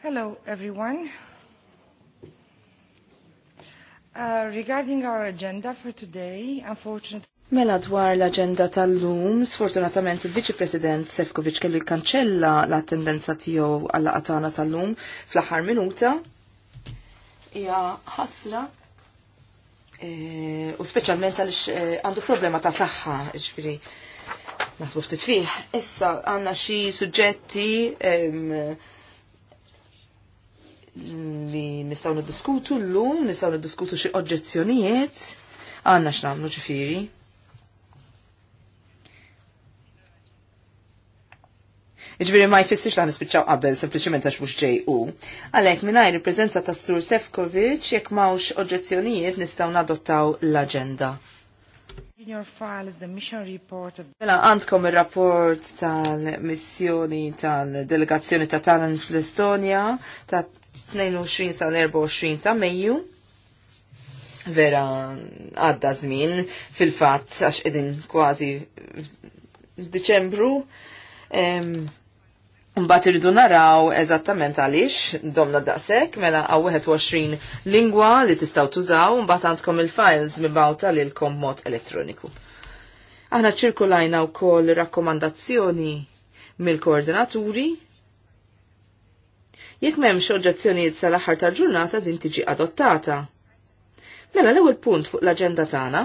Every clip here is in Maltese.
Hello, everyone. Uh, regarding our agenda for today, unfortunately... Mela dwar l-agenda tal-lum, sfortunatament il-Viċi President Sefkovic kellu jkanċella l-attendenza tiegħu għall qatana tal-lum fl-aħħar minuta. Hija ħasra e, u speċjalment għaliex e, għandu problema ta' saħħa, ġifieri naħsbu ftit fih. Issa għandna xi suġġetti li nistaw niddiskutu l-lum, nistaw niddiskutu xie oġġezzjonijiet, għanna x'namlu ġifiri. Iġviri ma jfissix laħna spiċċaw qabel, sempliciment għax mux ġej u. Għalek minnajr il-prezenza ta' Sur Sefkovic, jek mawx oġġezzjonijiet nistaw nadottaw l-agenda. In your file is the mission report of... Mela, għandkom il-rapport tal-missjoni tal-delegazzjoni ta' Talan fl-Estonia ta' 22 sa 24 ta' Mejju. Vera għadda żmien fil-fatt għax qegħdin kważi Deċembru. Mbagħad irridu naraw eżattament għaliex domna daqshekk mela għaw 21 lingwa li tistgħu tużaw mbagħad għandkom il-files mibgħuta lilkom mod elettroniku. Aħna ċirkulajna wkoll rakkomandazzjoni mill-koordinaturi Jekk m'hemmx oġġezzjonijiet sal-aħħar tal-ġurnata din tiġi adottata. Mela l-ewwel punt fuq l-aġenda tagħna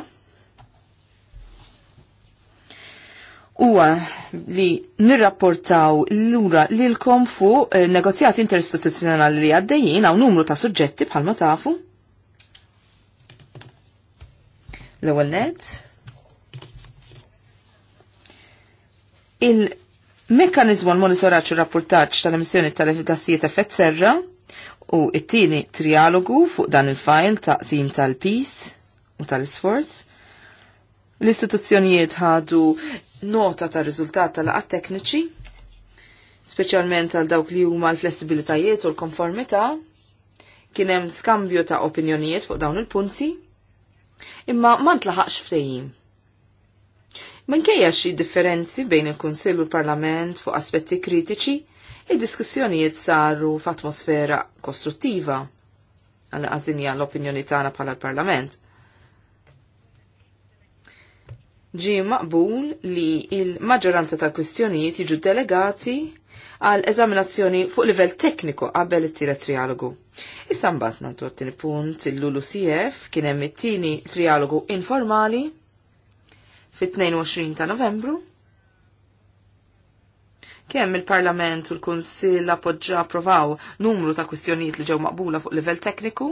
huwa li nirrapportaw lura lilkom fu eh, negozjati interistituzzjonali li għaddejjin hawn numru ta' suġġetti bħalma tafu. L-ewwel net. il Mekanizmu l-monitoraġġ u rapportaġġ tal-emissjoni tal-gassijiet effett serra u it-tieni trialogu fuq dan il-fajl taqsim tal-pis u tal sforz L-istituzzjonijiet ħadu nota ta' riżultat tal-qat tekniċi, speċjalment għal dawk li huma l-flessibilitajiet u l-konformità, kien hemm skambju ta' opinjonijiet fuq dawn il-punti, imma ma ntlaħaqx ftehim Minkejja xi differenzi bejn il-Kunsill u l-Parlament fuq aspetti kritiċi, id-diskussjonijiet saru f'atmosfera kostruttiva għal għazdinja l-opinjoni tagħna bħala l-Parlament. Ġi maqbul li il-maġġoranza tal-kwistjonijiet jiġu delegati għal eżaminazzjoni fuq livell tekniku qabel it-tielet trialogu. Issa mbagħad nagħtu t-tieni punt il-LULU CF kien hemm it-tieni trialogu informali fit-22 ta' novembru. Kemm il-Parlament u l-Kunsill appoġġa approvaw numru ta' kwistjonijiet li ġew maqbula fuq livell tekniku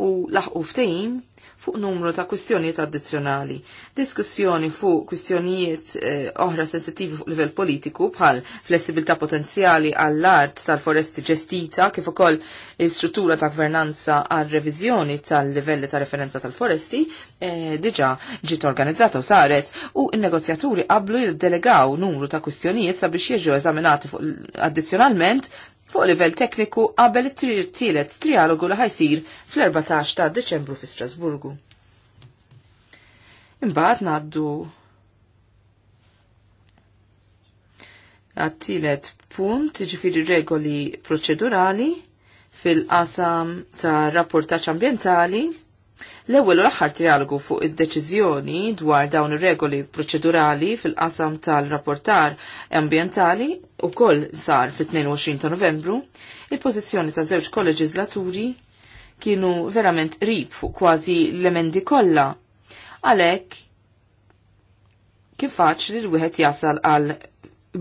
u laħqu ftehim fuq numru ta' kwistjonijiet addizzjonali. Diskussjoni fuq kwistjonijiet eh, oħra sensittivi fuq livell politiku bħal flessibilità potenzjali għall-art tal-foresti ġestita kif ukoll l struttura ta' gvernanza għal reviżjoni tal-livelli ta' referenza tal-foresti eh, diġa ġiet organizzata u saret u n-negozjaturi qablu jiddelegaw numru ta' kwistjonijiet sabiex jiġu eżaminati addizzjonalment fuq livell tekniku qabel it-tielet trialogu li ħajsir fl-14 ta' Deċembru fi Strasburgu. Imbagħad ngħaddu għat-tielet punt ġifiri regoli proċedurali fil-qasam ta' rapportaċ ambientali L-ewwel u l-aħħar trialogu fuq id-deċiżjoni dwar dawn ir-regoli proċedurali fil-qasam tal-rapportar ambientali ukoll sar fit-22 ta' Novembru, il-pożizzjoni ta' żewġ kolleġislaturi kienu verament rib fuq kważi l-emendi kollha. Għalhekk kif faċli l-wieħed jasal għal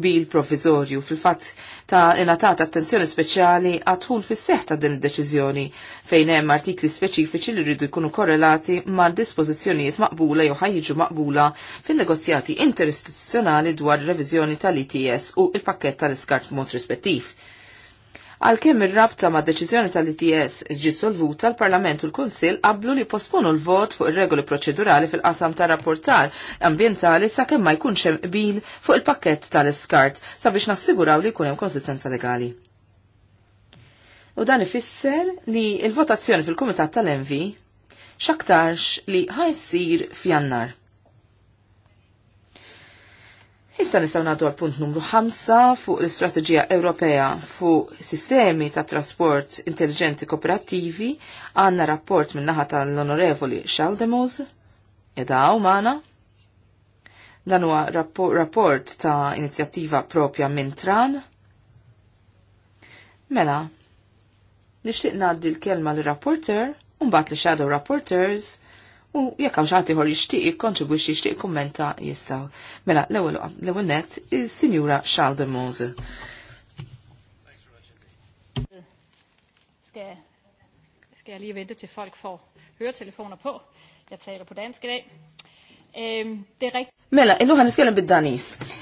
bil provizorju fil-fatt ta' inatata attenzjoni speċjali għatħul fis seħ ta' din id-deċiżjoni fejn hemm artikli speċifiċi li rridu jkunu korrelati ma' dispożizzjonijiet maqbula jew ħajjiġu maqbula fin-negozjati interistituzzjonali dwar reviżjoni tal-ITS u il-pakket tal-iskart mod rispettiv. Għalkemm ir-rabta ma' deċiżjoni tal-ITS ġi solvuta l-Parlament u l-Kunsill qablu li posponu l-vot fuq ir-regoli proċedurali fil-qasam ta' rapportar ambientali sakemm ma jkunx hemm qbil fuq il-pakkett tal-iskart sabiex nassiguraw li jkun hemm konsistenza legali. U dan ifisser li l-votazzjoni fil-Kumitat tal-Envi xaktarx li ħajsir f'jannar. Issa nistgħu nadu għal punt numru 5 fuq l-Istrateġija Ewropea fuq sistemi ta' trasport intelligenti kooperativi għandna rapport minn naħa tal-Onorevoli Xaldemos għaw maħna? Dan huwa rapport ta' inizjattiva propja minn Tran. Mela, nixtieq ngħaddi l-kelma l-rapporter u mbagħad li shadow rapporters u jekk hawn xi ħor jixtieq jikkontribwixxi jixtieq kummenta jistgħu. Mela l-ewwel l-ewwel nett is-Sinjura Charles Mose. Skal jeg lige vente til folk får høretelefoner på. Jeg taler på dansk i dag. Er mela, illu ħan nitkellem bid-Danis.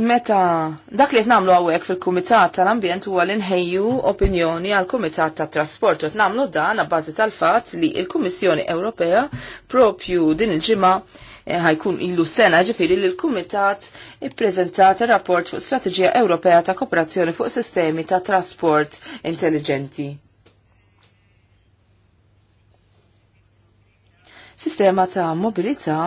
Meta, dak li namlu għawek fil-Kumitat tal-Ambjent huwa li nħejju opinjoni għal kumitat tat trasport u namlu dan bażi tal-fat li il-Kummissjoni Ewropea propju din il-ġimgħa eh, ħajkun illu sena ġifiri li l-Kumitat ippreżentat ir-rapport fuq Strateġija Ewropea ta' Kooperazzjoni fuq Sistemi ta' Trasport Intelligenti. Sistema ta' mobilità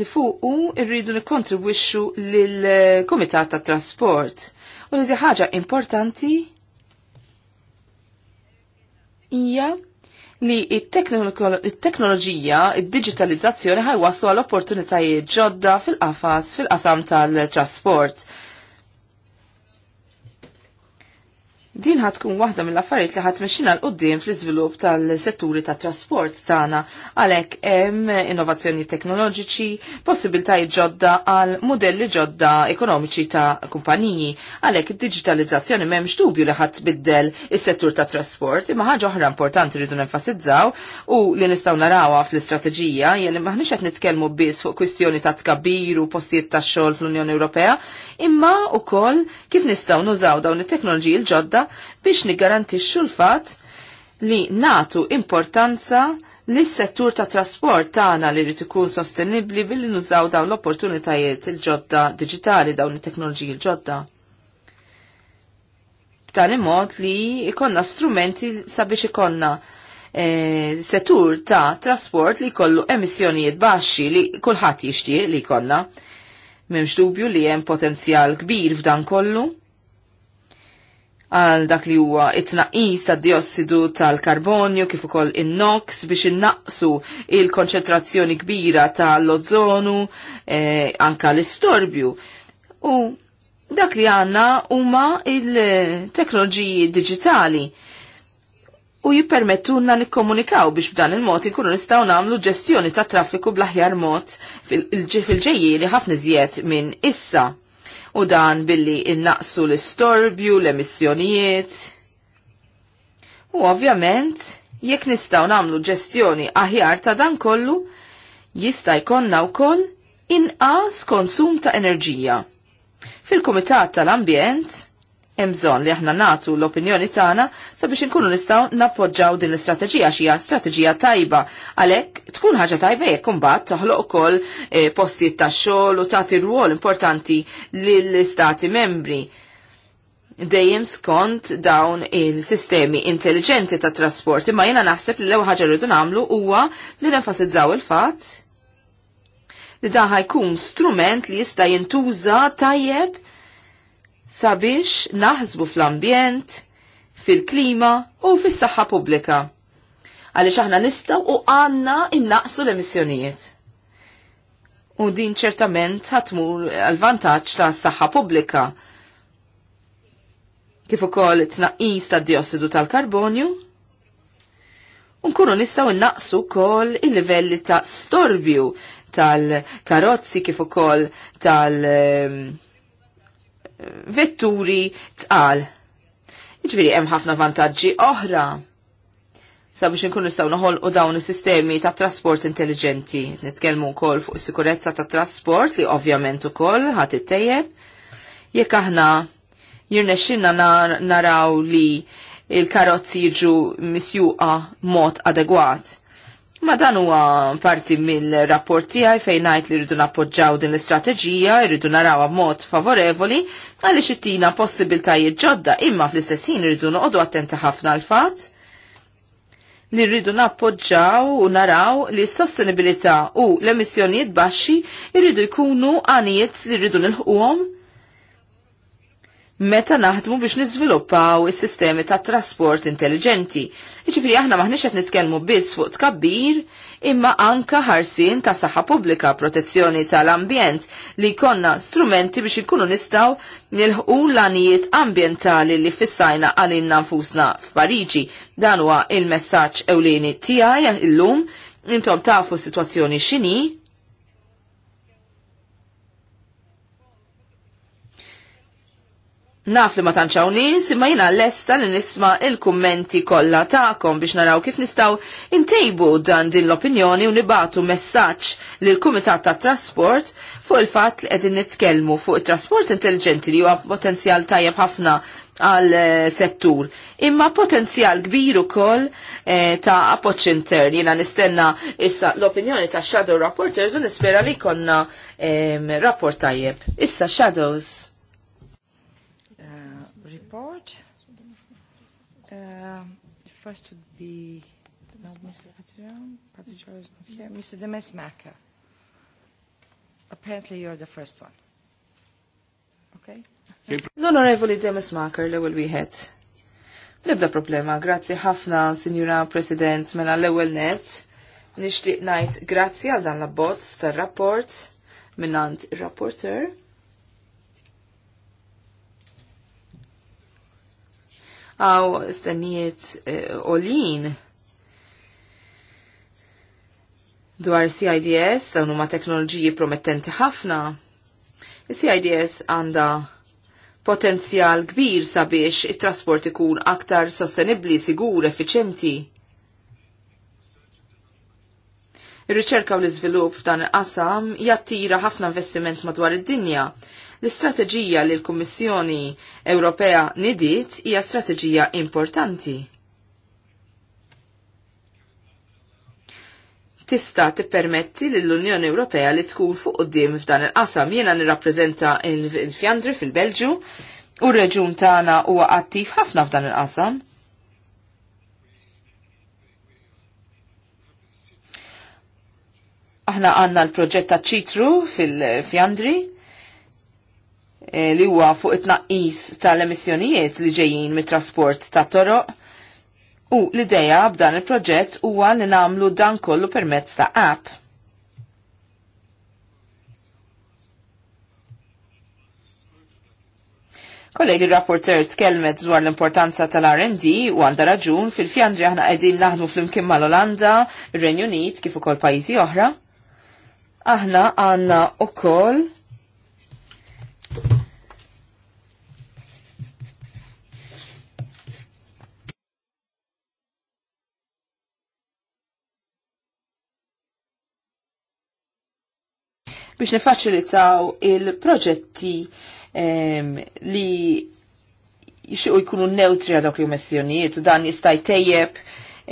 li fuqu irridu nikkontribwixxu lill-Kumitat eh, tat Trasport. U li ħaġa importanti hija li t teknoloġija it digitalizzazzjoni ħajwaslu għal opportunitajiet ġodda fil-qafas fil-qasam tal-trasport. Din ħat tkun waħda mill-affarijiet li ħat tmexxina l qoddim fl-iżvilupp tal-setturi tat-trasport tagħna għalhekk hemm innovazzjoni teknoloġiċi, possibiltajiet ġodda għal modelli ġodda ekonomiċi ta' kumpaniji. Għalhekk id-diġitalizzazzjoni m'hemmx dubju li ħadd biddel is-settur tat-trasport, imma ħaġa oħra importanti rridu nenfasizzaw u li nistgħu narawha fl-istrateġija jeli maħniex qed nitkellmu biss fuq kwistjoni ta' tkabbir u postijiet tax-xogħol fl-Unjoni Ewropea, imma wkoll kif nistgħu nużaw dawn it-teknoloġiji l-ġodda biex nigarantixxu l-fatt li natu importanza li settur ta' trasport tagħna li rrid ikun sostenibbli billi nużaw dawn l-opportunitajiet il-ġodda diġitali dawn it-teknoloġiji l-ġodda. B'tali mod li ikonna strumenti sabiex ikonna e, settur ta' trasport li jkollu emissjonijiet baxxi li kulħadd jixtieq li jkollna. Memx dubju li hemm potenzjal kbir f'dan kollu għal dak li huwa it-tnaqqis tad diossidu tal-karbonju kif ukoll in-nox biex innaqsu il-konċentrazzjoni kbira tal ozonu eh, anka l-istorbju. U dak li għanna huma il-teknoloġiji digitali u jippermettunna nikkomunikaw biex b'dan il-mod ikunu nistgħu nagħmlu ġestjoni ta' traffiku bl-aħjar mod fil-ġejjieri ħafna iżjed minn issa u dan billi innaqsu l-istorbju, l-emissjonijiet. U ovvjament, jekk nistgħu nagħmlu ġestjoni aħjar ta' dan kollu, jista' jkollna wkoll inqas konsum ta' enerġija. Fil-Kumitat tal-Ambjent, hemm bżonn li aħna nagħtu l-opinjoni tagħna sabiex inkunu nistgħu nappoġġaw din l-istrateġija xi hija strateġija tajba. Għalhekk tkun ħaġa tajba jekk imbagħad toħloq ukoll e, postijiet tax-xogħol u tagħti rwol importanti lill-istati membri dejjem skont dawn il-sistemi intelligenti ta' trasport, imma jiena naħseb li l-ewwel ħaġa rridu nagħmlu huwa li nenfasizzaw il-fatt li dan ħajkun strument li jista' jintuża tajjeb sabiex naħsbu fl-ambjent, fil-klima u fis-saħħa pubblika. Għaliex aħna nistgħu u għandna innaqsu l-emissjonijiet. U din ċertament ħatmur għal vantaġġ ta' saħħa pubblika. Kif ukoll tnaqqis ta' diossidu tal-karbonju, unkunu nistgħu innaqsu wkoll il-livelli ta' storbju tal-karozzi kif ukoll tal-, -karozzi, kif ukoll tal vetturi tqal. Iġviri hemm ħafna vantaġġi oħra sabiex nkun nistgħu noħolqu dawn is-sistemi ta' trasport intelligenti. Nitkellmu wkoll fuq is-sikurezza ta' trasport li ovvjament ukoll ħadd ittejjeb. Jekk aħna jirnexxinna naraw li il-karozzi jiġu misjuqa mod adegwat. Ma dan huwa parti mill-rapport tiegħi fejn ngħid li rridu nappoġġaw din l-istrateġija, rridu narawha mod favorevoli għaliex ittina possibiltajiet ġodda imma fl-istess ħin rridu noqogħdu attenti ħafna l fatt li rridu nappoġġaw u naraw li s-sostenibilità u l-emissjonijiet baxxi rridu jkunu għanijiet li rridu nilħquhom meta naħdmu biex niżviluppaw is-sistemi ta' trasport intelligenti. Iġifieri aħna maħniex qed nitkellmu biss fuq tkabbir, imma anka ħarsin ta' saħħa pubblika, protezzjoni tal-ambjent li konna strumenti biex ikunu nistgħu nilħqu l-anijiet ambjentali li fissajna għalinna nfusna f'Pariġi. Dan huwa il-messaġġ ewlieni tiegħi illum intom tafu situazzjoni x'inhi Naf li ma tanċaw nis, imma jina l-esta li nisma il-kummenti kolla ta'kom biex naraw kif nistaw intejbu dan din l-opinjoni u nibatu messaċ li l-Kumitat ta' Trasport fuq il-fat li għedin nitkelmu fuq il-trasport intelligenti li huwa potenzjal tajjeb ħafna għal eh, settur. Imma potenzjal kbir ukoll eh, ta' appoċ intern. Jina nistenna issa l-opinjoni ta' Shadow Rapporters u nispera li konna ehm, rapport tajjeb. Issa Shadows. first would be no, Mr. Patron. Patron is not here. Mr. Demesmaker. Apparently you're the first one. Okay? L-Onorevoli Demesmaker, l-ewel wieħed. Nibda problema. Grazzi ħafna, Signora President, mela l-ewel net. Nishtiq najt grazzi għal dan l-abbozz tar-rapport minnant il-rapporter. għaw stennijiet eh, olin dwar CIDS dawn huma teknoloġiji promettenti ħafna. CIDS għandha potenzjal kbir sabiex it-trasport ikun aktar sostenibli, sigur, effiċenti. Ir-riċerka u l-iżvilupp f'dan il-qasam jattira ħafna investiment madwar id-dinja L-istrateġija li l-Kummissjoni Ewropea nidiet hija strateġija importanti. tista' tippermetti lill unjoni Ewropea li tkun fuq qudiem f'dan il-qasam. Jiena nirrappreżenta l fjandri fil-Belġju u r-reġun tagħna huwa attiv ħafna f'dan il-qasam. Aħna għanna l-proġett ta' ċitru fil-Fjandri Eh, li huwa fuq it tnaqqis tal-emissjonijiet li ġejjin mit-trasport ta' toroq. U l-ideja b'dan il-proġett huwa li nagħmlu dan kollu permezz ta' app. Kollegi rapporter tkellmet dwar l-importanza tal-R&D u għandha raġun fil-fjandri aħna qegħdin naħdmu flimkien mal-Olanda, ir-Renju Unit kif ukoll pajjiżi oħra. Aħna għandna ukoll biex nifaċilitaw il-proġetti li jixuqu jkunu neutri għadok li messjonijiet u dan jista' tejjeb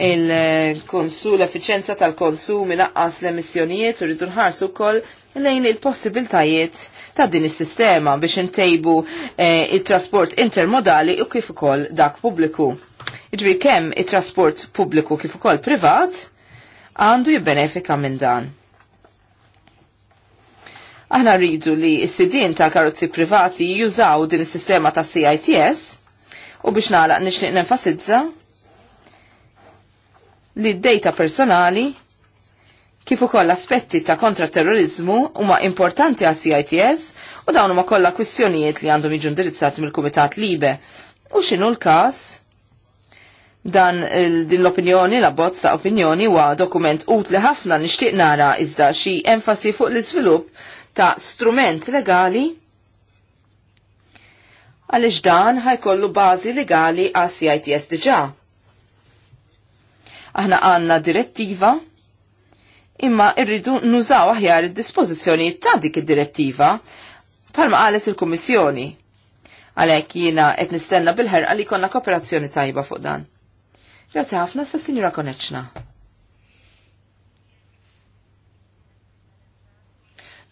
il-konsul, l-efficienza tal-konsum inaqqas l-emissjonijiet u rridu nħarsu wkoll lejn il-possibiltajiet ta' din is-sistema biex intejbu eh, trasport intermodali u kif ukoll dak pubbliku. Iġri kemm it-trasport pubbliku kif ukoll privat għandu jibbenefika minn dan. Aħna rridu li s-sidin ta' karozzi privati jużaw din is-sistema ta' CITS u biex nagħlaq nixliq nenfasizza li d-data personali kif ukoll aspetti ta' kontraterrorizmu huma importanti għas CITS u dawn huma kollha kwistjonijiet li għandhom jiġu indirizzati mill-Kumitat Libe. U x'inhu l-każ? Dan din l-opinjoni, la bozza ta' opinjoni huwa dokument utli ħafna nixtieq nara iżda xi enfasi fuq l-iżvilupp ta' strument legali għaliex dan ħajkollu bażi legali għas CITS diġà. Aħna għandna direttiva imma irridu nużaw aħjar id-dispożizzjonijiet ta' dik id-direttiva palma qalet il-Kummissjoni. Għalhekk jiena qed nistenna bil-ħerqa li konna kooperazzjoni tajba fuq dan. Grazzi ħafna sa' Sinjura Koneċna.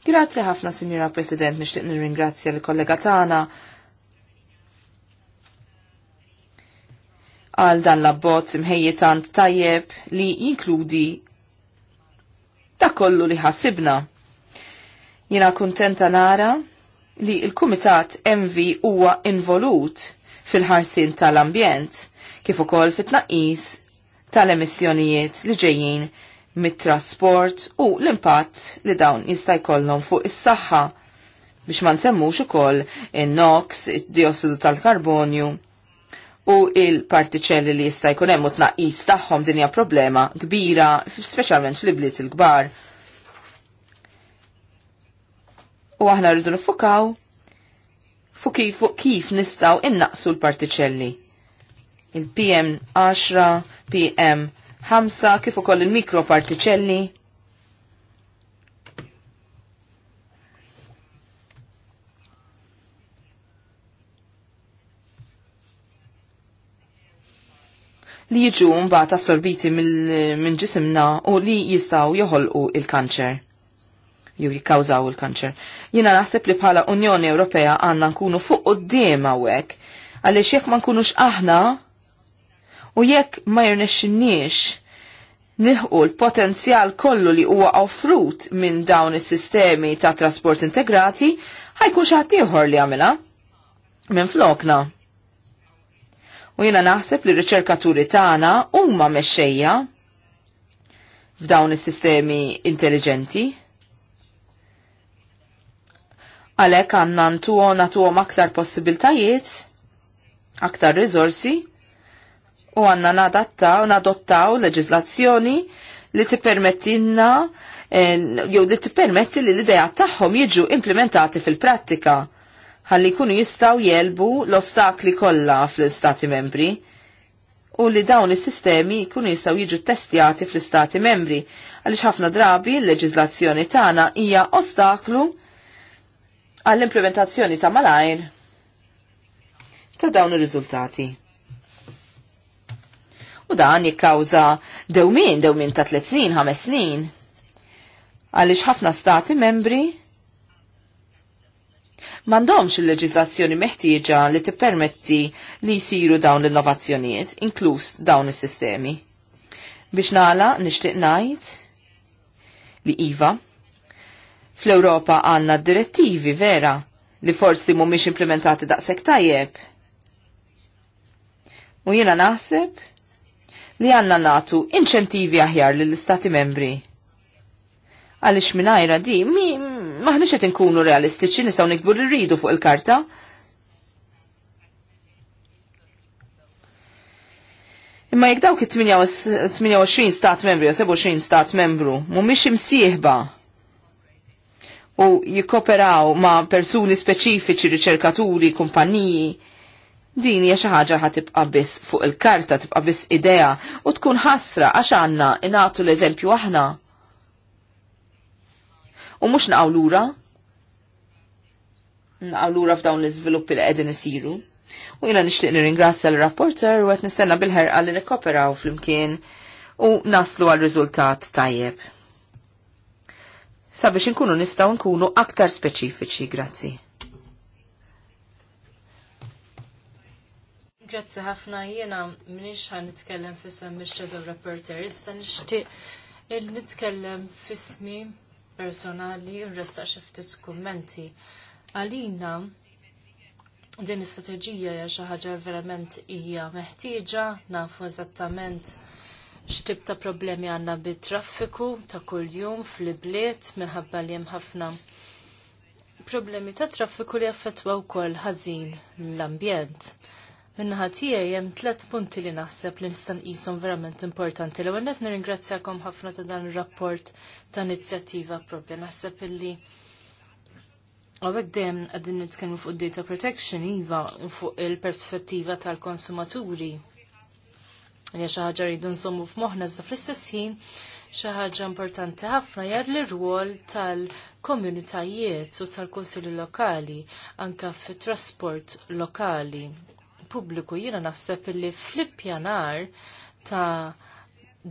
Grazzi ħafna, Signora President, nixtieq nirringrazzja l-kollega tagħna għal dan l-abbozz imħejjiet tant tajjeb li jinkludi ta' kollu li ħassibna. Jiena kuntenta nara li l-Kumitat MV huwa involut fil-ħarsin tal-ambjent kif ukoll fit-tnaqqis tal-emissjonijiet li ġejjin mit-trasport u l-impatt li dawn jista' jkollhom fuq is-saħħa biex ma nsemmux ukoll in-nox, id-diossidu tal-karbonju u il-partiċelli li jista' jkun hemm u tnaqqis tagħhom din hija problema kbira, speċjalment fl-ibliet il-kbar. U aħna rridu nifukaw fuq kif, fuq kif nistgħu innaqsu l-partiċelli. Il-PM10, PM ħamsa kif ukoll il-mikropartiċelli. li jiġu mbagħad assorbiti minn ġisimna u li jistgħu joħolqu il-kanċer jew jikkawżaw il-kanċer. Jiena naħseb li bħala Unjoni Ewropea għandna nkunu fuq quddiem hawnhekk għaliex jekk ma nkunux aħna U jekk ma jirnexxinniex nilħu l-potenzjal kollu li huwa offrut minn dawn is-sistemi ta' trasport integrati, ħajkun xi ħadd ieħor li jagħmilha minn flokna. U jiena naħseb li r-riċerkaturi tagħna huma mexxejja f'dawn is-sistemi intelligenti. Għalhekk għandna ntuhom nagħtuhom aktar possibiltajiet, aktar rizorsi, u għanna nadatta u nadottaw leġizlazzjoni li t-permettinna eh, jew li tippermetti li l-idea tagħhom jiġu implementati fil-prattika ħalli jkunu jistaw jelbu l-ostakli kollha fl-istati membri u li dawn is-sistemi jkunu jistaw jiġu testjati fl-istati membri għaliex ħafna drabi l-leġizlazzjoni tagħna hija ostaklu għall-implementazzjoni ta' malajr ta' dawn ir-riżultati u dan jikkawża dewmin, dewmin ta' tliet snin, ħames snin. Għaliex ħafna stati membri m'għandhomx il leġislazzjoni meħtieġa li tippermetti li jsiru dawn l-innovazzjonijiet, inkluż dawn is-sistemi. Biex nagħla nixtieq ngħid li iva fl-Ewropa għandna direttivi vera li forsi mhumiex implementati daqshekk tajjeb. U jiena naħseb li għanna natu inċentivi aħjar lill istati membri. Għalix minajra di, mi maħnix qed inkunu realistiċi nistgħu nikbu li rridu fuq il-karta. Imma jekk dawk 28 stat membri u 27 stat membru mhumiex imsieħba u jikkoperaw ma' persuni speċifiċi, riċerkaturi, kumpaniji, din hija xi ħaġa ħad tibqa' biss fuq il-karta tibqa' biss idea u tkun ħasra għax għandna ingħatu l-eżempju aħna. U mhux naqgħu lura. Naqgħu lura f'dawn l-iżviluppi li qegħdin isiru. U jiena nixtieq nirringrazzja l-rapporter u qed nistenna bil-ħerqa li nikkoperaw flimkien u naslu għal riżultat tajjeb. Sabiex inkunu nistgħu nkunu aktar speċifiċi, grazzi. Grazzi ħafna jiena minix ħan nitkellem fissem mis-shadow reporter, jista nixtieq il nitkellem fismi personali u ressa ftit kummenti. Għalina din istrategija ja hija xi ħaġa verament hija meħtieġa, nafu eżattament x'tib ta' problemi għandna bit-traffiku ta' kuljum fl-ibliet minħabba li hemm ħafna problemi ta' traffiku li affettwaw wkoll ħażin l-ambjent. Minnaħa tiegħi hemm tliet punti li naħseb li nista' nqishom verament importanti. L-ewwel qed nirringrazzjakom ħafna ta' dan ir-rapport ta' inizjattiva propja. Naħseb illi Għawek dem għaddin nitkellmu fuq data protection iva fuq il-perspettiva tal-konsumaturi. Ja xi ħaġa rridu nżommu f'moħħna iżda fl-istess ħin xi ħaġa importanti ħafna jar l-rwol tal- komunitajiet u tal-konsilju lokali anka fit trasport lokali pubbliku. Jiena naħseb li fl-ippjanar ta'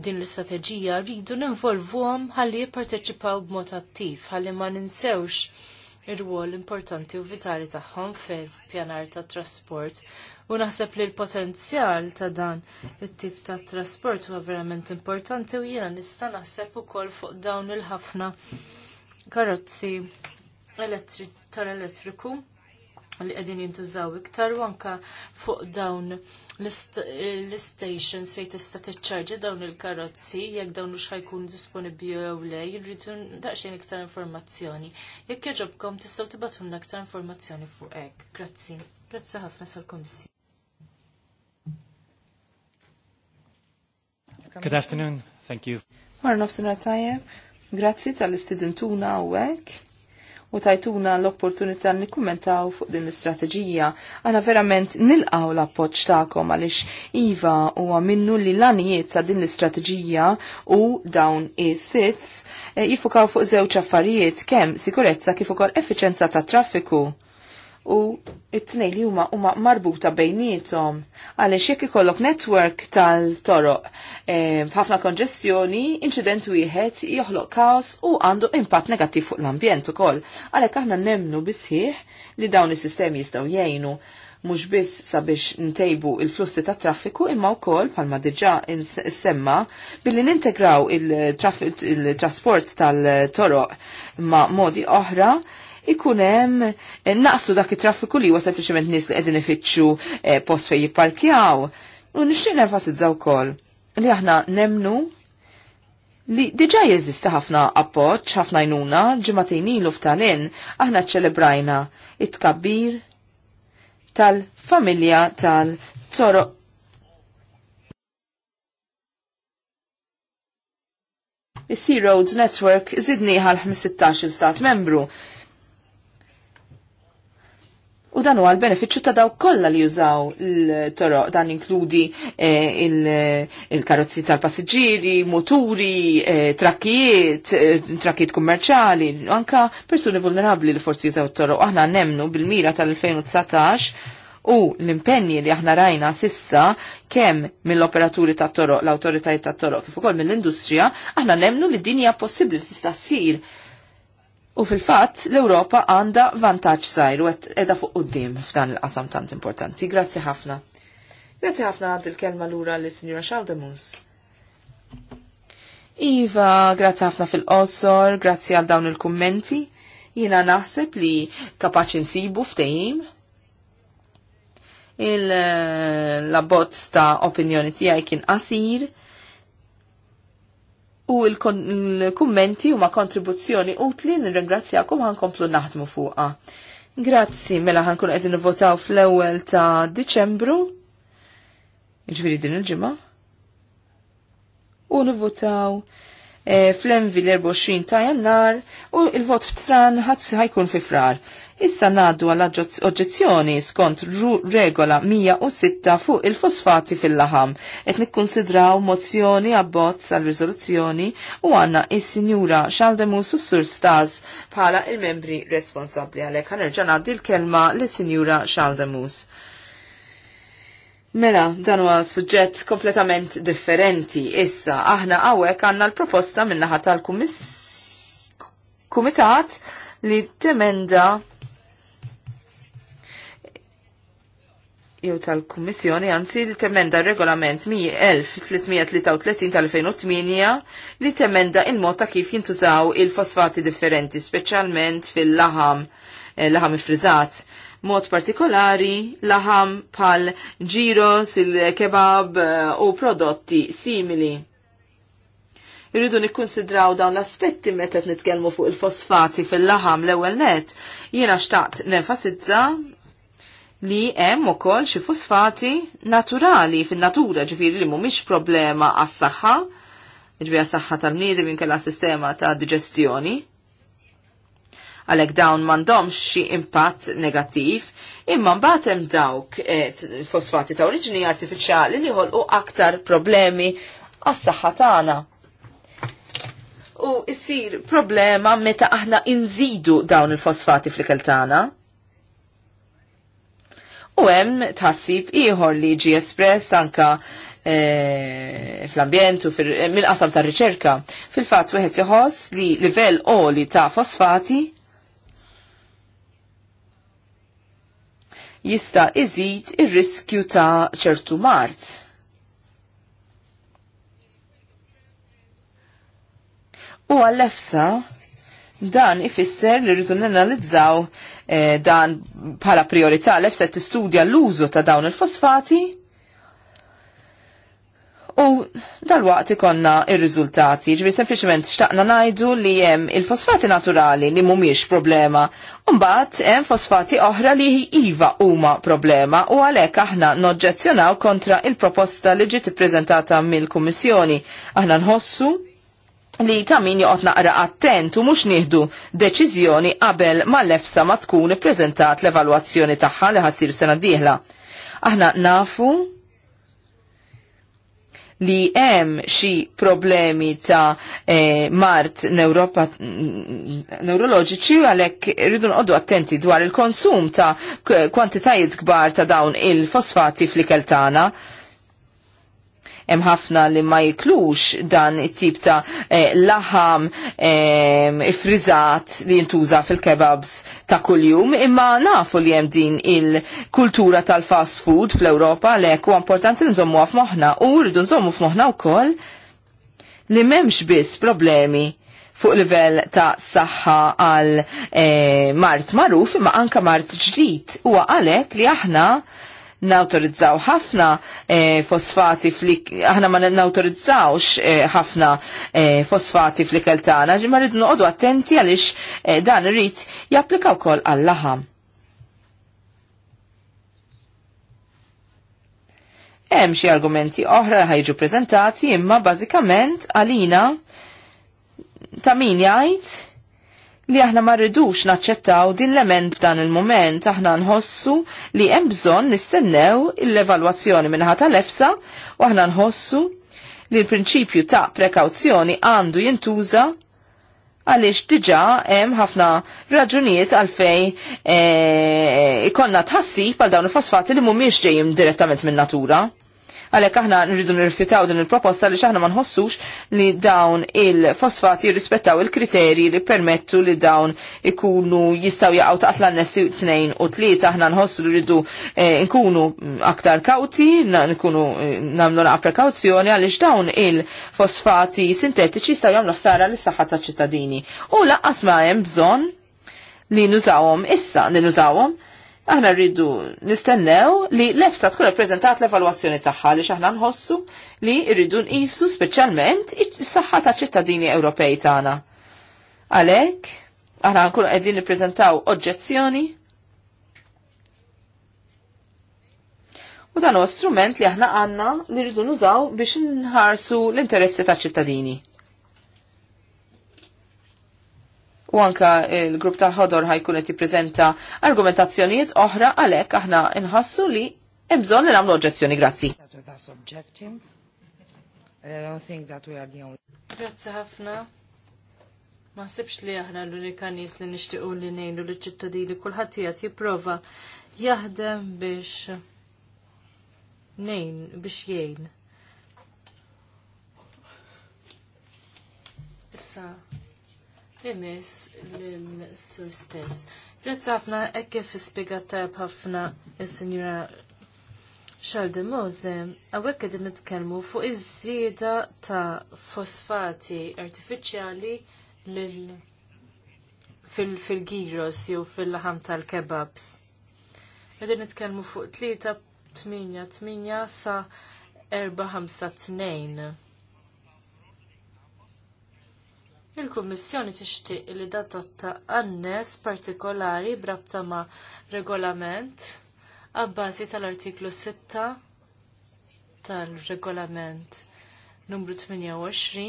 din l-istrateġija rridu ninvolvuhom ħalli jipparteċipaw b'mod attiv, ħalli ma ninsewx ir-rwol importanti u vitali tagħhom fil-pjanar tat trasport U naħseb li l-potenzjal ta' dan it-tip ta' trasport huwa verament importanti u jiena nista' naħseb ukoll fuq dawn il-ħafna karozzi tal-elettriku li qegħdin jintużaw iktar u anka fuq dawn l-stations fejn tista' tiċċarġa dawn il-karozzi jekk dawn u xħajkun disponibli jew le, jirritu daqsxejn iktar informazzjoni. Jekk jaġobkom tistaw tibatulna iktar informazzjoni fuq hekk. Grazzi. Grazzi ħafna sal komissi Good afternoon. Thank you. Marnof Sinatajem, Grazzi tal-istudentuna u ek u tajtuna l-opportunità nikkumentaw fuq din l-istrateġija. Għana verament nilqaw l-appoċ ta'kom għalix Iva u għaminnu li l-anijiet sa' din l-istrateġija u dawn is-sits eh, jifukaw fuq zewċ affarijiet kemm sikurezza kif ukoll effiċenza ta' traffiku u it-tnej li huma huma marbuta bejnietom. Għaliex jekk ikollok network tal-toroq eh, ħafna e, konġestjoni, inċident wieħed joħloq kaos u għandu impatt negattiv fuq l-ambjent ukoll. Għalhekk aħna nemnu bisħieħ li dawn is-sistemi jistgħu jgħinu mhux biss sabiex ntejbu il-flussi ta' traffiku imma wkoll bħalma diġà semma billi nintegraw il-trasport il trasport tal toroq ma' modi oħra ikun hemm eh, naqsu dak it-traffiku li huwa sempliċement nies li qegħdin ifittxu eh, post fejn jipparkjaw. U nixtieq nenfasizza kol li aħna nemnu li diġa jeżista ħafna appoġġ, ħafna jnuna, ġimatejn ilu f'talin, aħna ċelebrajna it-kabbir tal-familja tal-toro Is-Sea Roads Network zidni għal 16 stat membru U dan huwa l-benefiċċju ta' dawk kollha li jużaw l-toroq dan inkludi eh, il-karozzi tal-passiġġieri, moturi, eh, trakkijiet, eh, trakkijiet kummerċali, anka persuni vulnerabbli li forsi jużaw t-toroq. Aħna nemnu bil-mira tal-2019 u l-impenni li aħna rajna sissa kemm mill-operaturi ta' toroq, l-autoritajiet ta' toroq, kif ukoll mill-industrija, aħna nemnu li dinja possibbli tista' ssir U fil-fatt l-Ewropa għanda vantaġġ sajru u edha fuq qudiem f'dan il-qasam tant importanti. Grazzi ħafna. Grazzi ħafna għad il-kelma lura li Sinjura Xaldemus. Iva, grazzi ħafna fil-qossor, grazzi għal dawn il-kummenti. Jina naħseb li kapaċi nsibu ftehim il-labbozz eh, ta' opinjoni tiegħi kien qasir u l-kummenti u ma kontribuzzjoni utli nirringrazzjakom ħankomplu naħdmu fuqa. Grazzi, mela kun qegħdin nivvotaw fl-ewwel ta' Diċembru. iġviri din il-ġimgħa. U nivvotaw Eh, fl-envi l-24 ta' jannar u il-vot f'tran ħadsi ħajkun fi frar. Issa naddu għal oġġezzjoni skont regola 106 fuq il-fosfati fil-laħam, et nikkonsidraw mozzjoni abbozz għal riżoluzzjoni u għanna is-sinjura xaldemu sussur staz bħala il-membri responsabli għalek. Għanerġan għaddi l-kelma l-sinjura xaldemus. Mela, dan huwa suġġett kompletament differenti. Issa, aħna hawnhekk għandna l-proposta min-naħa tal-kumitat li temenda jew tal-Kummissjoni anzi li temenda regolament 1333 tal-2008 li temenda il-mod ta' kif jintużaw il-fosfati differenti, speċjalment fil-laħam, eh, laħam ifriżat. Eh, mod partikolari laħam pal ġiros, il-kebab eh, u prodotti simili. Irridu nikkonsidraw dawn l-aspetti meta nitkellmu fuq il-fosfati fil-laħam l-ewwel net. Jiena xtaqt nenfasizza li hemm ukoll xi fosfati naturali fin-natura ġifieri li mhumiex problema għas-saħħa, ġifieri għas-saħħa tal minn kellha sistema ta' digestjoni għalhekk dawn m'għandhomx xi impatt negattiv, imma mbagħad hemm dawk eh, fosfati ta' oriġini artifiċjali li u aktar problemi għas-saħħa tagħna. U issir problema meta aħna inżidu dawn il-fosfati fl-ikel tagħna. U hemm tħassib ieħor li ġi espress anka eh, fl-ambjent u eh, mill-qasam tar riċerka. Fil-fatt wieħed iħoss li livell oli ta' fosfati jista' iżid ir-riskju ta' ċertu mart. U għall-efsa dan ifisser li rridu nanalizzaw eh, dan bħala priorità l-efsa tistudja l-użu ta' dawn il-fosfati U dal-waqt ikonna il-rizultati, ġvi sempliciment xtaqna najdu li jem il-fosfati naturali li mumiex problema, unbat jem fosfati oħra li iva huma problema u għalek aħna noġġezzjonaw kontra il-proposta li ġiet prezentata mill-Kummissjoni. Aħna nħossu li ta' min joqgħod naqra attent u mhux nieħdu deċiżjoni qabel ma l-efsa ma tkun ippreżentat l-evalwazzjoni tagħha li ħassir sena dieħla. Aħna nafu li hemm xi problemi ta' eh, mart neuroloġiċi għalhekk irridu nqoddu attenti dwar il-konsum ta' kwantitajiet kbar ta' dawn il-fosfati fl ikeltana hemm ħafna li ma jiklux dan it-tip ta' eh, laħam eh, frizzat li jintuża fil-kebabs ta' kuljum, imma nafu li hemm din il-kultura tal-fast food fl-Ewropa li huwa importanti nżommu f'moħħna u rridu nżommu f'moħħna wkoll li m'hemmx biss problemi fuq livell ta' saħħa għal eh, mart maruf imma anka mart ġdid huwa għalek li aħna nawtorizzaw ħafna eh, fosfati flik, aħna ma nawtorizzawx eh, ħafna eh, fosfati fl-ikel ġi ma rridnu noqogħdu attenti għaliex dan rrit japplika wkoll għall-laħam. Hemm xi argumenti oħra ħajġu prezentati imma bażikament għalina ta' min jgħid li aħna ma rridux naċċettaw din l-ement b'dan il-moment aħna nħossu li hemm bżonn nistennew l-evalwazzjoni minħa tal-EFSA u aħna nħossu li l-prinċipju ta' prekawzjoni għandu jintuża għaliex diġa hemm ħafna raġunijiet għalfej e, ikonna tħassib għal dawn il-fosfati li mhumiex ġejjin direttament minn natura. Għalek aħna nridu nirrifjutaw din il-proposta li xaħna ma nħossux li dawn il-fosfati jirrispettaw il-kriteri li permettu li dawn ikunu jistaw jaqaw taqt l-annessi 2 u 3 aħna nħossu li rridu eh, nkunu aktar kauti, nkunu eh, namlu naqra prekawzjoni għalix dawn il-fosfati sintetiċi jistaw jamlu ħsara s saħħa ta' ċittadini. U laqqas ma' hemm bżonn li nużawhom issa li nużawhom Aħna rridu nistennew li l-EFSA tkun ippreżentat l-evalwazzjoni tagħha li aħna nħossu li rridu nqisu speċjalment is-saħħa ta' ċittadini Ewropej tagħna. Għalhekk aħna nkunu qegħdin nippreżentaw oġġezzjoni u dan huwa strument li aħna għandna li rridu nużaw biex nħarsu l-interessi ta' ċittadini. u anka il-grupp ta' ħodor ħajkun qed jippreżenta argumentazzjonijiet oħra għalhekk aħna nħassu li hemm bżonn li nagħmlu oġġezzjoni. Grazzi. Grazzi ħafna. Ma sibx li aħna l-unika nies li nixtiequ li ngħidu li ċittadini kulħadd qiegħed jipprova jaħdem biex nejn biex jgħin. Issa, imis l-sur stess. Grazie għafna, hekk kif għafna il-senjura is-Sinjura Xaldi Mose, hawnhekk qegħdin nitkellmu fuq iż-żieda ta' fosfati artificiali fil-giros jew fil-laħam tal-kebabs. Qegħdin nitkellmu fuq 3 8 8 sa 4 5 2. il-Kummissjoni tixtieq li datotta annes partikolari brabta ma' regolament għabbażi tal-artiklu 6 tal-regolament numru 28,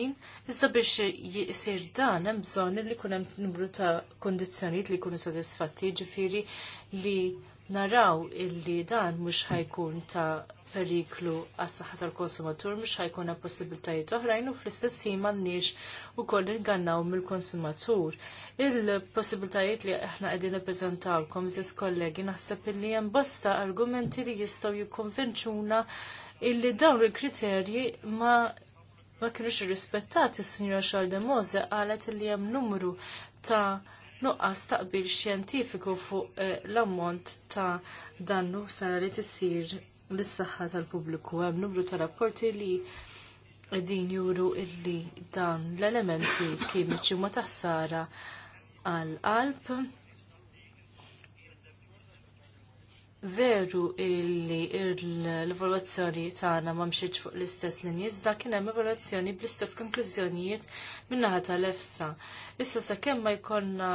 iżda biex jisir dan hemm bżonn li jkun hemm numru ta' kondizzjonijiet li jkunu sodisfatti, ġifieri li naraw illi dan mhux ħajkun ta' periklu għas-saħħa tal-konsumatur mhux ħajkun hemm possibiltajiet oħrajn u fl-istess ħin m'għandniex ukoll ingannaw mill-konsumatur. Il-possibiltajiet li aħna qegħdin nippreżentawkom żis kollegi naħseb illi hemm bosta argumenti li jistgħu jikkonvinċuna illi dawn il-kriterji ma ma kienux irrispettati s-Sinjora Xaldemoze qalet li hemm numru ta' nuqqas taqbil xjentifiku fuq eh, l-ammont ta' dannu sara li tissir l-saħħa tal-pubbliku hemm numru ta' rapporti li qegħdin juru illi dan l-elementi kimiċi huma taħsara għall qalb Veru illi l-evoluzzjoni tagħna ma mxietx fuq l-istess linji iżda kien hemm evoluzzjoni bl-istess konklużjonijiet min-naħa tal-EFSA. Issa sakemm ma jkollna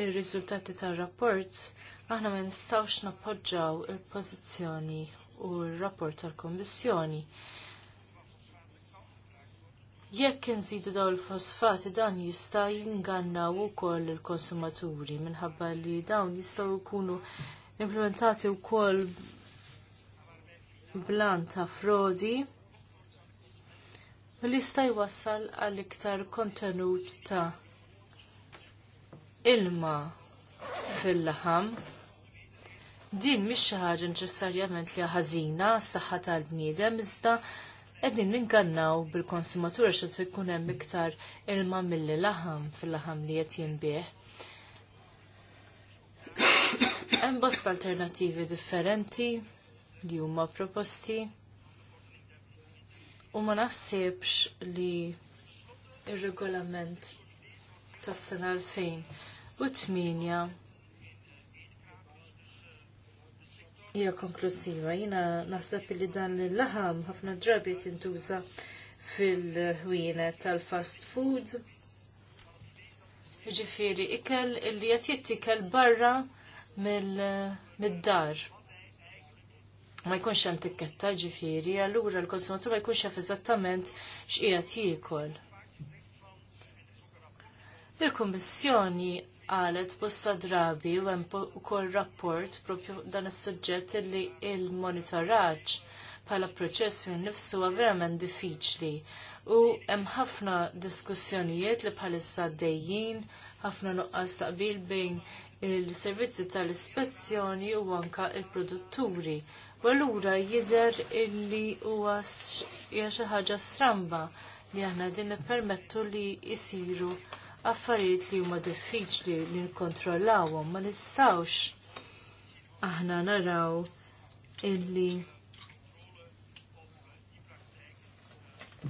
ir-riżultati tar-rapport, aħna ma nistgħux nappoġġaw il-pożizzjoni u r-rapport tal kummissjoni Jekk inżidu daw il-fosfati dan jista' jingannaw ukoll il-konsumaturi minħabba li dawn jistgħu jkunu implementati wkoll blan ta' frodi u li jista' jwassal għal iktar kontenut ta' ilma fil-laħam din mhix xi ħaġa neċessarjament li ħażina s-saħħa tal-bniedem iżda qegħdin ningannaw bil-konsumatur xi se jkun hemm iktar ilma milli laħam fil-laħam li qed jinbih. Hemm bost alternattivi differenti li huma proposti u ma naħsibx li ir-regolament tas-sena 2008 Ija konklusiva. Jiena naħseb li dan il-laħam ħafna drabi tintuża fil-ħwienet tal-fast food. Ġifiri, ikel li qed jittikel barra mid-dar. Ma jkunx hemm tikketta ġifieri, allura l-konsumatur ma jkunx jaf eżattament x'qiegħed jiekol. Il-Kummissjoni qalet bosta drabi u hemm ukoll rapport propju dan is-suġġett li l-monitoraġġ bħala proċess fin nifsu huwa verament diffiċli. U hemm ħafna diskussjonijiet li bħalissa għaddejjin, ħafna nuqqas taqbil bejn il-servizzi tal-ispezzjoni u anke l produtturi U allura jidher illi huwa xi ħaġa stramba li aħna din nippermettu li jsiru affarijiet li huma diffiċli li nkontrollawhom ma nistgħux aħna naraw illi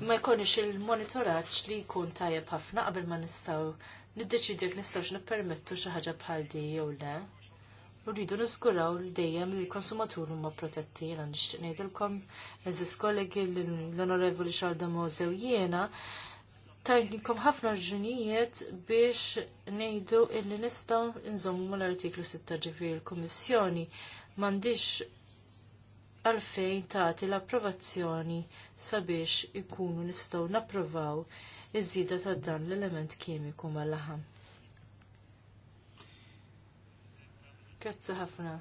ma jkunx il-monitoraġġ li jkun tajjeb ħafna qabel ma nistgħu niddeċidu jekk nistgħux nippermettu xi ħaġa bħal di jew le. U rridu niskuraw li dejjem li l-konsumatur huma protetti jiena nixtieq ngħidilkom eżis kollegi l-Onorevoli Xalda Mosew jiena tajnilkom ħafna raġunijiet biex nejdu illi nistaw nżommu mal-artiklu 6 ġifiri l komissjoni mandiġ għalfejn taħti l-approvazzjoni sabiex ikunu nistgħu napprovaw iż żida ta' dan l-element kimiku mal-laħam. Grazzi ħafna.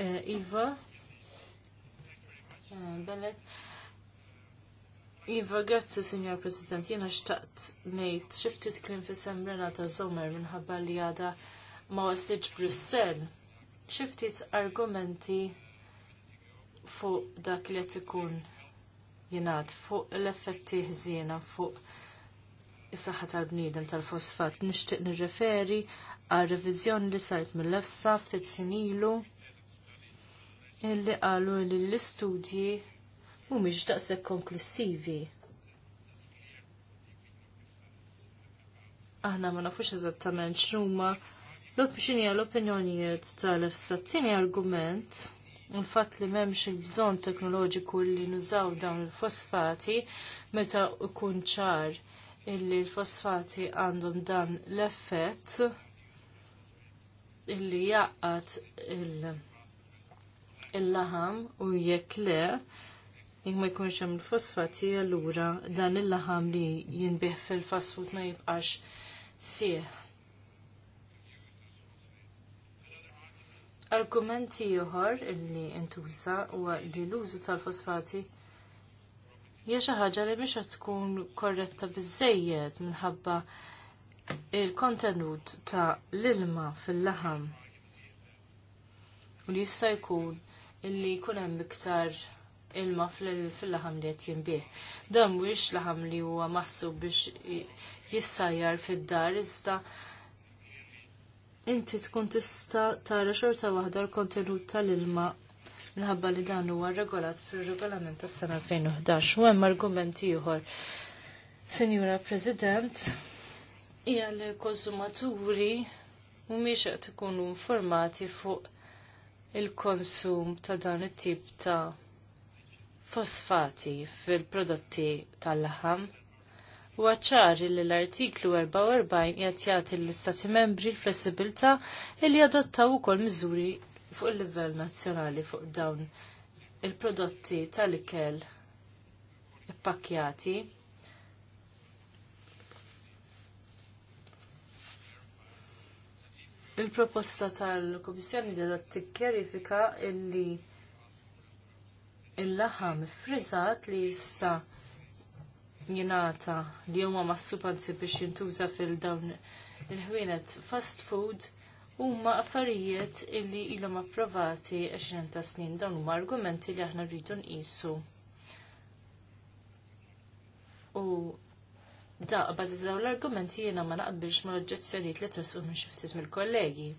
Eh, iva, eh, Bellet, Iva, grazzi, Signor President. Jena xtaqt nejt xiftit klim fi semrena ta' Zomer minħabba li għada ma' wasliġ Brussel. Xifti argumenti fuq dak li qed ikun jingħad fuq l-effetti ħżiena fuq is-saħħa tal-bniedem tal-fosfat. Nixtieq nirreferi għal reviżjoni li saret mill-efsa ftit sinilu illi qalu li l-istudji mhumiex daqshekk konklusivi. Aħna ma nafux eżattament x'huma l-opinjoni l-opinjonijiet tal-efsa. Tieni argument infatt li m'hemmx il-bżonn teknoloġiku li nużaw dawn il-fosfati meta ikun ċar illi l-fosfati għandhom dan l-effett illi jaqqat il-laħam u jekk le jekk ma jkunx hemm il-fosfati allura dan il-laħam li jinbih fil-fast food ma jibqax sieħ. Argumenti ieħor li intuża huwa li l-użu tal-fosfati hija xi ħaġa li mhix tkun korretta biżejjed minħabba il-kontenut ta' l-ilma fil-laħam u li jista' jkun illi jkun hemm iktar ilma fil-laħam li qed jinbih. Dan mhuwiex laħam li huwa maħsub biex jissajjar fid-dar iżda inti tkun tista' tara xorta waħda l-kontenut tal-ilma minħabba li dan huwa regolat fir-regolament tas-sena 2011 u hemm argument ieħor. Sinjura President, hija li l-konsumaturi mhumiex qed ikunu informati fuq il-konsum ta' dan it-tip ta' fosfati fil-prodotti tal-laħam. U ċari li l-artiklu 44 jgħat jagħti l-Istati membri l-flessibilità li adottaw ukoll miżuri fuq il-livell nazzjonali fuq dawn il-prodotti tal-ikel ippakkjati. Il-proposta tal-Komissjoni da tikkjarifika il-laħam frizzat li jista jingħata li huma massupanzi biex jintuża fil-dawn il-ħwienet fast food huma affarijiet illi ilhom approvati 20 ta' snin dawn huma argumenti li aħna rridu nqisu. U da bażi dawn l-argumenti jiena ma naqbilx mal-oġġezzjonijiet li tresqu minn xi ftit mill-kollegi.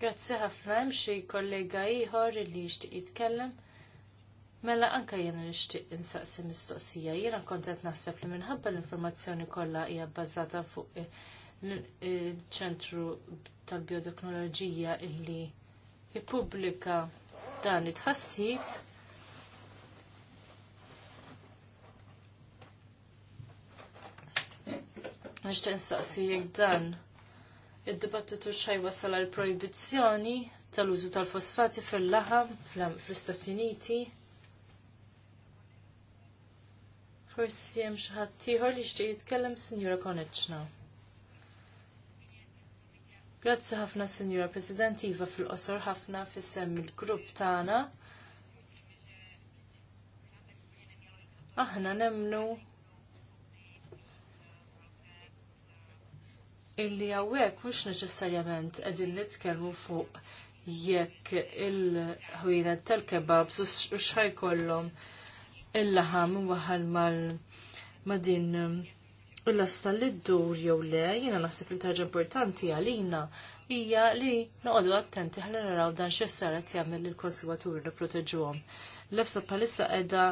Grazzi ħafna hemm xi kollega ieħor li jixtieq jitkellem. Mela anke jiena nixtieq insaqsi mistoqsija. Jiena kontent naħseb li minħabba l-informazzjoni kollha hija bbażata fuq il-ċentru eh, eh, tal-bioteknoloġija illi jippubblika dan it-ħassib. Nixtieq insaqsi jekk dan id-dibattitu wasal għal proibizzjoni tal-użu tal-fosfati fil-laħam fl-Istati Uniti. Forsi hemm xi ħadd ieħor li jixtieq jitkellem Sinjura Koneċna. Grazzi ħafna Sinjura President Iva fil-qosor ħafna fis-semm il-grupp tagħna. Aħna nemmnu illi għawek mux neċessarjament għedin nitkellmu fuq jekk il-ħwina tal-kebab u xħaj kollom il-laħam waħal mal-madin il-lasta um, l-dur jew le, jina naħseb li taġa importanti għalina hija li noqogħdu attenti ħalli naraw dan xi saret jagħmel lill-konsumaturi nipproteġuhom. L-efsa bħalissa qiegħda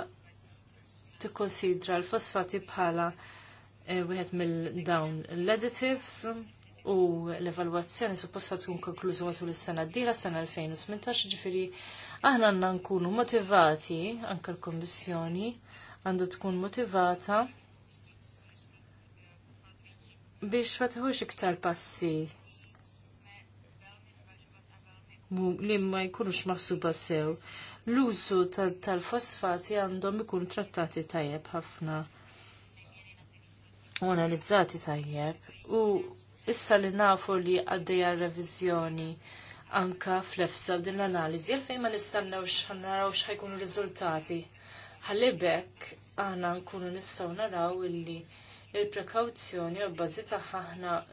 tikkonsidra l-fosfati bħala Eh, wieħed mill-dawn l-additives u l-evalwazzjoni supposta tkun konkluża matul is-sena d-dieħla sena 2018 ġifieri aħna għandna nkunu motivati anke l-Kommissjoni għandha tkun motivata biex ma tħux iktar passi li ma jkunux maħsuba sew. L-użu tal-fosfati għandhom ikun trattati tajjeb ħafna u analizzati tajjeb u issa li nafu li għaddejja revizjoni anka fl-efsa din l-analizi, għalfejn ma nistannaw xħan naraw xħajkun rizultati. Għallibek aħna nkunu nistaw naraw illi il-prekawzjoni u bbażi tagħha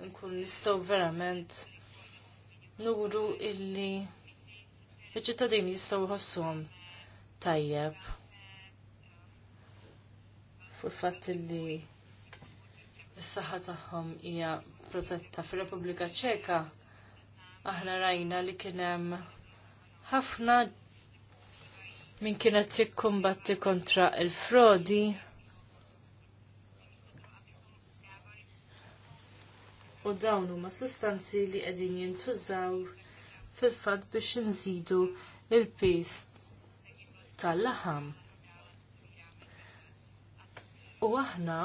nkunu nistgħu verament nuru illi iċ-ċittadini jistgħu jħossuhom tajjeb. Fil-fatt illi s-saħħa tagħhom hija protetta fir-Repubblika Ċeka, aħna rajna li kien hemm ħafna min kienet tikkumbatti kontra il-frodi. U dawn huma sustanzi li qegħdin jintużaw fil-fatt biex inżidu il-pis tal-laħam. U aħna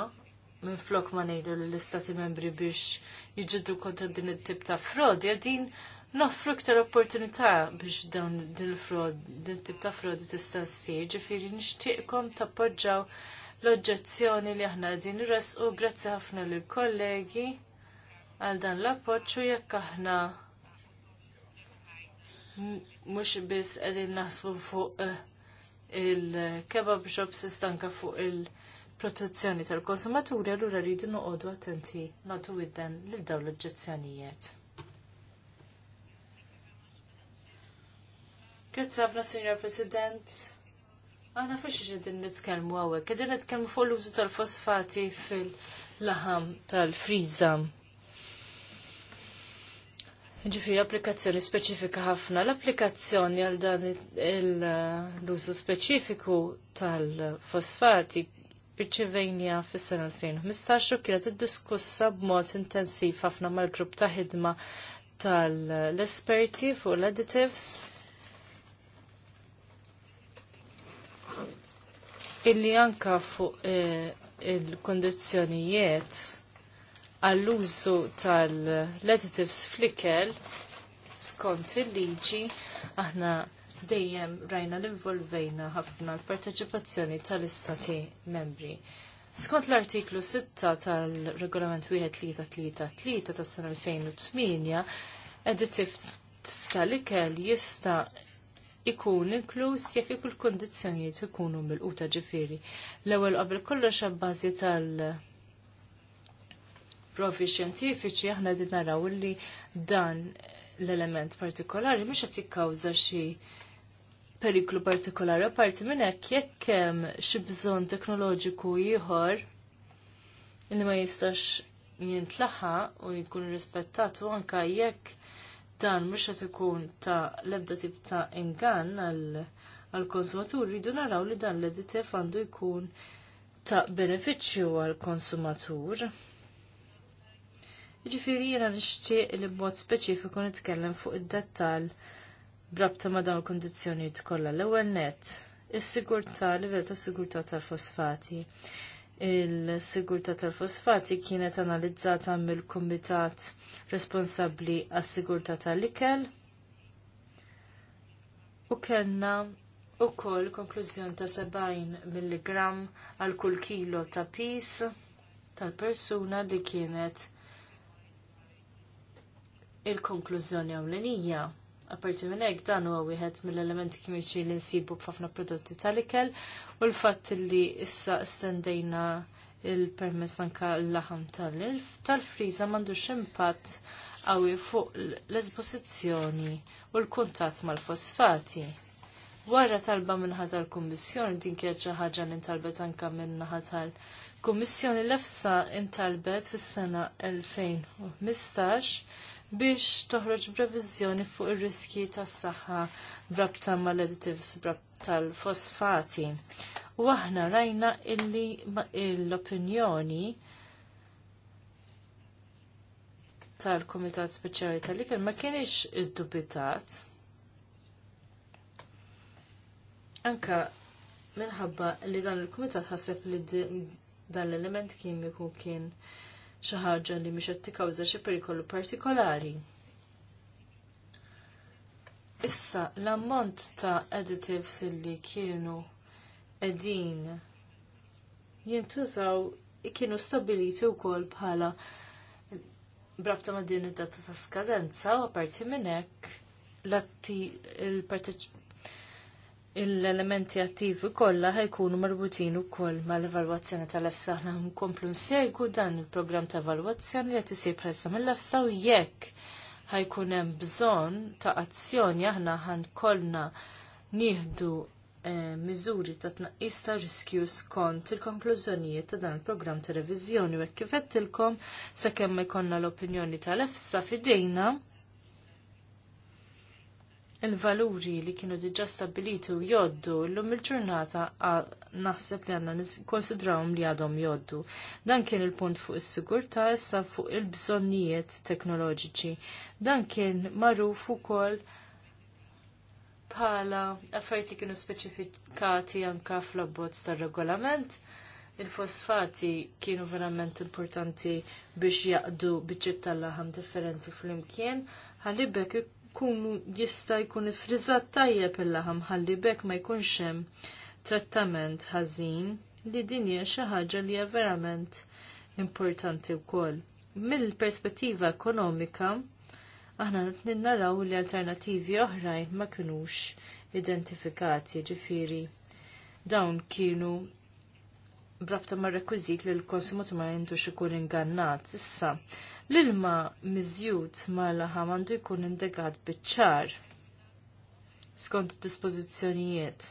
minn flok ma ngħidu l-istati membri biex jġiddu kontra din it-tip ta' frodi, għadin noffru iktar opportunità biex dawn din frod din tip ta' frodi tista' ssir, ġifieri nixtieqkom tappoġġaw l-oġġezzjoni li aħna qegħdin u grazzi ħafna lill kollegi għal dan l-appoġġ jekk aħna mux biss għedin naħsbu fuq eh, il-kebab xob sistanka fuq il- protezzjoni tal-konsumaturi allura rridu noqogħdu attenti nagħtu widden lil dawn l-oġġezzjonijiet. Grazie ħafna, Signor President. Għana fiex ġedin nitkelmu għawek, għedin nitkelmu fuq l-użu tal-fosfati fil-laħam tal-friza. Ġifiri, applikazzjoni speċifika ħafna. L-applikazzjoni għal dan l-użu speċifiku tal-fosfati irċivejnija fis-sena 2015 u kienet iddiskussa b'mod intensiv ħafna mal-grupp ta' ħidma tal-esperti fuq l-additives illi anka fuq eh, il-kondizjonijiet għall-użu tal-additives flikel skont il-liġi aħna dejjem rajna l involvejna ħafna l-parteċipazzjoni tal-istati membri. Skont l-artiklu 6 tal-regolament 1333 tas-sena 2008, editif tal-ikel jista' ikun inkluż jekk ikul kundizzjonijiet ikunu mill-quta ġifieri. L-ewwel qabel kollox abbażi tal- provi xjentifiċi aħna din naraw li dan l-element partikolari mhux qed jikkawża xi periklu partikolari. Apparti minn hekk jekk hemm xi bżonn teknoloġiku ieħor li ma jistax jintlaħa u jkun rispettatu anke jekk dan mhux qed ikun ta' l-ebda tip ta' ingann għall konsumatur rridu naraw li dan l-editif għandu jkun ta' benefiċċju għall konsumatur Ġifiri jena nixtieq li b'mod speċifiku nitkellem fuq id-dettall brabta ma dawn il-kondizjonijiet kollha l-ewwel net is-sigurtà, livell ta' sigurtà tal-fosfati. Il-sigurtà tal-fosfati kienet analizzata mill-Kumitat responsabbli għas-sigurtà tal-ikel u kellna wkoll konklużjoni ta' 70 mg għal kull kilo ta' pis tal-persuna li kienet il-konklużjoni għawlenija. Apparti minn hekk dan huwa wieħed mill-elementi kimiċi li nsibu f'ħafna prodotti tal-ikel u l-fatt li issa stendejna il-permess anka l-laħam tal-ilf tal-friża m'għandux impatt qawwi fuq l-esposizzjoni u l-kuntatt mal-fosfati. Wara talba minnaħa tal-Kummissjoni din kienet xi ħaġa li ntalbet anke minnaħa tal-Kummissjoni l-EFSA intalbet fis-sena 2015 biex toħroġ previżjoni fuq ir-riski tas-saħħa brabta mal-additives tal-fosfati. U aħna rajna illi l-opinjoni tal-Kumitat Speċjali tal-Ikel ma kienx iddubitat. Anka minħabba li dan il-Kumitat ħaseb li dan l-element kimiku kien, kien xi ħaġa li mhix qed tikkawża xi perikolu partikolari. Issa l-ammont ta' additives li kienu qegħdin jintużaw kienu stabiliti wkoll bħala brabta ma' din id-data ta' skadenza u apparti minn hekk l-atti l-elementi attivi kollha ħajkunu marbutin ukoll mal-evalwazzjoni tal-EFSA aħna nkomplu nsegwu dan il-programm ta' evalwazzjoni li qed isir bħalissa mill-EFSA u jekk ħajkun hemm bżonn ta' azzjoni aħna ħankollna nieħdu eh, miżuri ta' tnaqqis ta' riskju skont il-konklużjonijiet ta' dan il-programm ta' reviżjoni u kif qedtilkom sakemm ma jkollna l-opinjoni tal-EFSA fidejna il-valuri li kienu diġa stabiliti u joddu l-lum il-ġurnata naħseb li għanna konsidrawum li għadhom joddu. Dan kien il-punt fuq is-sigurta issa fuq il-bżonnijiet teknoloġiċi. Dan kien maruf ukoll bħala affarijiet li kienu speċifikati anka fl-abbozz tar-regolament il-fosfati kienu verament importanti biex jaqdu biċċiet l laħam differenti fl-imkien, ħalibek kunu jista' jkun ifriżat tajjeb il-laħam ħalli bekk ma jkunx hemm trattament ħażin li din hija xi ħaġa li hija verament importanti wkoll. Mill-perspettiva ekonomika, aħna naraw li alternativi oħrajn ma kinux identifikati ġifiri. Dawn kienu brabta ma' rekwizit li l-konsumatur ma' jintu ikun ingannat. Issa, l-ilma miżjud ma' laħam għandu jkun indegat bieċar skont dispożizzjonijiet.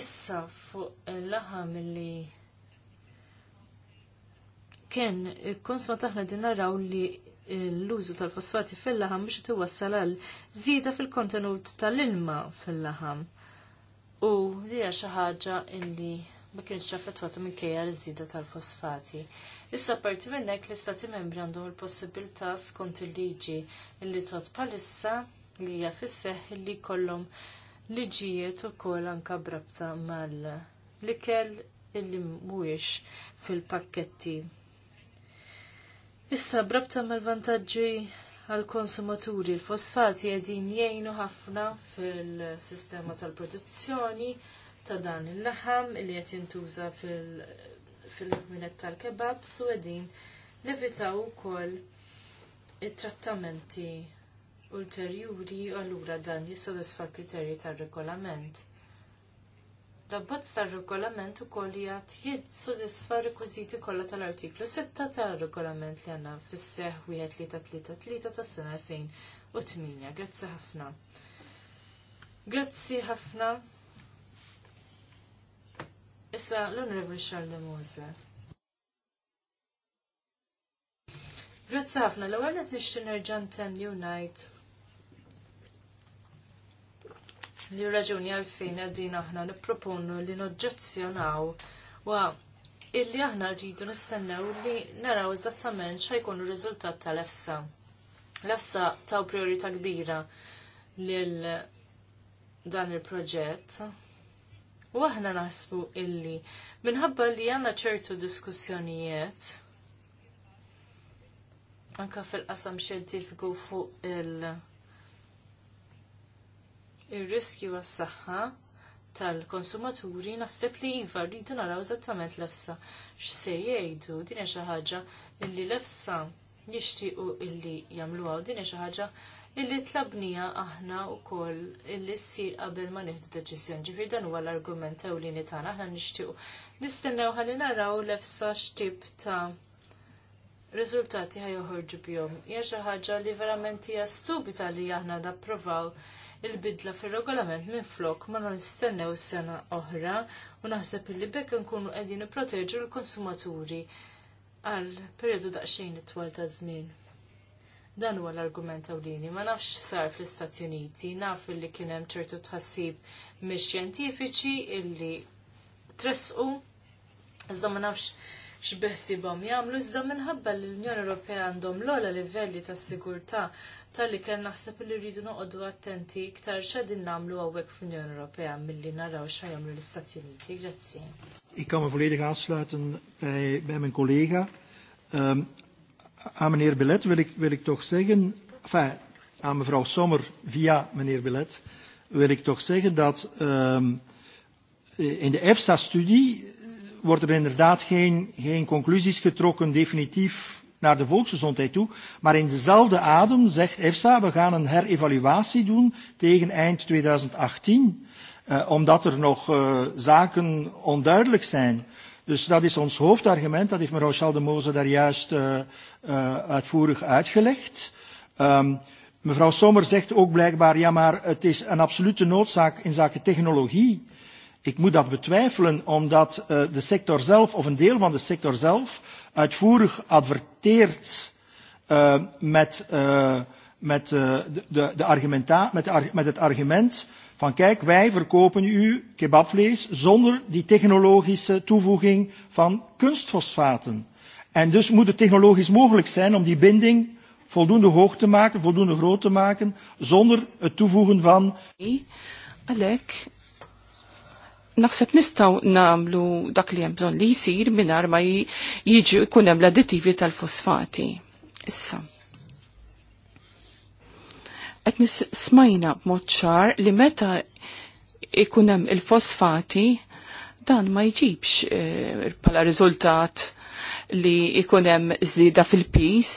Issa fuq il-laħam li kien konsma taħna din naraw li l-użu tal-fosfati fil-laħam biex wassal għal żieda fil-kontenut tal-ilma fil-laħam. U li hija xi ħaġa illi ma kienx affettwata minn kejja l-żida tal-fosfati. Issa parti minn hekk l-istati membri għandhom il-possibilità skont il-liġi li tot palissa li hija fisseħ li jkollhom liġijiet ukoll anke brabta mal l-ikel illi mhuwiex fil-pakketti. Issa brabta mal-vantaġġi għal konsumaturi l-fosfati qegħdin jgħinu ħafna fil-sistema tal-produzzjoni ta' dan il-laħam li qed jintuża fil-kminet tal-kebab su nevitaw ukoll it-trattamenti ulterjuri u allura dan jissodisfa kriterji tar-regolament. L-abbozz tar-regolament ukoll jgħat jissodisfa r-rekwiżiti kollha tal-artiklu 6 tar-regolament li għandna fis seħħ wieħed tlieta tlieta tlieta tas-sena 2008. Grazzi ħafna. Grazzi ħafna Issa l-Onorevoli Charles de Mose. Grazzi ħafna, l-ewwel qed nixtri nerġa' ntenni u ngħid li raġuni għalfejn qegħdin aħna nipproponu li noġġezzjonaw wa illi aħna rridu nistennew li naraw eżattament x'ajkun ir-riżultat tal-EFSA. L-EFSA taw priorità kbira lil dan il-proġett U aħna naħsbu illi minħabba li għanna ċertu diskussjonijiet anka fil-qasam xjentifiku fuq il- il-riskju għas-saħħa tal-konsumaturi naħseb li iva rridu naraw eżattament l-efsa x'se jgħidu din hija xi ħaġa illi l-efsa jixtiequ illi jagħmluha u din hija xi ħaġa illi tlabnija aħna wkoll illi ssir qabel ma nieħdu deċiżjoni. Ġifier dan huwa l-argument ewlieni tagħna aħna nixtiequ. Nistennew ħalli naraw l-efsa x'tip ta' riżultati ħajoħorġu bihom. Hija xi ħaġa li verament hija stupita li aħna napprovaw il-bidla fil-regolament minn flok ma nistennew sena oħra u naħseb li bekk nkunu qegħdin nipproteġu l-konsumaturi għal periodu daqsxejn it-twal ta' żmien. Dan huwa l-argument ewlieni. Ma nafx sar fl-Istati Uniti, naf li kien hemm ċertu tħassib mhix xjentifiċi illi tresqu iżda ma nafx x'beħsibhom jagħmlu iżda minħabba li l-Unjoni Ewropea għandhom l-ogħla livelli tas-sigurtà tal-li kell naħseb li rridu noqogħdu attenti iktar x'għadin nagħmlu hawnhekk fl-Unjoni Ewropea milli naraw x'għajamlu l-Istati Uniti. Grazzi. Ik politika me volledig kollega aan meneer Billet wil ik, wil ik toch zeggen, enfin, aan mevrouw Sommer via meneer Billet, wil ik toch zeggen dat um, in de EFSA-studie wordt er inderdaad geen, geen conclusies getrokken definitief naar de volksgezondheid toe. Maar in dezelfde adem zegt EFSA, we gaan een herevaluatie doen tegen eind 2018, eh, omdat er nog eh, zaken onduidelijk zijn. Dus dat is ons hoofdargument, dat heeft mevrouw Schaldemose daar juist uh, uh, uitvoerig uitgelegd. Um, mevrouw Sommer zegt ook blijkbaar, ja maar het is een absolute noodzaak in zaken technologie. Ik moet dat betwijfelen omdat uh, de sector zelf, of een deel van de sector zelf, uitvoerig adverteert uh, met, uh, met, uh, de, de, de met, de, met het argument van kijk, wij verkopen u kebabvlees zonder die technologische toevoeging van kunstfosfaten. En dus moet het technologisch mogelijk zijn om die binding voldoende hoog te maken, voldoende groot te maken, zonder het toevoegen van... Alek, naħseb nistaw namlu dak li jemżon li jisir minar ma jiġu kunem l-additivi tal-fosfati. Issa qed smajna b'mod ċar li meta ikun hemm il-fosfati dan ma jġibx eh, bħala pala riżultat li ikun hemm żieda fil-pis,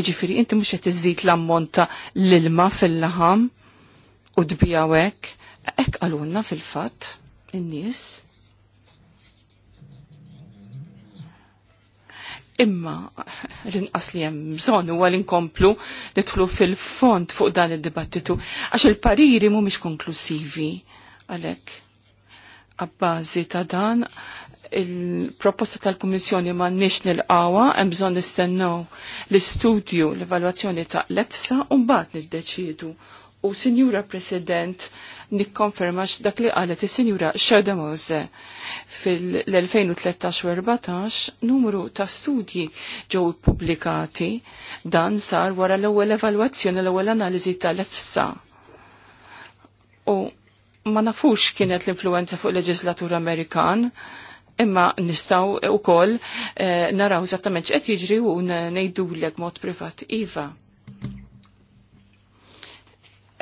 iġifieri inti mhux qed iżid l-ammonta l-ilma fil-laħam u dbijawek, hekk qalulna fil-fatt in-nies Imma l-inqas li hemm bżonn huwa li nkomplu nidħlu fil-fond fuq dan id-dibattitu għax il-pariri mhumiex konklusivi għalhekk. Abbażi ta' dan il-proposta tal-Kummissjoni ma nix nil-qawa, bżon l-istudju, l-evaluazzjoni ta' l-EFSA, un-bat nid-deċidu. U, Sinjura President, nikkonferma x'dak li qalet is-Sinjura Shadows fil-2013-14 numru ta' studji ġew pubblikati dan sar wara l-ewwel evalwazzjoni l-ewwel analiżi tal-EFSA. U ma nafux kienet l-influenza fuq il-leġislatur Amerikan, imma nistaw u koll e, naraw zattament x'qed jiġri u nejdu l mod privat iva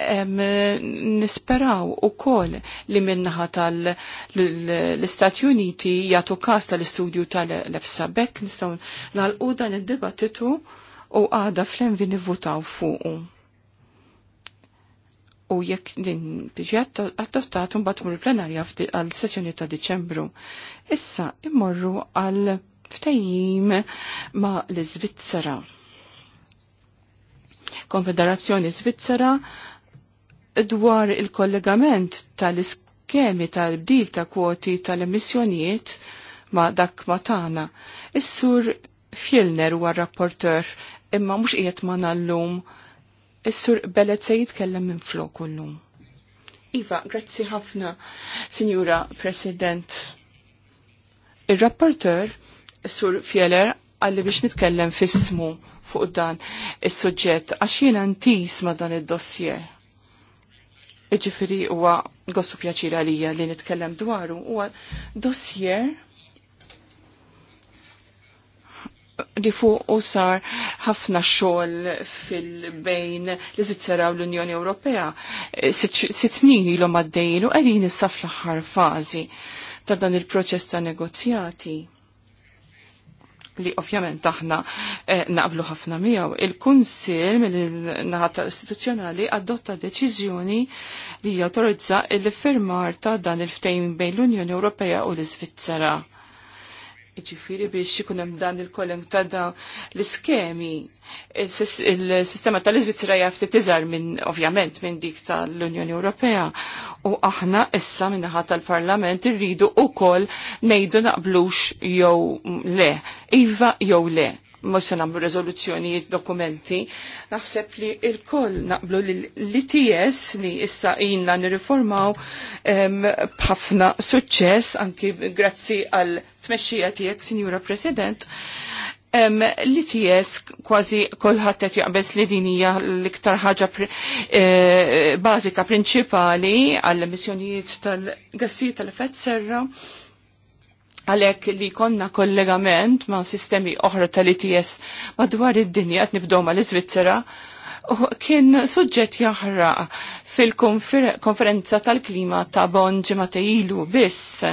nisperaw u kol li minnaħa tal-Istati Uniti jgħatu kas tal-istudju tal-EFSA BEK nistaw nal-u dan id-dibattitu u għada flem vini votaw fuqu. U jekk din tiġi għattaftat un batmur plenarja għal-sessjoni ta' Deċembru. Issa immorru għal-ftajim ma' l-Svizzera. Konfederazzjoni Svizzera dwar il-kollegament tal-iskemi tal-bdil ta' kwoti tal-emissjonijiet ma' dak ma' tana. Is-sur Fjellner huwa rapporter imma mhux qiegħed ma' nallum. Is-sur Belet se jitkellem minn flok kullum. Iva, grazzi ħafna, Sinjura President. Il-rapporter, Sur Fjeller, għalli biex nitkellem fissmu fuq dan is-suġġett għax jiena ntis ma' dan id-dossier Iġifiri huwa għossu pjaċir għalija li nitkellem dwaru huwa dossier li fuq u sar ħafna xogħol fil-bejn li iżvizzera u l-Unjoni Ewropea. Sitt snin ilhom għaddejjin u qegħdin issa fl-aħħar fażi ta' dan il-proċess ta' negozjati li ovvjament aħna eh, naqblu ħafna miegħu. Il-Kunsil mill-naħat istituzzjonali adotta deċiżjoni li jawtorizza l iffirmar ta' dan il-ftejn bejn l-Unjoni Ewropea u l-Iżvizzera Iġifiri biex ikunem dan il-kolem ta' da l-iskemi. Il-sistema tal-Izvizzera jafti tizar minn, ovvjament, minn dik tal-Unjoni Ewropea. U aħna issa minnaħat tal-Parlament irridu u kol nejdu naqblux jew le. Iva jew le mux se namlu rezoluzzjoni dokumenti, naħseb li il-koll naqblu l-ITS li issa inna nirriformaw bħafna suċċess anki grazzi għal f-mexxija tiegħek, Sinjura President, Um, li tijes kważi kolħat qed jaqbes li din hija l-iktar ħaġa pr eh, bażika prinċipali għall-emissjonijiet tal-gassijiet tal-effett serra għalhekk li konna kollegament ma' sistemi oħra tal-ITS madwar id-dinja qed nibdew mal-Iżvizzera kien suġġett jaħraq fil-konferenza tal-klima ta' Bon ġimata ilu biss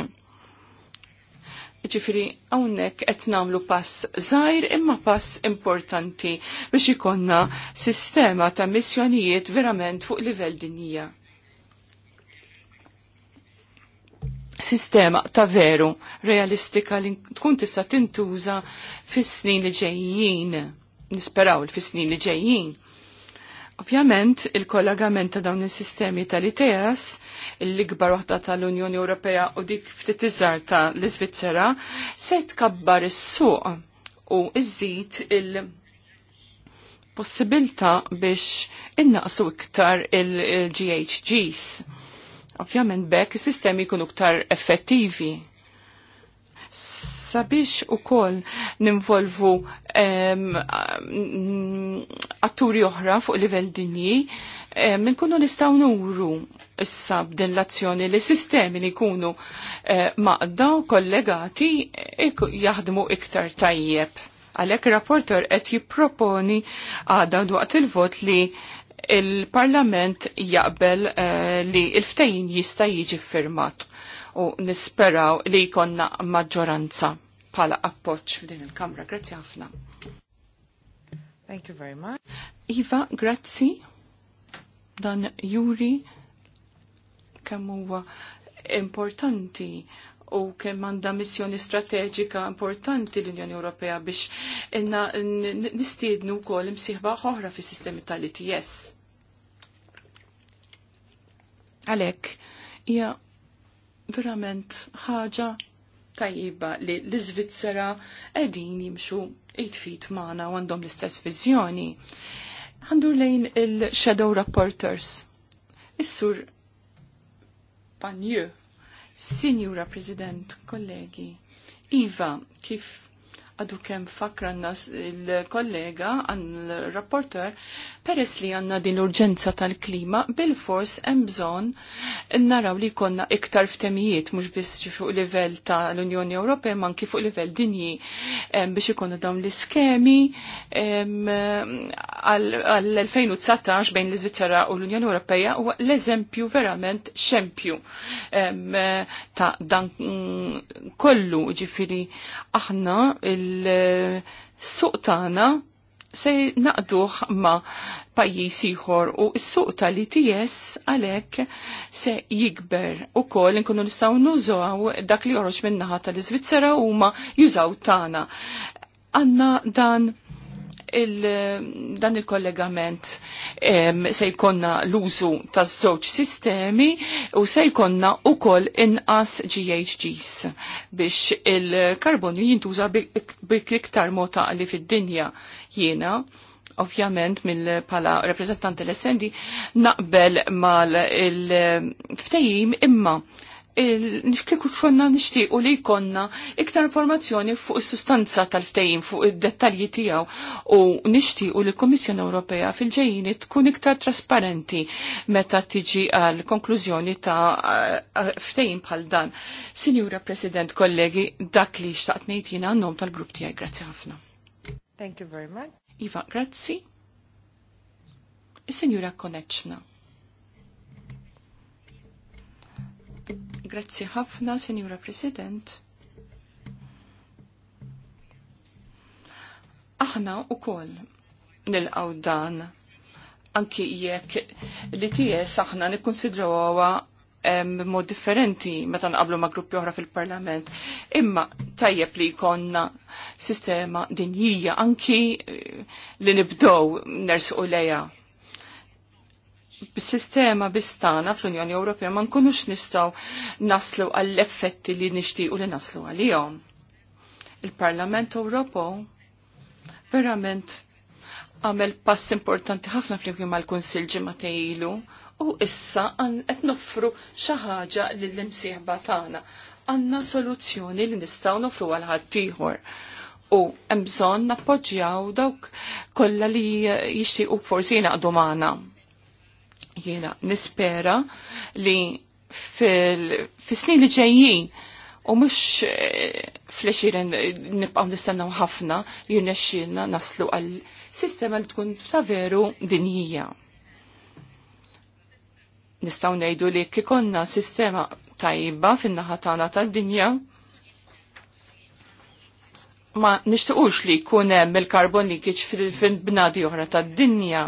Ġifiri, għawnek qed namlu pass zaħir imma pass importanti biex ikonna sistema ta' missjonijiet verament fuq livell dinija. Sistema ta' veru, realistika li tkun tista' tintuża fis-snin li ġejjin nisperaw il-fisnin li ġejjin. Ovvjament, il-kollegament ta' dawn is-sistemi tal-ITEAS, l-ikbar waħda tal-Unjoni Ewropea u dik ftit iżgħar ta' l-Iżvizzera, se tkabbar is-suq u iżid il- possibilta biex innaqsu iktar il-GHGs. Ovvjament bekk is-sistemi jkunu iktar effettivi sabiex u kol ninvolvu atturi oħra fuq livell dinji, kunu nistaw nuru issa b'din l-azzjoni li sistemi li jkunu eh, maqda u kollegati eh, jaħdmu iktar tajjeb. Għalek rapporter qed jipproponi għada waqt il-vot li il-Parlament jaqbel eh, li il-ftejn jista' jiġi firmat u nisperaw li jkonna maġġoranza pala appoċ f'din il-Kamra. Grazzi ħafna. Thank you very much. Iva, grazzi. Dan Juri kemm huwa importanti u kemm għandha missjoni strateġika importanti l-Unjoni Ewropea biex inna nistiednu wkoll imsieħba oħra fis-sistemi tal-ITS. Għalhekk hija verament ħaġa tajjiba li l-Iżvizzera qegħdin jimxu it-fit magħna u għandhom l-istess viżjoni. Għandur lejn il-Shadow Reporters. Is-sur Panju, Sinjura President, kollegi, Iva, kif għadu kem fakra nas il-kollega għan rapporter peress li għanna din urġenza tal-klima bil-fors bżon naraw li konna iktar ftemijiet mux biss fuq livell tal-Unjoni Ewropea man fuq livell dinji biex ikonu dawn l-iskemi għal-2019 bejn l-Svizzera u l-Unjoni Ewropea u l-eżempju verament xempju ta' dan mm, kollu ġifiri aħna il il-suq tagħna se naqduh ma pajjiż ieħor u s-suq tal-ITS għalhekk se jikber ukoll inkunu nistgħu nużaw dak li joroġ min-naħa tal-Iżvizzera huma jużaw tagħna. Għandna dan dan il-kollegament se jkonna l-użu ta' żewġ sistemi u se jkonna ukoll inqas GHGs biex il-karbonju jintuża biktar mota li fid-dinja jiena ovvjament mill pala rappresentanti l snd naqbel mal il-ftejim imma kieku xonna nishtiqu li jkonna iktar informazzjoni fuq is-sustanza tal-ftejjin fuq id-dettalji tiegħu u nixtiequ li l-Kummissjoni Ewropea fil-ġejjini tkun iktar trasparenti meta tiġi għal konklużjoni ta' ftejim bħal dan. Sinjura President, kollegi, dak li xtaqt ngħid għannom tal-grupp tiegħi. Grazzi ħafna. Thank you very much. Iva, grazzi. sinjura Koneċna. Grazzi ħafna, Senjura President. Aħna u koll nilqaw dan anki jekk li tijes aħna nikkonsidrawa mod differenti meta qablu ma' gruppi oħra fil-parlament. Imma tajjeb li jkonna sistema dinjija anki eh, li nibdow nersu leja sistema bistana fl-Unjoni Ewropea ma nkunux nistgħu naslu għall-effetti li nixtiequ li naslu għalihom. Il-Parlament Ewropew verament għamel pass importanti ħafna flimkien mal-Kunsill ġimgħa ilu u issa qed noffru xi ħaġa lill-imsieħba tagħna. Għandna soluzzjoni li nistgħu nofru għal ħadd ieħor u bżonn nappoġġjaw dawk kollha li jixtiequ forsi jingħaqdu magħna Jiena nispera li fil-snin li ġejjin u mux eh, fl-eċirin nistennaw ħafna li jirnexxina naslu għal sistema li tkun ta' veru dinjija. Nistaw nejdu li kikonna sistema tajba fin-naħa tagħna tad-dinja ma nishtuqux li jkun hemm il-karbon li kieċ fil-bnadi oħra tad-dinja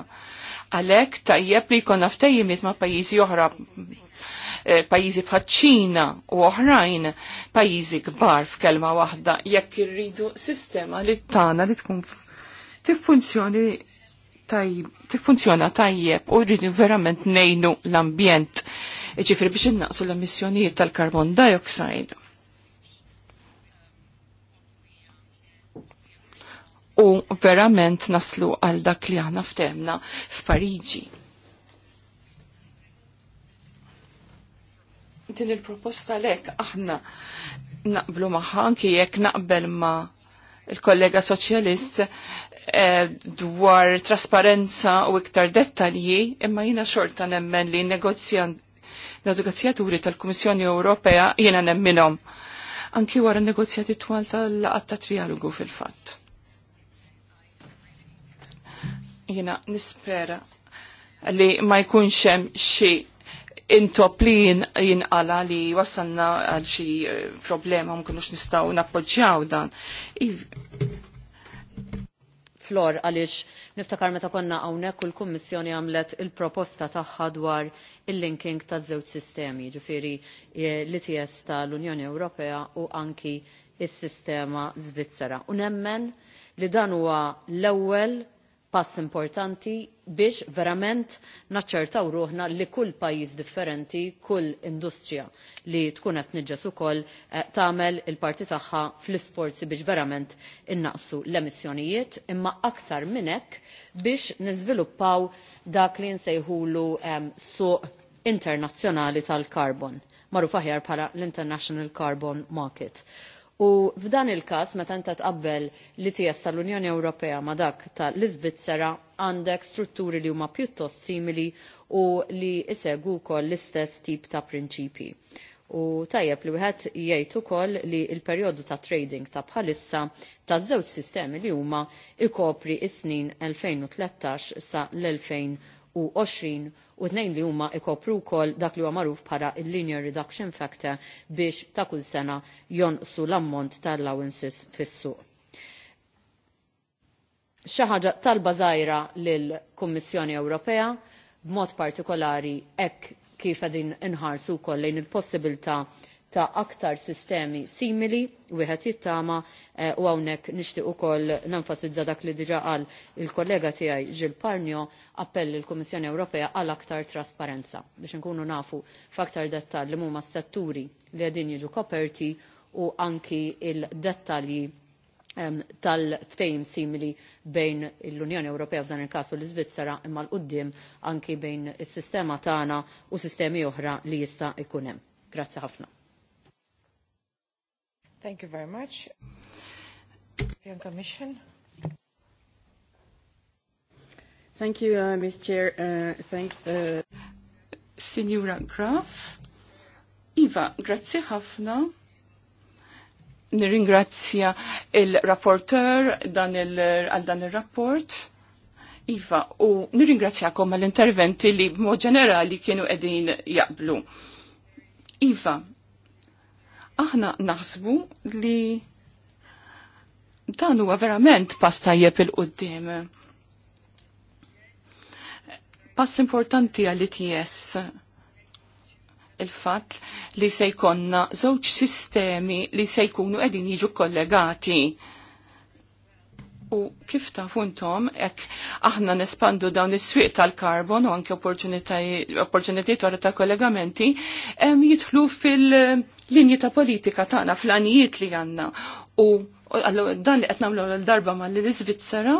Għalek tajjeb li jkun ftejjimiet ma' pajjiżi oħra eh, pajjiżi bħaċ-ċina u oħrajn pajjiżi kbar f'kelma waħda jekk irridu sistema li tana li tkun tiffunzjoni tiffunzjona tajjeb u rridu verament nejnu l-ambjent. Ġifri biex innaqsu l-emissjonijiet tal-carbon dioxide. u verament naslu għal dak li għana ftemna f'Pariġi. Din il-proposta lek aħna naqblu maħħa anki jekk naqbel ma il-kollega soċjalist eh, dwar trasparenza u iktar dettalji imma jina xorta nemmen li negozjaturi tal-Kummissjoni Ewropea jina nemminom anki wara negozjati twal tal-laqat trialogu fil-fatt jina nispera li ma jkunx hemm xi intop jinqala li wasanna għal xi eh, problema ma nkunux nistgħu nappoġġjaw dan. Flor għaliex niftakar meta konna hawnhekk u l-Kummissjoni għamlet il-proposta tagħha dwar il-linking taż żewġ sistemi, ġifieri eh, l-ITS tal-Unjoni Ewropea u anki is-sistema Svizzera. U nemmen li dan huwa l-ewwel pass importanti biex verament naċċertaw ruħna li kull pajjiż differenti, kull industrija li tkun qed niġġes ukoll eh, tagħmel il-parti tagħha fl-isforzi biex verament innaqsu l-emissjonijiet, imma aktar minn hekk biex niżviluppaw dak li nsejħulu ehm, suq internazzjonali tal-karbon, magħruf aħjar bħala l-International Carbon Market. U f'dan il-każ meta inta tqabbel li ties tal-Unjoni Ewropea ma dak tal-Iżvizzera għandek strutturi li huma pjuttost simili u li isegu wkoll l-istess tip ta' prinċipji. U tajjeb li wieħed jgħid ukoll li l-perjodu ta' trading ta' bħalissa ta' żewġ sistemi li huma ikopri s-snin 2013 sa l 2014 u 20 u tnejn li huma ikopru wkoll dak li huwa magħruf bħala il-linear reduction factor biex ta' kull sena jonqsu l-ammont tal-allowances fis-suq. Xi ħaġa talba żgħira lill-Kummissjoni Ewropea b'mod partikolari hekk kif qegħdin inħarsu wkoll lejn il-possibilità ta' aktar sistemi simili wieħed jittama eh, u hawnhekk nixtieq ukoll nenfasizza dak li diġà qal il-kollega tiegħi Gil Parnio appell il-Kummissjoni Ewropea għal aktar trasparenza biex inkunu nafu f'aktar dettall li huma s-setturi li qegħdin jiġu koperti u anki il-dettalji tal-ftejm simili bejn l-Unjoni Ewropea f'dan il-kasu l-Iżvizzera imma l-qoddim anki bejn is-sistema tagħna u sistemi oħra li jista' jkun hemm. Grazzi ħafna. Thank you very much. Young Commission. Thank you, uh, Ms. Chair. Uh, thank, uh... Signora Graf. Iva, grazzi ħafna. Nirringrazzja il rapporteur dan il għal dan il-rapport. Iva, u nirringrazzjakom għall-interventi li b'mod ġenerali kienu edin jaqblu. Iva, Aħna naħsbu li dan huwa verament pass tajjeb il-qudiem. Pass importanti għal ITS il-fatt li se jkonna żewġ sistemi li se jkunu qegħdin jiġu kollegati. U kif ta' funtom, ek aħna nespandu dawn is-swieq tal-karbon u anke opportunitajiet wara ta' kollegamenti, jitħlu fil- linji ta' politika tagħna fl-anijiet li għandna u dan li qed nagħmlu l-darba ma' l-Iżvizzera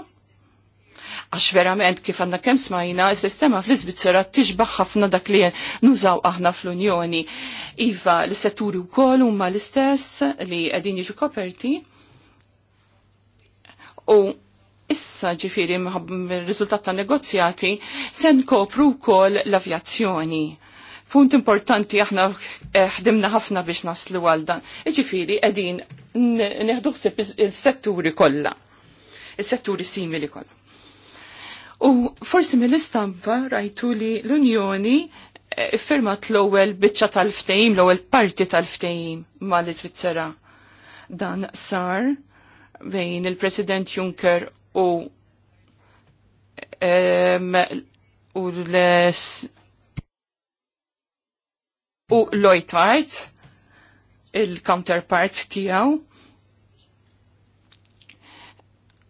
għax verament kif għanna kem smajna, il-sistema fl-Izvizzera tiġbaħ ħafna dak li nużaw aħna fl-Unjoni. Iva, l-setturi u huma l-istess li għedin jiġu koperti. U issa ġifiri riżultat ta' negozjati sen kopru kol l-avjazzjoni Punt importanti aħna eh, ħdimna ħafna biex naslu għal dan. Iġifiri, edin neħduħsib il-setturi kollha. Il-setturi simili kollha. U forsi mill-istampa rajtu li l-Unjoni eh, firmat l-ewwel biċċa tal-ftehim, l-ewwel parti tal-ftehim mal-Iżvizzera. Dan sar bejn il-President Juncker u u u Lloyd White, il-counterpart tijaw.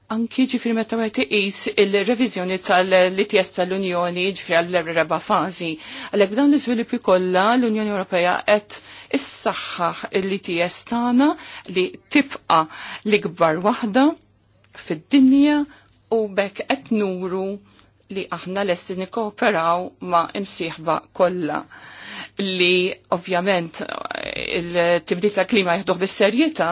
Anki ġifiri meta għet is il-revizjoni tal-ITS tal-Unjoni ġifiri għall-reba fazi. Għalek b'dawn l-izviluppi kollha l-Unjoni Ewropea qed issaħħaħ l-ITS e t'ana li tibqa l-ikbar waħda fid-dinja u bekk qed nuru li aħna lesti nikkooperaw ma' imsieħba kollha li ovvjament eh, il-tibdil ta' klima jħduħ bis-serjetà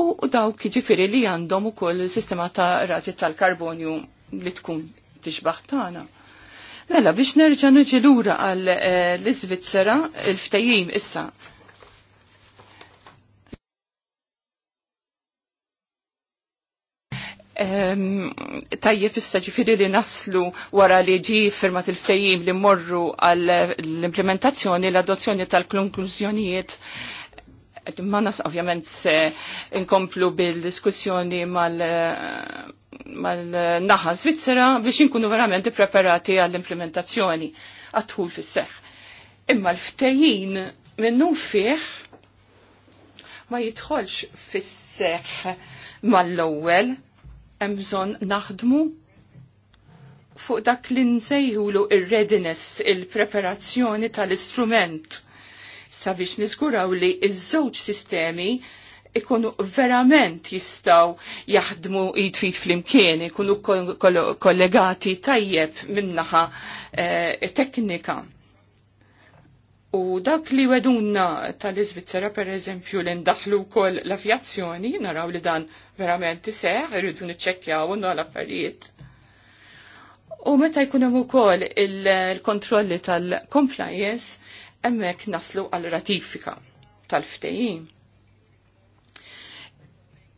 u dawk ġifiri li għandhom ukoll sistema ta' rati tal-karbonju li tkun tixbaħ tagħna. Mela biex nerġa' niġi lura għall eh, iżvizzera il-ftejjim issa Ehm, tajjeb issa ġifiri li naslu wara li ġi firmat il-fejjim li morru għall l-implementazzjoni, l-adozzjoni tal-konklużjonijiet ma nas ovvjament se inkomplu bil-diskussjoni mal- naħa Svizzera biex inkunu verament preparati għall-implementazzjoni għatħul fis-seħ. Imma l-ftejjin minnu fih ma jidħolx fis-seħ mal-ewwel hemm bżonn naħdmu fuq dak li nsejħulu ir-readiness, il-preparazzjoni tal-istrument sabiex niżguraw li iż-żewġ sistemi ikunu verament jistaw jaħdmu jitfit fl-imkien, ikunu kollegati tajjeb minnaħa eh, teknika. U dak li wedunna tal-Izvizzera per eżempju li ndaħlu kol l-avjazzjoni, naraw li dan verament seħ, irridu nċekjaw unna l-affarijiet. U meta jkun hemm ukoll il-kontrolli tal-compliance, hemmhekk naslu għal ratifika tal-ftehim.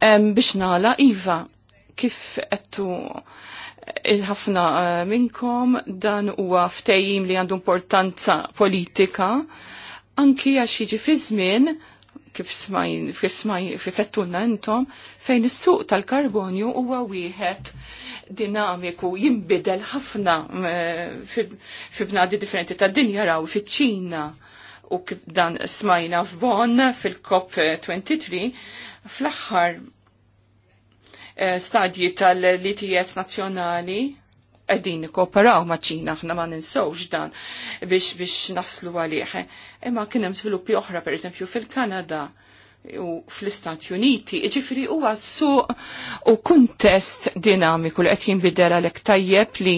Biex nagħla iva kif qedtu il-ħafna eh, minnkom dan huwa ftejim li għandu importanza politika anki għax jiġi fi żmien kif smajn, kif smajn, kif fettunna intom, fejn is-suq tal-karbonju huwa wieħed dinamiku jimbidel ħafna eh, fi bnadi differenti tad-dinja raw fiċ-Ċina u kif dan smajna f'Bonn fil-COP 23 fl-aħħar Eh, stadji tal lts nazzjonali għedin kooperaw ma' ċina, ħna ma' ninsawx dan biex biex naslu għalieħe. Imma kien hemm sviluppi oħra, per eżempju, fil-Kanada u fl-Istati Uniti, ġifiri huwa suq u kuntest dinamiku li qed jinbidel għalhekk tajjeb li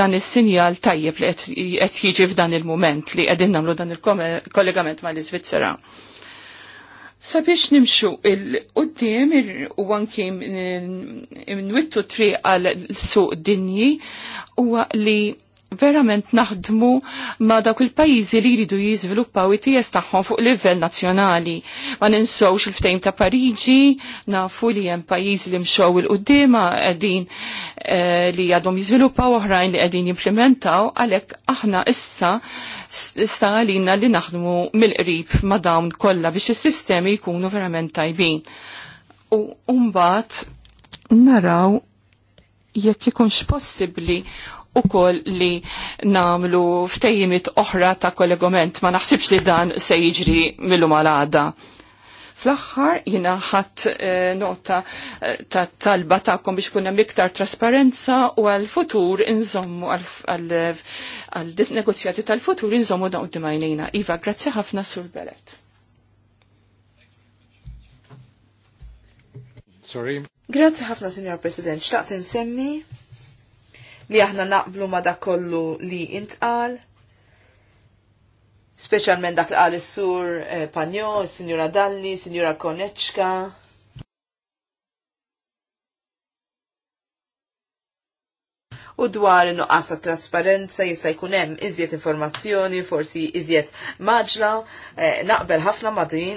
dan is-sinjal tajjeb li qed jiġi f'dan il-mument li qegħdin nagħmlu dan il-kollegament mal-Iżvizzera. il kollegament ma l il kollegament mal iżvizzera Sabiex nimxu il-qoddim u anki n-wittu tri għal suq dinji u li verament naħdmu ma dak il-pajjiżi li jridu jiżviluppaw it-ties tagħhom fuq livell nazzjonali. Ma ninsowx il-ftejm ta' Pariġi, nafu li hemm pajjiżi li mxew il-quddiema qegħdin eh, li għadhom jiżviluppaw oħrajn li qegħdin jimplementaw, għalhekk aħna issa sta li naħdmu mill-qrib ma dawn kollha biex is-sistemi jkunu verament tajbin. U mbagħad naraw jekk ikunx possibbli u koll li namlu ftejjimit oħra ta' kollegoment ma naħsibx li dan se jiġri mill mal-għada. Fl-aħħar jina ħadd eh, nota eh, ta' talba tagħkom biex kunna miktar trasparenza u għal-futur inżommu għal-negozjati tal-futur inżommu dawn dimajnejna. Iva, grazzi ħafna sur Belet. Sorry. Grazzi ħafna, Signor President. Xtaqt insemmi li aħna naqblu ma da kollu li intqal Speċjalment dak li qal is-sur eh, Panjo, sinjura Dalli, is-Sinjura u dwar nuqqas ta' trasparenza jista' jkun hemm iżjed informazzjoni, forsi iżjed maġla, eh, naqbel ħafna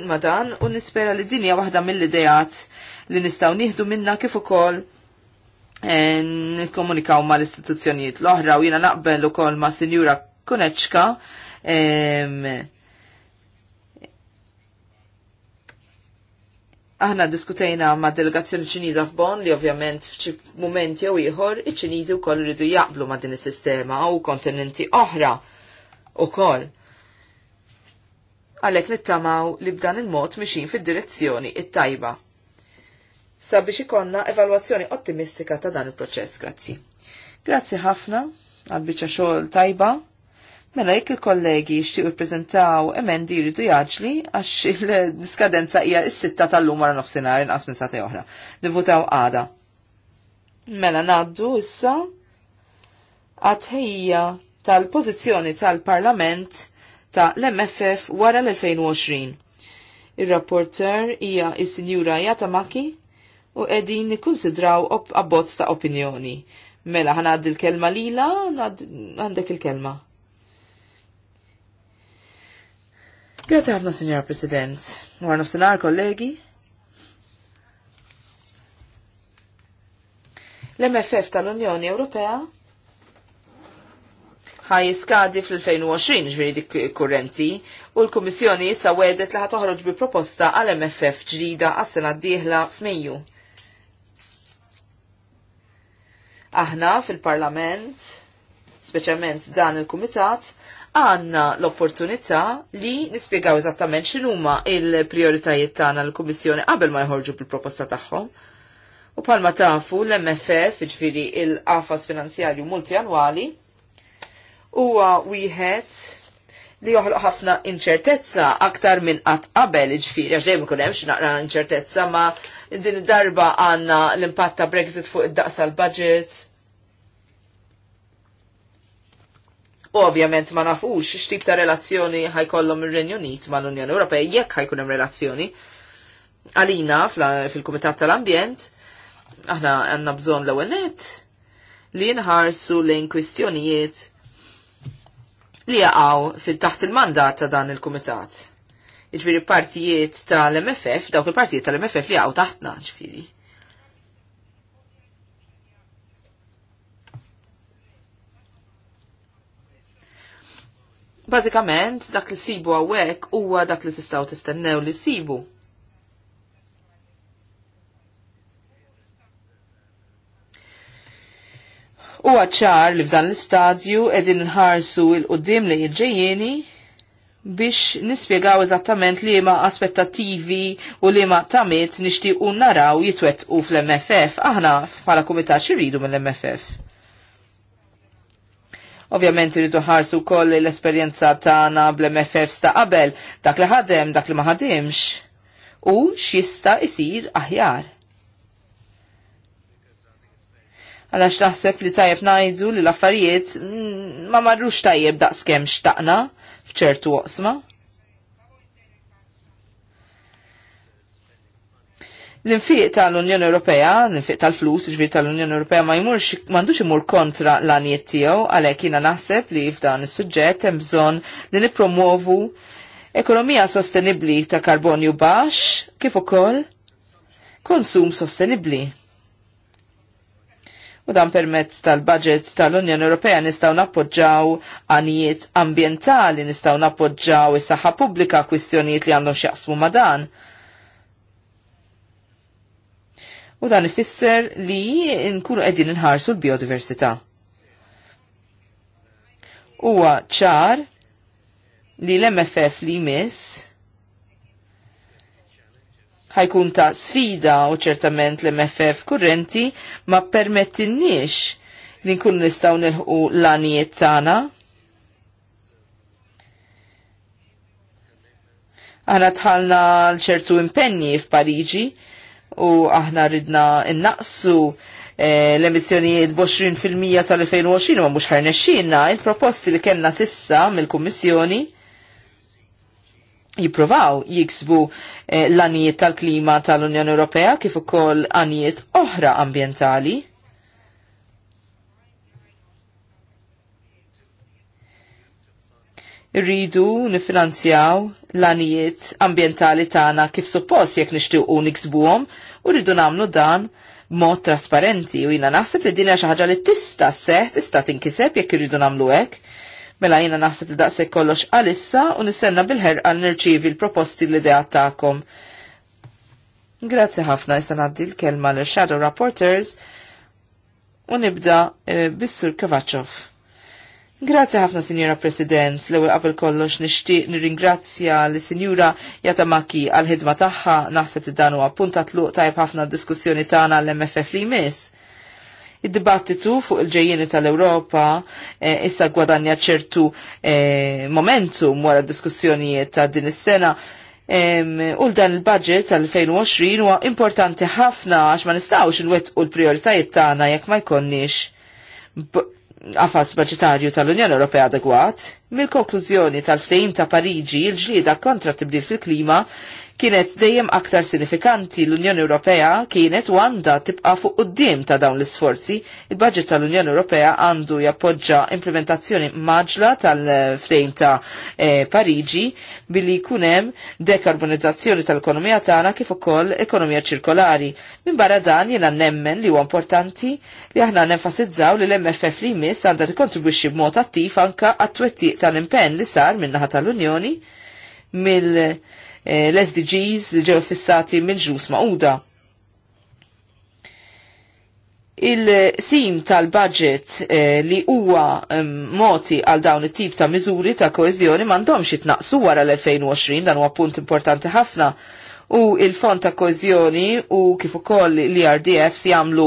ma dan u nispera li dinja waħda mill-idejat li nistgħu nieħdu minna kif ukoll eh, nikkomunikaw mal istituzzjonijiet l-oħra u jiena naqbel ukoll ma' Sinjura Konecka. Aħna diskutejna ma' delegazzjoni ċiniża f'Bonn li ovvjament f'xi moment jew ieħor iċ-Ċiniżi wkoll iridu jaqblu ma' din is-sistema u kontinenti oħra ukoll. Għalhekk nittamaw li b'dan il-mod mixin fid-direzzjoni it-tajba. Sabiex ikonna evalwazzjoni ottimistika ta' dan il-proċess, grazzi. Grazzi ħafna għal biċċa xogħol tajba Mela jekk il-kollegi jixtiequ jippreżentaw emendi jridu jaġli għax il-skadenza hija s-sitta tal-lum wara nofsinhar inqas minn sati oħra. Nivutaw għada. Mela ngħaddu issa għatħejja tal-pożizzjoni tal-Parlament ta' l-MFF wara l-2020. Ir-rapporter hija s sinjura Jatamaki u qegħdin nikkunsidraw abbozz ta' opinjoni. Mela ħanad il kelma lila, għandek il-kelma. Grazie ħafna, Signor President. Għarnu senar, kollegi. L-MFF tal-Unjoni Ewropea ħaj skadi fl-2020 ġviri dik kurrenti u l-Kummissjoni issa wedet li ħatoħroġ bi proposta għal-MFF ġdida għas-sena d-dieħla f'Mejju. Aħna fil-Parlament, speċjalment dan il-Kumitat, għanna l-opportunità li nispiegaw eżattament x'inhuma il-prioritajiet tagħna l-Kummissjoni qabel ma jħorġu bil-proposta tagħhom. U palma tafu l-MFF, ġviri il-qafas finanzjarju multianwali, huwa wieħed li joħloq ħafna inċertezza aktar minn qatt qabel ġifiri, għax dejjem ikun hemm x'naqra inċertezza ma din id-darba għandna l-impatt ta' Brexit fuq id-daqs tal-budget Ovvjament ma nafux x'tip ta' relazzjoni ħajkollhom ir-Renju Unit mal-Unjoni Ewropea jekk ħajkun hemm relazzjoni. Għalina fil-Kumitat tal-Ambjent aħna għandna bżonn l-ewwel nett, li nħarsu lejn kwistjonijiet li jaqgħu fil-taħt il-mandat ta' dan il-Kumitat. Ġifieri partijiet tal-MFF, dawk il-partijiet tal-MFF li jaqgħu taħtna, ġifieri. Bażikament dak li sibu hawnhekk huwa dak li tistgħu tistennew li sibu. U għacċar li f'dan l-istadju edin nħarsu il-qoddim li jirġejjeni biex nispiegaw eżattament li ma aspettativi u li ma tamit nishti u naraw jitwet u fl-MFF. Aħna bħala komitat xirridu mill-MFF. Ovvjament iridu ħarsu koll l-esperjenza tagħna bl-MFFs ta' qabel, dak li ħadem, dak li ma ħadimx. U x'jista' isir aħjar. Għalax naħseb li tajjeb ngħidu li l-affarijiet mm, ma marrux tajjeb daqskemm xtaqna f'ċertu oqsma. L-infiq tal-Unjoni Ewropea, l-infiq tal-flus, ġviri tal-Unjoni Ewropea ma jmurx, mandux imur kontra l-għaniet tiegħu, għalhekk jiena naħseb li f'dan is-suġġett hemm bżonn li nippromovu ekonomija sostenibbli ta' karbonju baxx, kif ukoll konsum sostenibbli. U dan permezz tal-budget tal-Unjoni Ewropea nistgħu nappoġġaw għanijiet ambjentali, nistgħu nappoġġaw is-saħħa pubblika kwistjonijiet li għandhom x'jaqsmu ma' dan u dan ifisser li nkunu qegħdin inħarsu l-biodiversità. Huwa ċar li l-MFF li jmiss ħajkun ta' sfida u ċertament l-MFF kurrenti ma permettinniex li nkun nistgħu nilħu l għanijiet tagħna. Aħna tħallna l-ċertu impenji f'Pariġi u aħna ridna innaqsu eh, l-emissjonijiet b'20% sal-2020 ma mhux ħarnexxinna il-proposti li kellna sissa mill-Kummissjoni jipprovaw jiksbu eh, l-anijiet tal-klima tal-Unjoni Ewropea kif ukoll anijiet oħra ambjentali. rridu nifinanzjaw l-anijiet ambientali tagħna kif suppost jekk nixtiequ niksbuhom u rridu nagħmlu dan mod trasparenti u jina naħseb li dinja xaħġa li tista seħ, tista tinkiseb jekk irridu namlu hekk. Mela jina naħseb li daqse kollox għalissa u nistenna bil għal nirċivi l-proposti li dea tagħkom. Grazzi ħafna jisa naddi l-kelma l-Shadow Rapporters u nibda e, bis-Sur Grazzi ħafna, Sinjora President. L-ewwel qabel kollox nixtieq nirringrazzja l sinjura Jatamaki għal ħidma tagħha naħseb li dan huwa punta tluq tajb ħafna d-diskussjoni tagħna l-MFF li jmiss. Id-dibattitu fuq il-ġejjeni tal-Ewropa eh, issa gwadanja ċertu eh, momentum wara d-diskussjonijiet ta' din is-sena u dan il-budget tal-2020 huwa importanti ħafna għax ma nistgħux inwettqu l-prijoritajiet tagħna jekk ma jkollniex għafas budgetarju tal-Unjoni Ewropea adegwat, mill-konklużjoni tal-ftehim ta' Pariġi il-ġlieda kontra tibdil fil-klima kienet dejjem aktar sinifikanti l-Unjoni Ewropea kienet u għandha tibqa' fuq quddiem ta' dawn l-isforzi. Il-budget tal-Unjoni Ewropea għandu jappoġġa implementazzjoni maġla tal-frejm ta' eh, Pariġi billi jkun hemm dekarbonizzazzjoni tal-ekonomija tagħna kif ukoll ekonomija ċirkolari. Minn barra dan jiena nemmen li huwa importanti li aħna nenfasizzaw li l-MFF li jmiss għandha tikkontribwixxi b'mod attiv anke għat-twettiq tal-impenn li sar min-naħa tal-Unjoni mill Eh, l-SDGs li ġew fissati minn ġus maquda. Il-sim tal-budget eh, li huwa moti għal dawn it-tip ta' miżuri ta' koeżjoni m'għandhomx jitnaqsu wara l-2020 dan huwa punt importanti ħafna u il-fond ta' kozjoni u kif ukoll li RDF si jagħmlu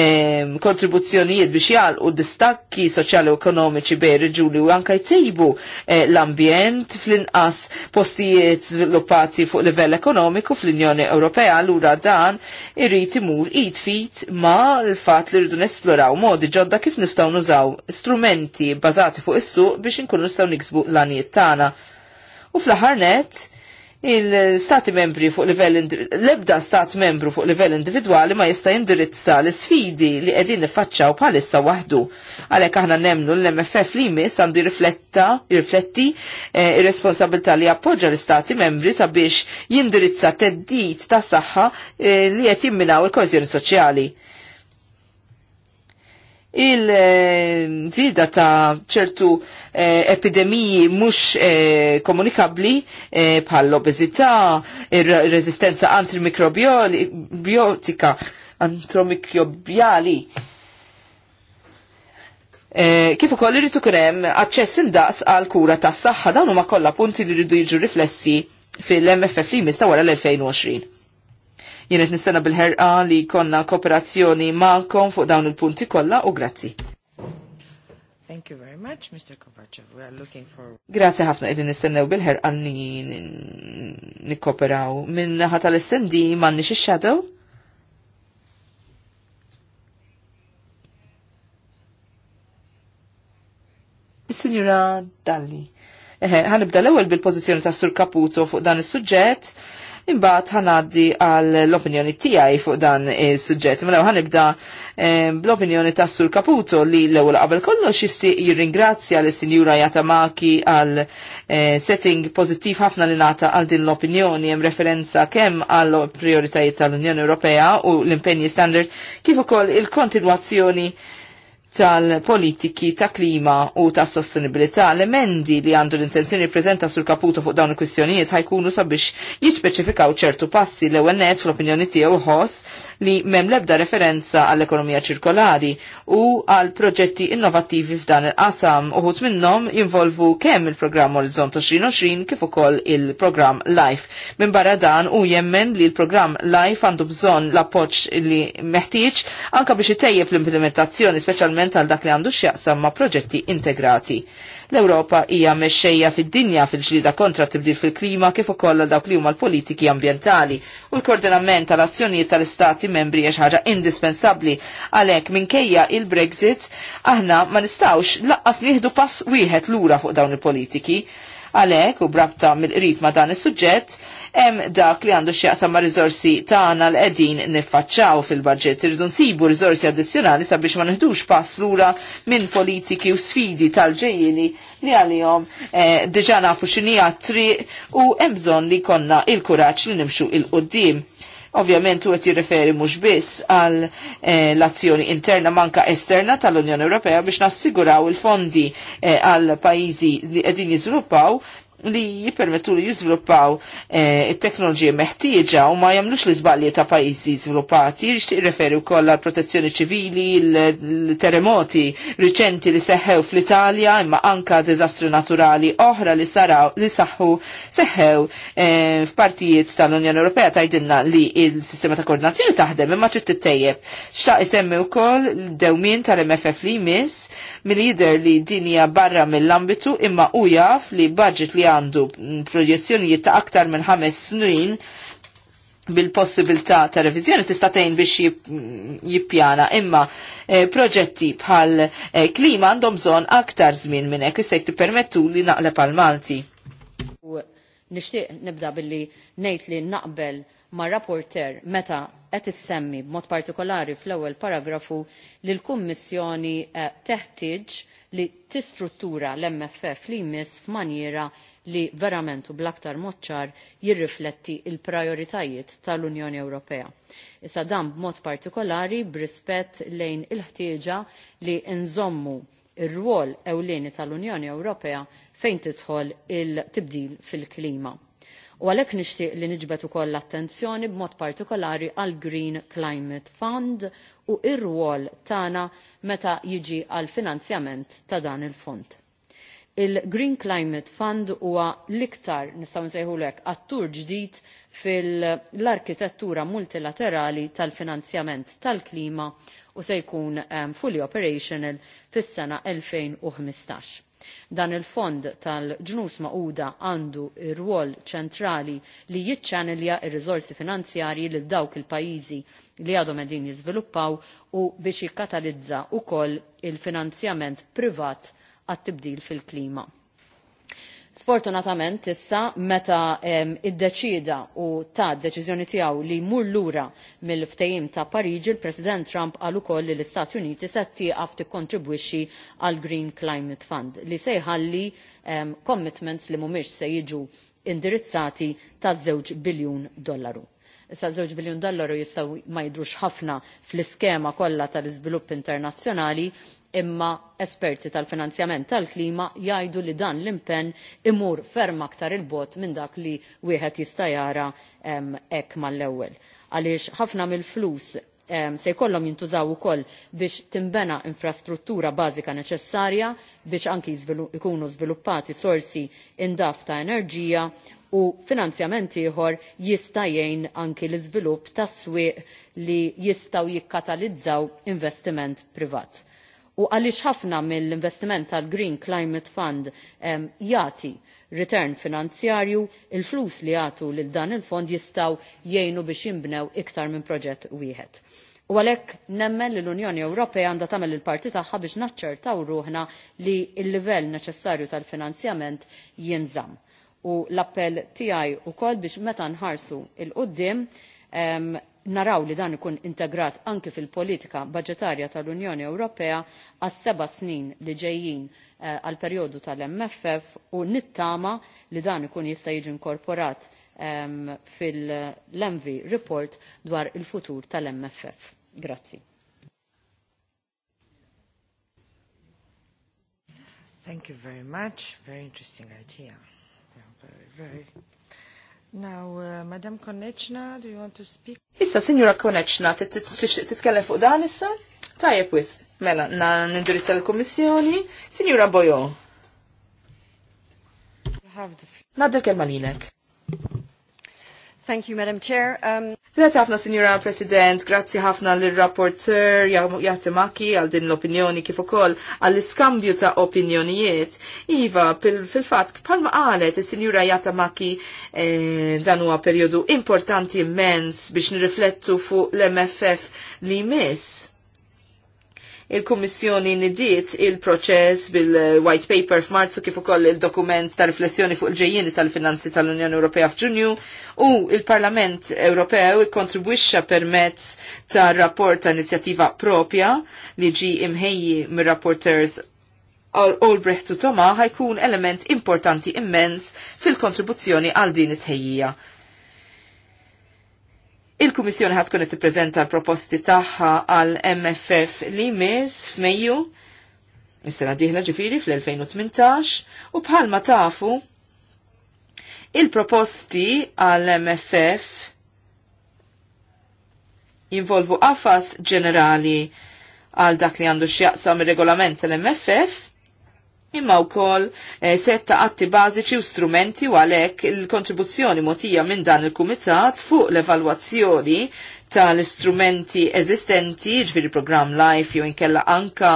ehm, kontribuzzjonijiet biex jgħalqu distakki soċjali u ekonomiċi bej reġuli u anke jtejbu eh, l-ambjent fl-inqas postijiet żviluppati fuq livell ekonomiku fl-Unjoni Ewropea lura dan irrid imur id fit ma l-fatt li rridu nesploraw modi ġodda kif nistgħu nużaw strumenti bażati fuq is-suq biex inkunu nistgħu niksbu l-għanijiet tagħna. U fl-aħħar net, il-stati membri fuq livell l-ebda stat membru fuq livell individwali ma jista' jindirizza l-sfidi li qegħdin niffaċċaw bħalissa waħdu. Għalhekk aħna nemmnu l-MFF li jmiss għandu jirrifletta jirfletti eh, ir-responsabilità li appoġġa l-istati membri sabiex jindirizza teddit tas saħħa eh, li qed jimminaw il-kohżjoni soċjali. Il-żida eh, ta' ċertu eh, Eh, epidemiji mhux eh, komunikabbli eh, bħal l-obeżità, il reżistenza antimikrobiotika, antromikrobiali. Eh, kif ukoll irid ikun hemm aċċess indaqs għal kura tas-saħħa dawn huma kollha punti li rridu jiġu riflessi fil-MFF li mista wara l-2020. Jien qed nistenna bil-ħerqa li konna kooperazzjoni magħkom fuq dawn il-punti kollha u grazzi. Thank you very much, Mr. Kovacev. We are looking for... Grazie ħafna edin nistennew bil-ħerqan li nikkoperaw. Minn ħata l-SMD manni xie shadow? Signora sinjura Dalli. Ħanibda l-ewwel bil-pożizzjoni ta' Sur Caputo fuq dan is-suġġett Imbagħad ħanaddi għal l-opinjoni tiegħi fuq dan is-suġġett. Mela ħanibda eh, bl-opinjoni ta' Sur Caputo li l-ewwel qabel kollox jixtieq jirringrazzja l sinjura Jatamaki għal eh, setting pożittiv ħafna li nata għal din l-opinjoni hemm referenza kemm għall prioritajiet tal-Unjoni Ewropea u l-impenji standard kif ukoll il-kontinwazzjoni tal-politiki ta' klima u ta' sostenibilità l-emendi li għandu l-intenzjoni prezenta sul kaputo fuq dawn il-kwistjonijiet ħajkunu sabiex jispeċifikaw ċertu passi l ewwelnet fl-opinjoni tiegħu ħoss li mem lebda referenza għall-ekonomija ċirkolari u għal proġetti innovattivi f'dan il-qasam uħut minnhom jinvolvu kemm il-programm Orizzont 2020 kif ukoll il-programm Life. Minn barra dan u jemmen li l-programm Life għandu bżonn l-appoġġ li meħtieġ anka biex itejjeb l-implementazzjoni speċjalment speċjalment għal dak li għandu x'jaqsam ma' proġetti integrati. L-Ewropa hija mexxejja fid-dinja fil-ġlida kontra tibdil fil-klima kif ukoll dawk li huma l-politiki ambjentali u l-koordinament tal-azzjonijiet tal-istati membri hija ħaġa indispensabbli għalhekk minkejja il-Brexit aħna ma nistgħux laqqas nieħdu pass wieħed lura fuq dawn il-politiki. Għalek u brabta mill-qrib ma dan is-suġġett, hemm dak li għandu x'jaqsam ma' riżorsi tagħna l qegħdin niffaċċaw fil-baġġett irridu nsibu riżorsi addizzjonali sabiex ma neħdux pass lura minn politiki u sfidi tal-ġejjini li għalihom eh, diġà nafu x'inhi triq u hemm bżonn li konna il-kuraġġ li nimxu il-qudiem. Ovvjament u għet jirreferi mux biss għal eh, l-azzjoni interna manka esterna tal-Unjoni Ewropea biex nassiguraw il-fondi eh, għal eh, pajizi li għedin jizruppaw li jipermettu li jizviluppaw eh, il-teknoloġija meħtieġa u ma jamlux li zbalji ta' pajizi zviluppati, jirixti referi u koll protezzjoni ċivili, l-terremoti riċenti li seħew fl-Italja, imma anka dizastru naturali oħra li saraw li saħħu eh, f'partijiet tal-Unjoni Ewropea tajdinna li il-sistema ta' koordinazzjoni taħdem imma ċitt tejjeb. Xtaq isemmi u koll dewmin tal-MFF li mis, mill-jider li dinja barra mill-ambitu imma u jaf li budget li għandu projezzjonijiet ta' aktar minn ħames snin bil-possibilità ta' revizjoni tista' tgħin biex jippjana imma eh, proġetti bħal eh, klima għandhom bżonn aktar żmien minn hekk issejk tippermettu li naqleb għal Malti. Nixtieq nibda billi ngħid li naqbel ma' rapporter meta qed issemmi b'mod partikolari fl-ewwel paragrafu li l-Kummissjoni eh, teħtieġ li tistruttura l-MFF li jmiss f'manjera li verament u blaktar moċċar jirrifletti il-prioritajiet tal-Unjoni Ewropea. Issa dan b'mod partikolari b'rispett lejn il-ħtieġa li nżommu ir-rwol ewlieni tal-Unjoni Ewropea fejn tidħol il-tibdil fil-klima u għalhekk nixtieq li niġbet ukoll l-attenzjoni b'mod partikolari għal Green Climate Fund u ir-rwol tagħna meta jiġi għal finanzjament ta' dan il-fond il-Green Climate Fund huwa l-iktar nistgħu nsejħulek attur ġdid fil-arkitettura multilaterali tal-finanzjament tal-klima u se jkun um, fully operational fis-sena 2015. Dan il-fond tal-ġnus maquda għandu rwol ċentrali li jiċċanilja ir-riżorsi finanzjarji lil dawk il-pajjiżi li għadhom qegħdin jiżviluppaw u biex jikkatalizza wkoll il-finanzjament privat għat-tibdil fil-klima. Sfortunatament issa meta id-deċida u ta' deċiżjoni tiegħu li jmur lura mill ftejim ta' Pariġi, il-President Trump qal ukoll li l-Istati Uniti se għafti tikkontribwixxi għal Green Climate Fund li se commitments li mhumiex se jiġu indirizzati ta' żewġ biljun dollaru. Issa żewġ biljun dollaru jistgħu ma jidrux ħafna fl-iskema kollha tal-iżvilupp internazzjonali, imma esperti tal-finanzjament tal-klima jgħidu li dan l-impenn imur ferm aktar il-bot minn dak li wieħed jista' jara hekk mal-ewwel. Għaliex ħafna mill-flus se jkollhom jintużaw ukoll biex timbena infrastruttura bażika neċessarja biex anki jkunu żviluppati sorsi indaf ta' enerġija u finanzjament ieħor jista' jgħin anki l-iżvilupp tas-swieq li jistgħu jikkatalizzaw investiment privat u għaliex ħafna mill-investiment tal-Green Climate Fund um, jati return finanzjarju, il-flus li għatu lil dan il-fond jistgħu jgħinu biex jinbnew iktar minn proġett wieħed. U għalhekk nemmen li l-Unjoni Ewropea għandha tagħmel il-parti tagħha biex naċċertaw ruħna li l-livell neċessarju tal-finanzjament jinżamm. U l-appell tiegħi wkoll biex meta nħarsu il-qudiem um, naraw li dan ikun integrat anki fil-politika budġetarja tal-Unjoni Ewropea għas seba snin li ġejjin eh, għal periodu perjodu tal-MFF u nittama li dan ikun jista' jiġi inkorporat ehm, fil mv Report dwar il-futur tal-MFF. Grazzi. Thank you very much. Very interesting idea. very, very Now, uh, Madam Konechna, do you want to speak? Issa, Signora Konechna, titkellem fuq dan issa? Tajjeb wis, mela, na nindirizza l-Kommissjoni. Signora Bojo. Nadda kelma lilek. Thank you, Madam Chair. Um... Grazzi ħafna, Sinjura President, grazzi ħafna l-rapporter maki għal din l-opinjoni kif ukoll għall iskambju ta' opinjonijiet. Iva, fil-fatt, palma qalet is-Sinjura Jatimaki eh, dan huwa perjodu importanti immens biex nirriflettu fuq l-MFF li miss il-Kummissjoni nidiet il-proċess bil-White Paper f'Marzu kif ukoll il-dokument ta' riflessjoni fuq il-ġejjieni tal-finanzi tal-Unjoni Ewropea f'Ġunju u il-Parlament Ewropew ikkontribwixxa permezz ta' rapport ta' inizjattiva propja li ġi imħejji mir-rapporters Olbrecht u Toma ħajkun element importanti immens fil-kontribuzzjoni għal din it-ħejjija. Il-Kummissjoni ħad tkun qed tippreżenta l-proposti tagħha għal MFF li miss f'Mejju is-sena diħla ġifiri fl-2018 u bħalma tafu il-proposti għal MFF jinvolvu għafas ġenerali għal dak li għandu xjaqsam il-regolament tal-MFF imma wkoll e, setta atti bażiċi u strumenti u għalhekk il-kontribuzzjoni motija minn dan il-kumitat fuq l-evalwazzjoni tal-istrumenti eżistenti, ġviri program life jew inkella anka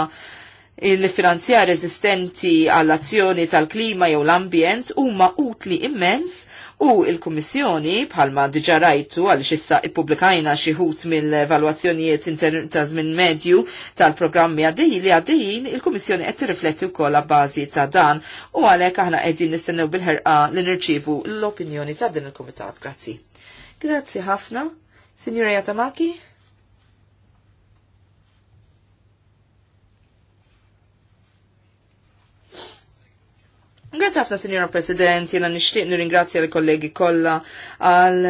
il-finanzjar eżistenti għall-azzjoni tal-klima jew l-ambjent huma utli immens u il-Kummissjoni bħalma diġa rajtu għaliex issa ippubblikajna xi ħut mill-evalwazzjonijiet ta' żmien medju tal-programmi għaddej li għaddejjin il-Kummissjoni qed tirrifletti wkoll bażi ta' dan u għalhekk aħna qegħdin nistennew bil-ħerqa li nirċievu l-opinjoni ta' din il-Kumitat. Grazzi. Grazzi ħafna. Signora Yatamaki? Grazie ħafna, Signora President, jena nishtiq nir-ingrazzja l-kollegi kolla għal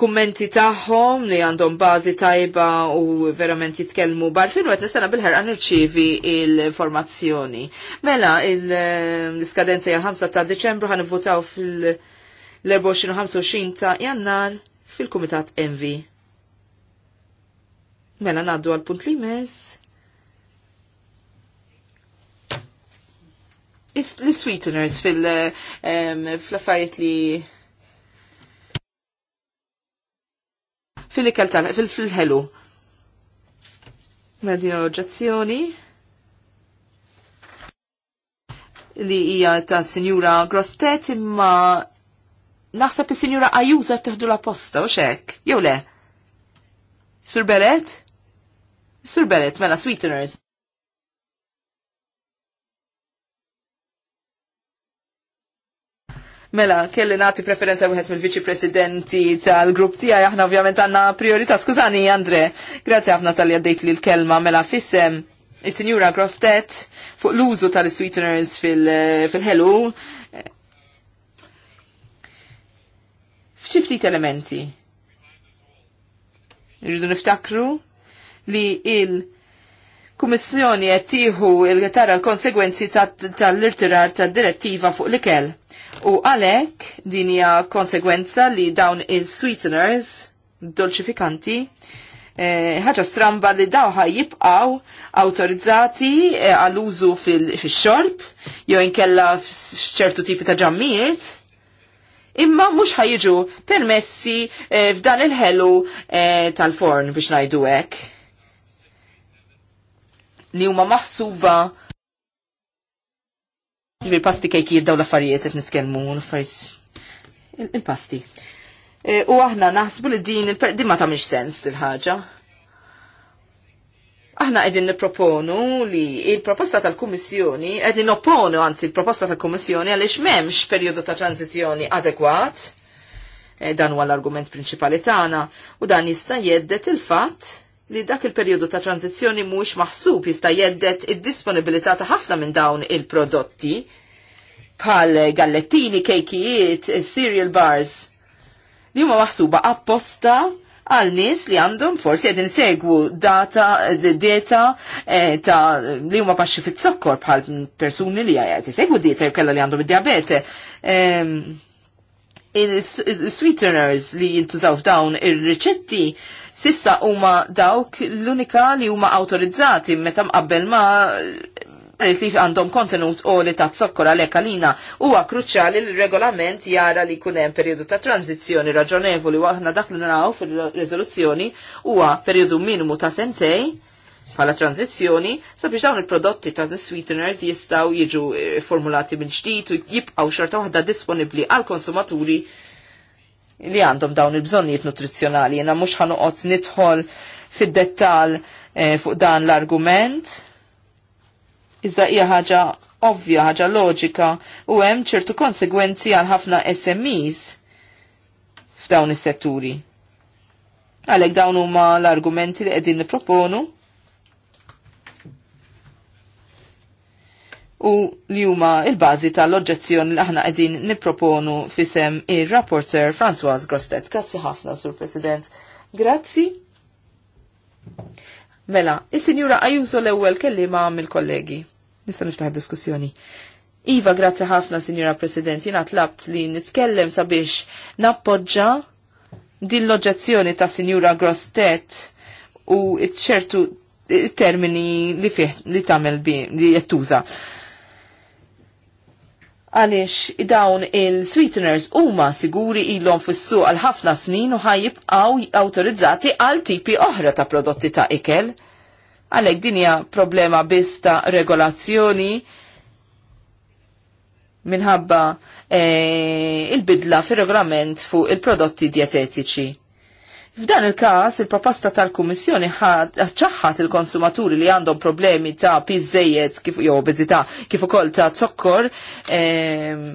kummenti taħħom li għandhom bazi tajba u verament jitkelmu barfin u għet nistana bil għan irċivi il-formazzjoni. Mela, l-iskadenza il formazzjoni mela l iskadenza jgħal 5 ta' Deċembru għan votaw fil-24 ta' jannar fil-Kumitat Envi. Mela, naddu għal-punt li mess. l-sweeteners fil-affarijiet li fil-ikel fil-ħelu. Medina mela oġġazzjoni li hija ta' Sinjura Grostet imma naħseb is-Sinjura Ajuza teħdu la posta u xek, jew le? Sur Belet? Sur Beret, mela Sweeteners. Mela, kelli nati preferenza wieħed mill-viċi presidenti tal-grupp tiegħi aħna ovvjament għandna priorità. Skużani, Andre, grazzi ħafna tal-li għaddejt li l-kelma mela fissem is-Sinjura Grostet fuq l-użu tal-sweeteners fil-ħelu. F'xi ftit elementi. Irridu niftakru li il- Kummissjoni qed tieħu l-tara l-konsegwenzi tal-irtirar tad-direttiva fuq l-ikel U għalek dinja konsegwenza li dawn il-sweeteners, dolċifikanti, eh, ħaġa eh, stramba li dawħa jibqaw autorizzati eh, għal-użu e, fil-xorb, jew inkella f'ċertu tipi ta' ġammijiet, imma mhux ħajġu permessi eh, f'dan il-ħelu eh, tal-forn biex ngħidu hekk. Li huma maħsuba Ġviri pasti kejkijiet jiddaw l-affarijiet qed nitkellmu l-affarijiet il-pasti. E, u aħna naħsbu li din il-perdi ma tamix sens il-ħaġa. Aħna qegħdin nipproponu li il-proposta tal-Kummissjoni qegħdin nopponu anzi il-proposta tal-Kummissjoni għaliex m'hemmx perjodu ta' tranzizjoni adekwat. E, dan huwa l-argument prinċipali tagħna u dan jista' jeddet il-fatt li dak il-periodu ta' tranzizjoni mhux maħsub jista' jeddet id-disponibilità ta' ħafna minn dawn il-prodotti bħal gallettini, kejkijiet, cereal bars li huma maħsuba apposta għal nies li għandhom forsi qed segwu data dieta eh, ta' li huma baxxi fit-sokkor bħal persuni li qed isegwu dieta jew kellha li għandhom id-diabete. Ehm, sweeteners li jintużaw f'dawn ir-riċetti sissa huma dawk l-unika li huma autorizzati meta mqabbel ma rrit li għandhom kontenut u li ta' tzokkor għalek għalina huwa kruċjali l regolament jara li kunem hemm perjodu ta' tranzizjoni raġonevoli u aħna dak l naraw fil-riżoluzzjoni huwa perjodu minimu ta' sentej bħala tranzizzjoni sabiex dawn il-prodotti ta' sweeteners jistaw jiġu eh, formulati mill ġdid u jibqaw xorta waħda disponibbli għal konsumaturi li għandhom dawn il-bżonnijiet nutrizzjonali. Jena mux ħanuqot nidħol fid-dettal eh, fuq dan l-argument. Iżda hija ħaġa ovvja, ħaġa loġika u hemm ċertu konsegwenzi għal ħafna SMEs f'dawn is-setturi. Għalhekk dawn huma l-argumenti li qegħdin nipproponu u li huma il-bażi tal-oġġezzjoni li aħna qegħdin nipproponu fisem ir-rapporter François Grostet. Grazzi ħafna, Sur President. Grazzi. Mela, is-Sinjura Ajuso l-ewwel kellima mill-kollegi. Nista' niftaħ diskussjoni. Iva, grazzi ħafna, Sinjura President, jiena tlabt li nitkellem sabiex nappoġġa din l oġġezzjoni ta' Sinjura Grostet u ċertu termini li fih li tamel bi li jettuża għaliex dawn il-sweeteners huma siguri ilhom fis-suq għal ħafna snin u ħajjibqgħu awtorizzati għal tipi oħra ta' prodotti ta' ikel. Għalhekk din hija problema biss ta' regolazzjoni minħabba e, il-bidla fir regolament fuq il-prodotti dietetiċi. F'dan il-każ il-proposta tal-Kummissjoni ċaħħat il-konsumaturi li għandhom problemi ta' pizzejiet kif jew obeżità kif ukoll ta' zokkor ehm,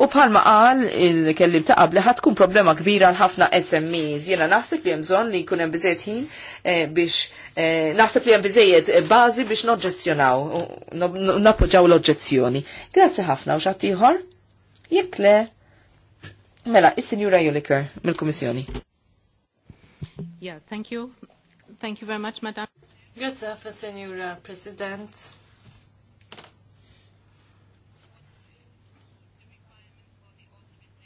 U bħalma qal il-kellim ta' qabli ħatkun problema kbira l-ħafna SMEs. Jena naħseb li jemżon li jkun hemm ħin eh, biex eh, naħseb li hemm biżejjed bażi biex noġġezzjonaw, nappoġġaw l-oġġezzjoni. Grazzi ħafna u xatt ieħor? Jekk le. Mela, is-Sinjura Juliker mill-Kummissjoni. Yeah, thank you. Thank you very much, Madam. Grazie, Signora President.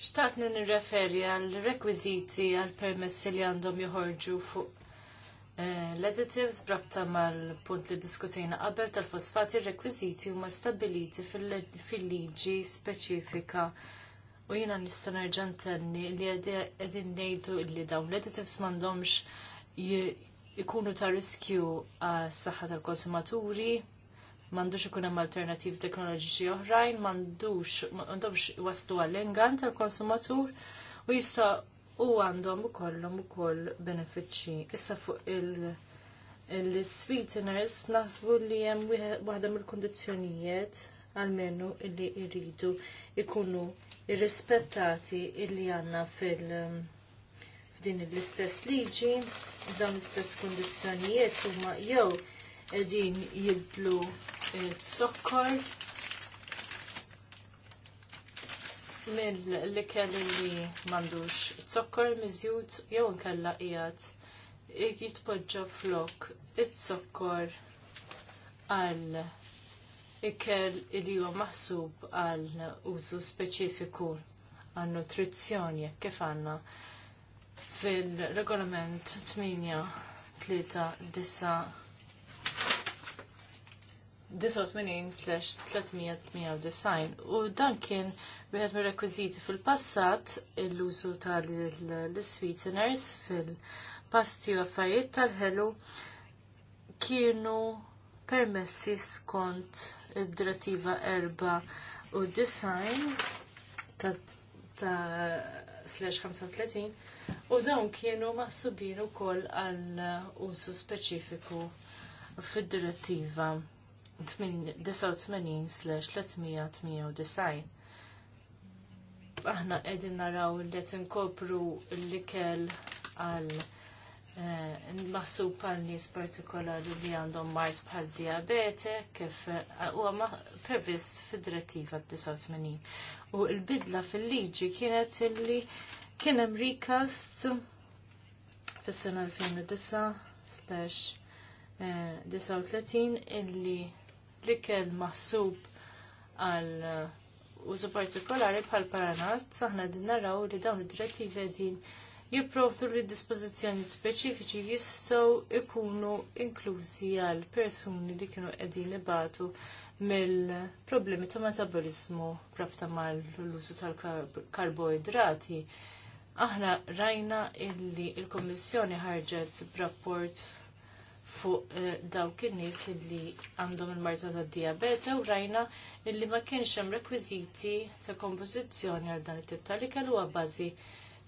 Xtaqt nirreferi għal rekwiziti għal permessi li għandhom joħorġu fuq eh, l-additives brabta mal-punt li diskutejna qabel tal-fosfati rekwiziti huma stabiliti fil-liġi speċifika U jiena nista' nerġa' ntenni li qegħdin ngħidu li dawn l-additives m'għandhomx ikunu ta' riskju għas-saħħa tal-konsumaturi, m'għandux ikun hemm alternattivi teknoloġiċi oħrajn, m'għandux m'għandhomx waslu għall-ingan tal-konsumatur u jista' u għandhom ukollhom ukoll benefiċċji. Issa fuq il-sweeteners il naħsbu li hemm waħda mill-kundizzjonijiet għalmenu illi jridu ikunu irrispettati illi għandna fil- f'din l-istess liġi, f'dawn l-istess kundizzjonijiet huma jew qegħdin jibdlu t-sokkor mill-ikel li m'għandux t-sokkor miżjud jew nkella qiegħed jitpoġġa flok t sokkor għal ikel li huwa maħsub għal użu speċifiku għal nutrizzjoni kif għandna fil regolament 83 389 u dan kien wieħed mir-rekwiżiti fil-passat l-użu tal-sweeteners fil-pasti u affarijiet tal-ħelu kienu permessi skont id-direttiva erba' u design ta' slash 35 u dawn kienu maħsubin u koll għal użu speċifiku fid-direttiva 89 slash 398. Aħna edin naraw li tinkopru l-ikel għal Eh, maħsub pal nis partikolari li għandhom mart pal diabete kif eh, huwa previs fid-direttiva 89. U l-bidla fil-liġi kienet illi kien hemm recast fis-sena 2009/39 eh, illi li kien maħsub għal użu partikolari pal paranat saħna din naraw li dawn id-direttivi din jipprovdu li dispożizzjoni speċifiċi jistgħu ikunu inklużi għal persuni li kienu qegħdin ibatu mill-problemi ta' metabolizmu rabta mal l-użu tal-karboidrati. Aħna rajna illi il kummissjoni ħarġet b'rapport fuq eh, dawk in-nies li għandhom il-marta tad diabete u rajna illi ma kienx hemm rekwiżiti ta' kompożizzjoni għal dan it-tip tal-ikel huwa bażi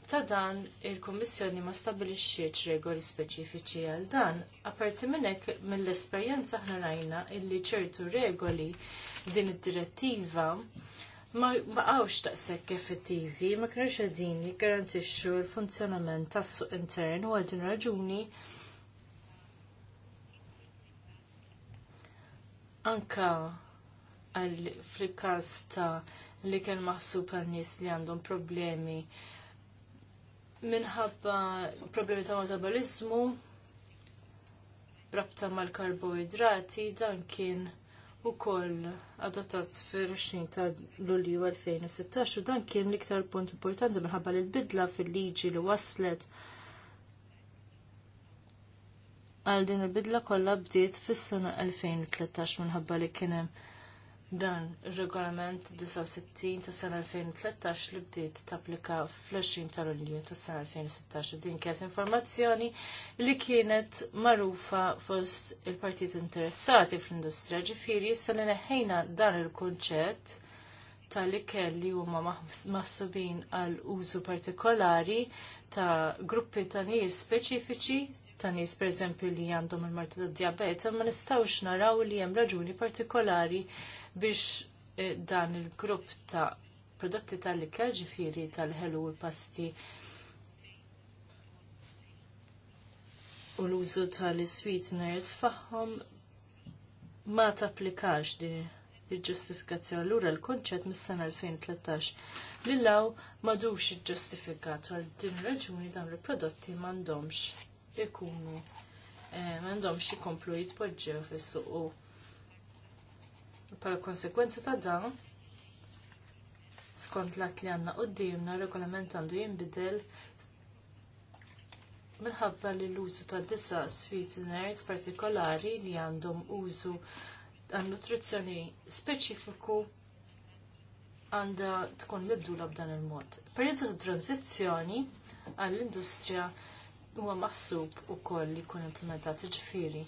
ta' dan il-Kummissjoni ma stabilixxietx regoli speċifiċi għal dan. Apparti minn hekk mill-esperjenza aħna rajna illi ċertu regoli din id-direttiva ma baqgħux daqshekk effettivi, ma kinux qegħdin jiggarantixxu l-funzjonament tas-suq intern u għal din raġuni anka għal fil-każ ta' li kien maħsub għan nies li għandhom problemi minħabba problemi ta' metabolismu, rabta mal-karboidrati, dan kien u koll adottat fil-20 ta' Lulju 2016 u dan kien l-iktar punt importanti minħabba l bidla fil-liġi li waslet għal din il-bidla kollha bdiet fis-sena 2013 minħabba li kien hemm dan ir-regolament 69 tas sena 2013 li bdiet tapplika fl-20 ta' Lulju tas sena 2016 din kienet informazzjoni li kienet magħrufa fost il-partit interessati fl-industrija ġifieri issa li neħħejna dan il-kunċett tal-ikel huma maħsubin għal użu partikolari ta' gruppi ta' nies speċifiċi ta' nies pereżempju li għandhom il-marta tad-diabete ma nistgħux naraw li hemm raġuni partikolari biex eh, dan il-grupp ta' prodotti tal-ikel ġifiri tal-ħelu u pasti u l-użu tal-sweeteners fagħhom ma tapplikax din il-ġustifikazzjoni. Allura l-konċett mis-sena 2013 li law madux iġġustifikat għal din raġuni dawn il-prodotti m'għandhomx ikunu eh, m'għandhomx ikomplu jitpoġġew fis-suq Pala konsekwenza ta' dan, skont l-att li għanna qoddimna regolament għandu jinbidel minħabba li l-użu ta' disa sweeteners partikolari li għandhom użu għan nutrizzjoni speċifiku għanda tkun mibdula b'dan il-mod. Periodu ta' tranzizzjoni għall-industrija huwa maħsub ukoll li jkun implementati ġifiri.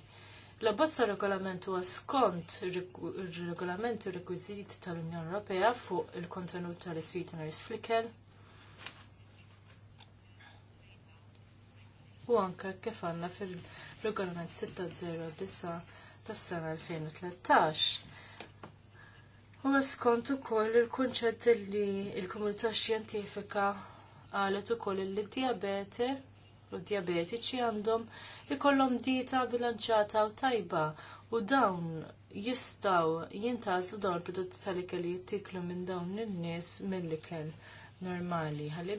L-abbozza regolament huwa skont ir-regolament u rekwiżiti tal-Unjoni Ewropea fuq il-kontenut tal-sweeteners flikel. U anke kif għandna fil-regolament 609 tas-sena 2013. Huwa skont ukoll il-kunċett li l-komunità xjentifika qalet ukoll li d-diabete u diabetiċi għandhom ikollhom dieta bilanċata u tajba u dawn jistaw jintazlu dawn il-prodotti tal-ikel li jittiklu minn dawn in-nies mill-ikel normali. Ħalli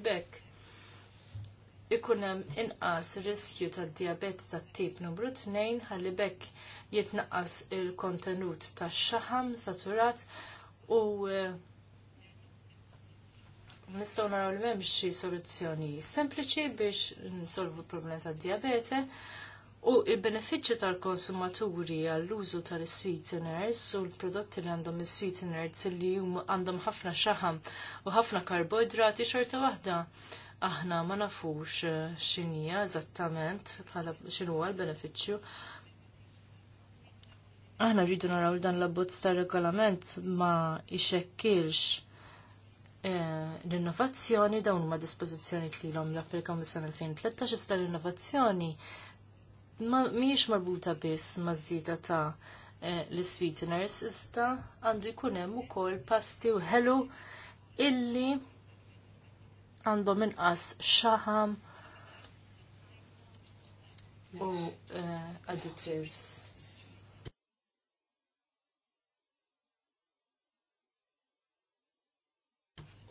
ikun hemm inqas riskju tad-diabeti tat-tip numru 2 ħalli bekk jitnaqqas il-kontenut tax-xaħam saturat u uh, nistgħu naraw li m'hemm xi soluzzjoni sempliċi biex nsolvu l-problema tad-diabete u il-benefiċċju tal-konsumaturi għall-użu tal-sweeteners u l-prodotti li għandhom is-sweeteners li għandhom ħafna xaħam u ħafna karboidrati xorta waħda aħna ma nafux eh, xinija eżattament bħala xinu huwa l-benefiċċju. Aħna rridu naraw dan l-abbozz tar regolament ma ixekkilx Eh, l-innovazzjoni dawn huma dispożizzjoni li l-om l-applikaw mis-sena 2013 iżda l-innovazzjoni mhijiex marbuta biss ma' zida ta' eh, l-sweeteners iżda għandu jkun hemm ukoll pasti u ħelu illi għandhom inqas xaħam u eh, additives.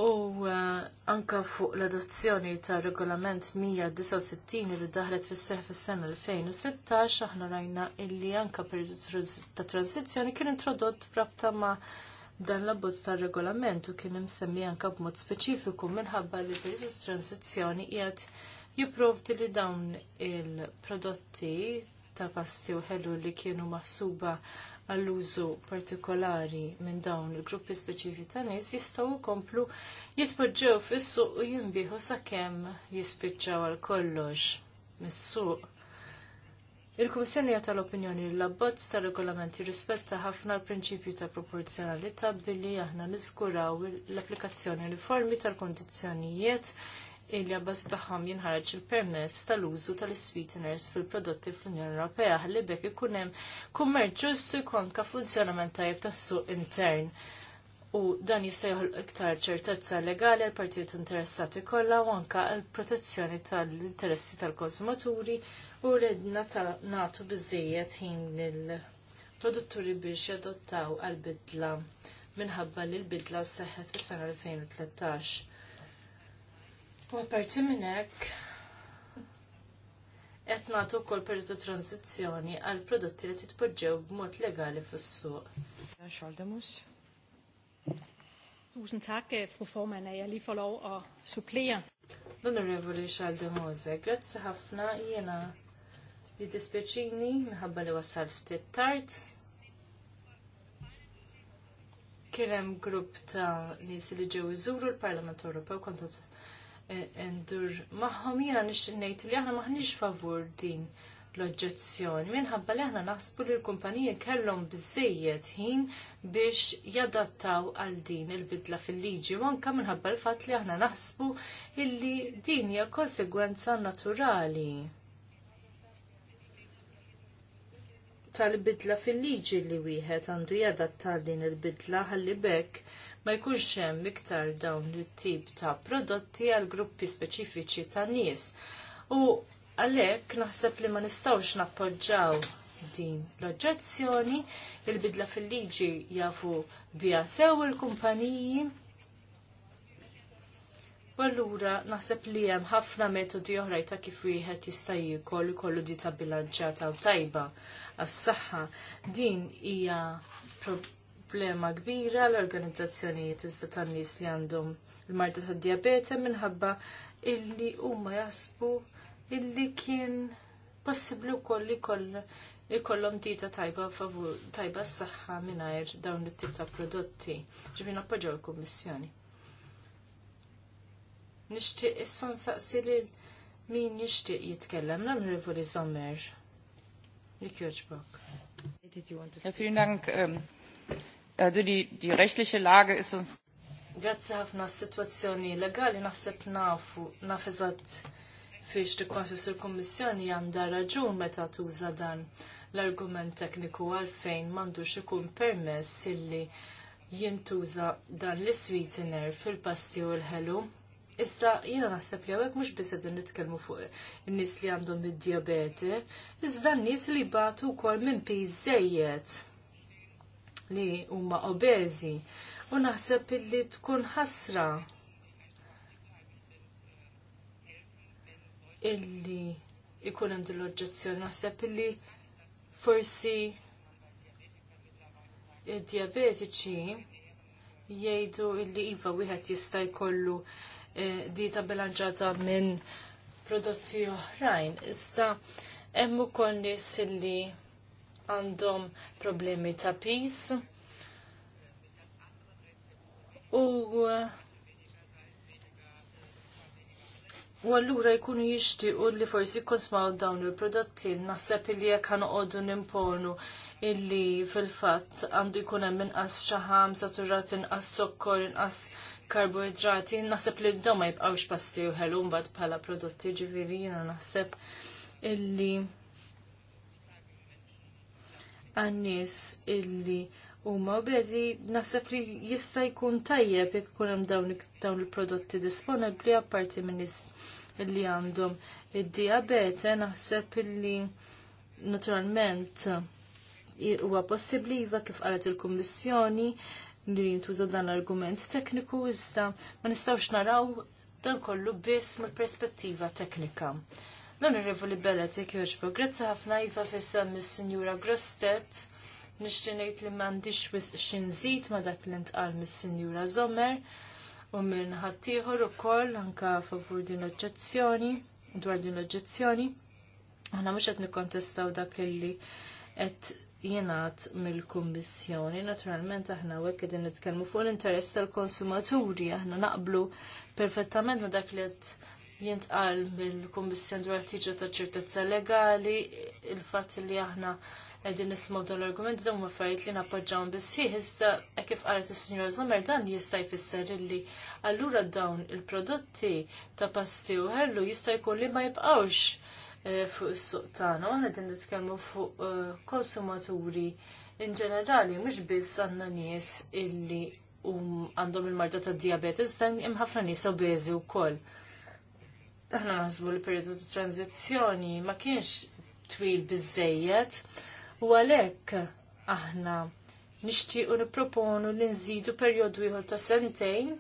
U eh, anka fuq l-adozzjoni ta' regolament 169 li daħlet fis seħħ fis-sena 2016 aħna rajna illi anka periodu ta' transizzjoni kien introdott brabta ma' dan l-abbozz tar regolament u kien imsemmi anka b'mod speċifiku minħabba li periodu ta' transizzjoni qiegħed jipprovdi li dawn il-prodotti ta' pasti u ħelu li kienu maħsuba għall-użu partikolari minn dawn il-gruppi speċifi ta' nies jistgħu jkomplu jitpoġġew fis-suq u jinbieħu sakemm jispiċċaw għal kollox mis-suq. Il-Kummissjoni għata l-opinjoni l abbozz tar regolament jirrispetta ħafna l-prinċipju ta' proporzjonalità billi aħna niskuraw l-applikazzjoni uniformi tal-kondizzjonijiet il għabbażi tagħhom jinħarġ il-permess tal-użu tal-sweeteners fil-prodotti fl-Unjoni Ewropea ħalli bekk ikun hemm kummerċ ġustu jkun ka' funzjonament tajjeb tas-suq intern. U dan jista' jħol iktar ċertezza legali għal partijiet interessati kollha u anke għal protezzjoni tal-interessi tal-konsumaturi u redna natu biżejjed ħin lill-produtturi biex jadottaw għal bidla minħabba li l-bidla seħħet fis-sena 2013 U apparti minn hekk tu nagħtu wkoll periodu tranzizzjoni għal prodotti li titpoġġew b'mod legali fis-suq. Scholdemus. Tusen tak, eh, fru Forman, jeg eh, follow får lov at supplere. L'onorevole ħafna jena li dispieċini minħabba li wasal ftit tard. Kien hemm grupp ta' nies li ġew iżuru l-Parlament Ewropew kontot Endur magħhom jena nix ngħid li aħna maħniex favur din l-oġġezzjoni minħabba li aħna naħsbu li l-kumpaniji kellhom bżejjed ħin biex jadattaw għal din il-bidla fil-liġi u anke minħabba l-fatt li aħna naħsbu illi din hija konsegwenza naturali tal-bidla fil-liġi li wieħed għandu jadatta din il-bidla ħalli bekk ma jkunx hemm iktar dawn it-tip ta' prodotti għal gruppi speċifiċi ta' nies. U għalhekk naħseb li ma nistgħux nappoġġaw din l-oġġezzjoni, il-bidla fil-liġi jafu biha sew il-kumpaniji. U allura naħseb li hemm ħafna metodi oħrajn ta' kif wieħed jista' jiekol ikollu di ta' bilanċata u tajba għas-saħħa. Din hija problema kbira l-organizzazzjonijiet iżda tan-nies li għandhom il-marda tad diabete minħabba illi huma jasbu illi kien possibbli wkoll li ikollhom tita tajba favur tajba s-saħħa mingħajr dawn it-tip ta' prodotti. Ġifin appoġġaw il-Kummissjoni. Nixtieq issa nsaqsi lil min jixtieq jitkellem l-Onorevoli Sommer. Jekk jogħġbok. Vielen Also die, die rechtliche Lage ist uns. Grazzi ħafna s-situazzjoni legali naħseb nafu nafizat fiex tikkonsis l kommissjoni għandha raġun meta tuża dan l-argument tekniku għalfejn m'għandux ikun permess illi jintuża dan l-sweetener fil-pasti u l-ħelu. Iżda jiena naħseb li għawek mhux biss qegħdin nitkellmu fuq in-nies li għandhom id-diabete, iżda n-nies li batu wkoll minn pizzejiet li huma obeżi u naħseb illi tkun ħasra illi ikun hemm din l-oġġezzjoni naħseb illi forsi id-diabetiċi jgħidu illi iva wieħed jista' jkollu eh, dieta bilanċata minn prodotti oħrajn. Iżda hemm ukoll nies illi għandhom problemi ta' pis. U U allura jkunu jixtiequ li forsi konsmaw dawn il-prodotti, naħseb li jekk ħanoqogħdu nimponu illi fil-fatt għandu jkun hemm inqas xaħam, saturat, inqas sokkor, inqas karboidrati, naħseb li d ma jibqgħux pasti u ħelu mbagħad bħala prodotti ġifieri naħseb illi għan-nies illi huma obeżi naħseb li jista' jkun tajjeb jekk ikun hemm dawn il-prodotti disponibbli apparti minn nies illi għandhom id-diabete naħseb illi naturalment huwa possibbli iva kif qalet il-Kummissjoni li jintuża dan l-argument tekniku iżda ma nistgħux naraw dan kollu biss mill-perspettiva teknika li bella t jek joġbo, grazzi ħafna jifa fissam mis-Sinjura Grostet, nishtinajt li mandiċ wis xinżit ma dak li ntqal mis-Sinjura Zomer, u minn ħattijħor u koll anka favur din oġġezzjoni, dwar din oġġezzjoni, għana mux għet nikontestaw dak li għet jenat mill-Kummissjoni, naturalment aħna għek id nitkellmu fuq l-interess tal-konsumaturi, aħna naqblu perfettament ma dak li qed jintqal mill-Kummissjon dwar tiġa ta' ċertezza legali, il-fatt li aħna qegħdin nismgħu dan l-argumenti dawn affarijiet li nappoġġaw bissieħ iżda kif qalet is-Sinjora Zomer dan jista' jfisser illi allura dawn il-prodotti ta' pasti u ħellu jista' jkun li ma jibqgħux eh, fuq is-suq tagħna, aħna qegħdin nitkellmu fuq eh, konsumaturi in ġenerali, mhux biss għandna nies illi għandhom il-marda ta' diabetes, dan imħafna nies obeżi wkoll aħna naħsbu li periodu ta' tranzizzjoni ma kienx twil biżejjed u għalhekk aħna nixtiequ nipproponu li nżidu perjodu ieħor ta' sentejn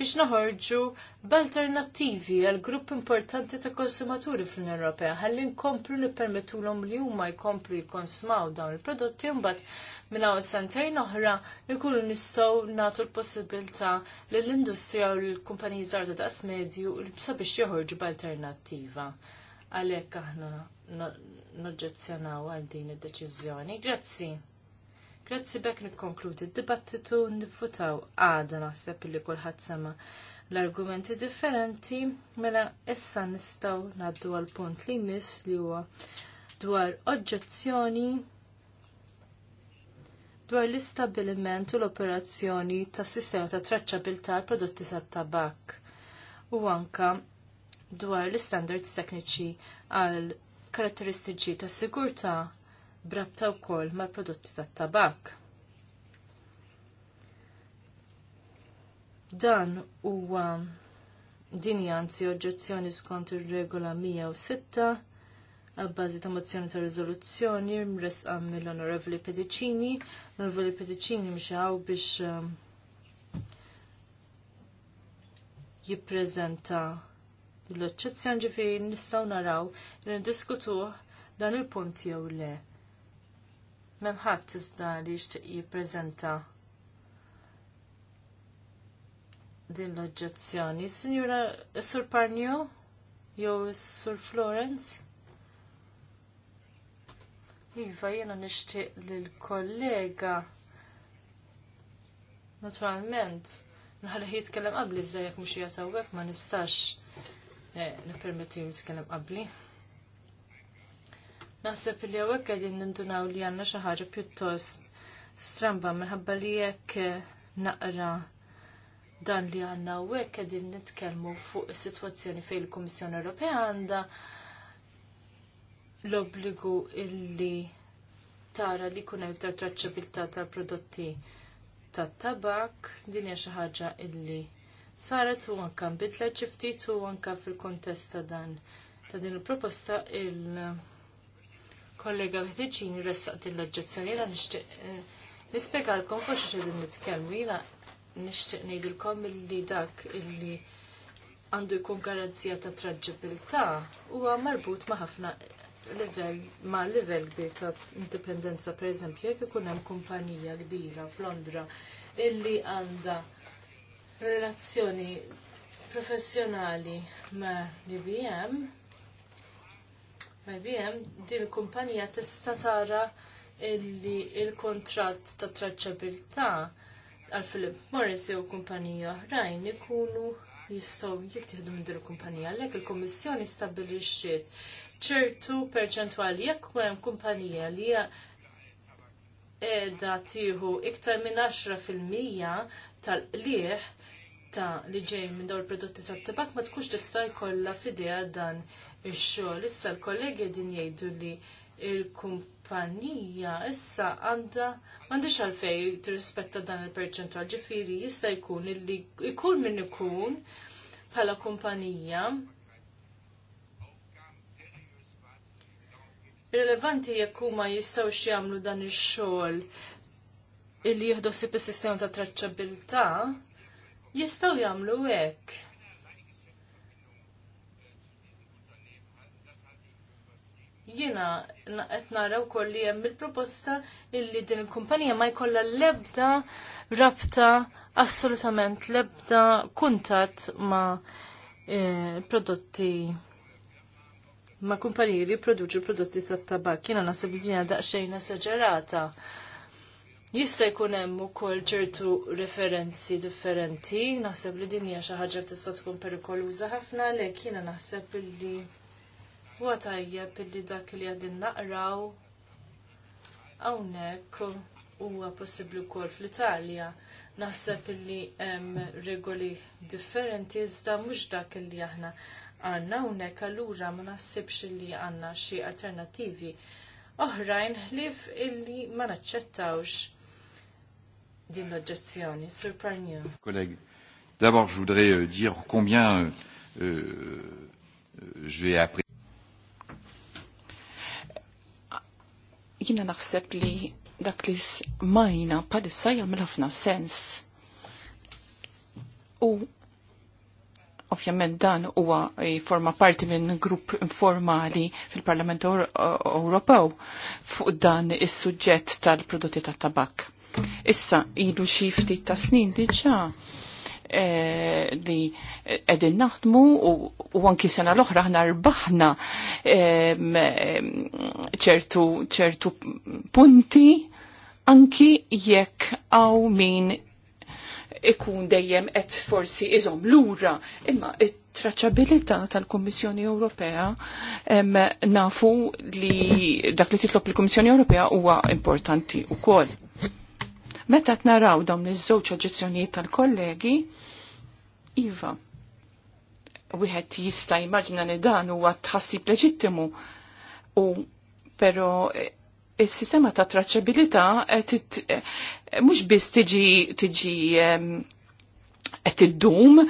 biex noħorġu b'alternattivi għal grupp importanti ta' konsumaturi fl-Unjoni Ewropea ħalli nkomplu nippermettulhom li huma jkomplu jikkonsmaw dawn il-prodotti mbagħad minna u sentejn oħra ikunu nistgħu nagħtu l-possibilità li l-industrija u l-kumpaniji żgħar ta' daqs medju sabiex joħorġu b'alternattiva. Għalhekk aħna noġġezzjonaw għal din id-deċiżjoni. Grazzi. Grazzi bekk nikkonkludi d-dibattitu nifutaw għada naħseb li kulħadd sema' l-argumenti differenti, mela issa nistgħu ngħaddu għal punt li nis li huwa dwar oġġezzjoni dwar l-istabiliment u l-operazzjoni tas sistema ta' traċċabilità għall prodotti tat tabak u anka dwar l-standards tekniċi għal karatteristiċi tas sigurtà brabta wkoll mal prodotti tat tabak. Dan huwa din anzi oġġezzjoni skont ir-regola 106 għabbażi ta' mozzjoni ta' rizoluzzjoni mresqa mill-Onorevoli Pedicini. L-Onorevoli Pedicini mxħaw biex um, jipprezenta l-oċċezzjoni ġifiri nistaw naraw li diskutuh dan il-punt jew le. Memħat iżda li jixtieq jippreżenta din l-oġġezzjoni. Signora Sur Parnio jew Sur Florence? Iva, jena nishtiq l-kollega. Naturalment, nħalli jitkellem qabli iżda jekk mhux jgħatawek, ma nistax eh, nippermetti jitkellem qabli. Naħseb li hawnhekk qegħdin nindunaw li għandna xi ħaġa pjuttost stramba minħabba li jekk eh, naqra dan li għandna hawnhekk qegħdin nitkellmu fuq is-sitwazzjoni fejn il-Kummissjoni Ewropea għandha l-obbligu illi tara li kuna iktar traċċabilità tal-prodotti tat-tabak, din hija xi ħaġa illi saret u anke nbidlet xi ftit u anke fil-kontest ta' dan ta' din il-proposta il kollega Vitiċini din l oġġezzjoni jiena nixtieq eh, nispjegalkom forsi xi din nitkellmu jiena nixtieq ngħidilkom illi dak illi għandu jkun garanzija ta' traġġibilità huwa marbut ma' ħafna level, ma level kbir ta' indipendenza, per eżempju, jek ikun hemm kumpanija kbira f'Londra illi għandha relazzjoni professjonali ma' IBM, ma' IBM, din il-kumpanija tista' tara illi il-kontratt ta' traċċabilità għal Philip Morris jew kumpanija oħrajn ikunu jistgħu jittieħdu minn din il-kumpanija għalhekk il-Kummissjoni stabbilixxiet ċertu perċentwali jekk hemm kumpanija li edha tieħu iktar minn 10% tal qliħ ta' li ġej minn dawn il-prodotti tat-tabak ma tkunx tista' jkollha f'idea dan ix-xogħol. Issa l-kollegi din jgħidu li il-kumpanija issa għandha m'għandix għalfejn tirrispetta dan il-perċentwal ġifieri jista' jkun illi jkun min ikun bħala kumpanija rilevanti jekk huma jistgħux jagħmlu dan ix-xogħol illi jieħdosib is-sistema ta' traċċabilità, jistgħu jagħmlu hekk. Jiena qed naraw wkoll li hemm il-proposta illi din il-kumpanija ma jkollha l-ebda rabta assolutament l-ebda kuntat ma' eh, prodotti ma' kumpanji li jipproduċu prodotti tat-tabak. Jiena naħseb li dinja daqsxejn esaġerata. Jista' jkun hemm ukoll ċertu referenzi differenti, naħseb li din hija xi ħaġa tista' tkun perikoluża ħafna għalhekk jiena naħseb li huwa tajjeb illi dak li qegħdin naqraw hawnhekk huwa possibbli wkoll fl-Italja naħseb li hemm regoli differenti iżda mhux dak li aħna għandna hawnhekk allura ma naħsibx li għandna xi alternattivi oħrajn ħlief illi ma naċċettawx din l-oġġezzjoni. Sur Parnio. Kollegi, d'abord je voudrais euh, dire combien euh, euh j'ai appris. Jina naħseb li dak li smajna palissa jagħmel ħafna sens. U Ovvjament dan huwa eh, forma parti minn grupp informali fil-Parlament Ewropew fuq dan is-suġġett tal-prodotti tat-tabak. Issa ilu xi ftit ta' snin diġà eh, li edin naħdmu u, anki sena l-oħra ħna rbaħna eh, ċertu, punti anki jekk għaw min ikun dejjem qed forsi iżom lura, imma traċabilità tal-Kummissjoni Ewropea nafu li dak li titlob il kommissjoni Ewropea huwa importanti wkoll. Meta qed naraw dawn iż-żewġ oġġezzjonijiet tal-kollegi, iva, wieħed jista' jimmaġina li dan huwa tħassib leġittimu u però il-sistema ta' traċabilità eh, eh, mhux biss tiġi tiġi qed id-dum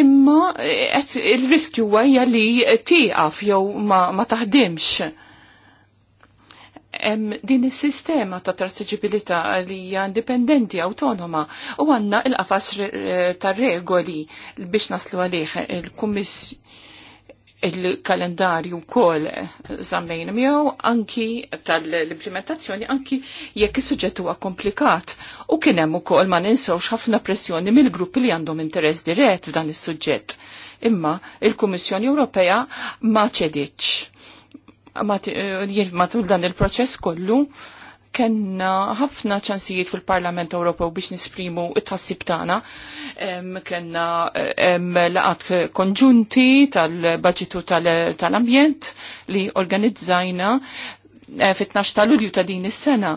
imma eh, il-riskju għajja li tieqaf jew ma taħdimx. Din is-sistema ta' traċabilità li hija indipendenti awtonoma u għandna il-qafas tar regoli biex naslu għalih il-Kummissjoni il-kalendarju kol zammejn miegħu anki tal-implementazzjoni anki jekk is-suġġett huwa komplikat u kien hemm ukoll ma ninsewx ħafna pressjoni mill-gruppi li għandhom interess dirett f'dan is-suġġett. Imma il-Kummissjoni Ewropea ma ċediċ. Eh, matul dan il-proċess kollu kenna ħafna ċansijiet fil-Parlament Ewropew biex nisprimu it-tassib tagħna. Kenna laqat konġunti tal-Baġitu tal-Ambjent li organizzajna eh, fit-12 ta' Lulju ta' din is-sena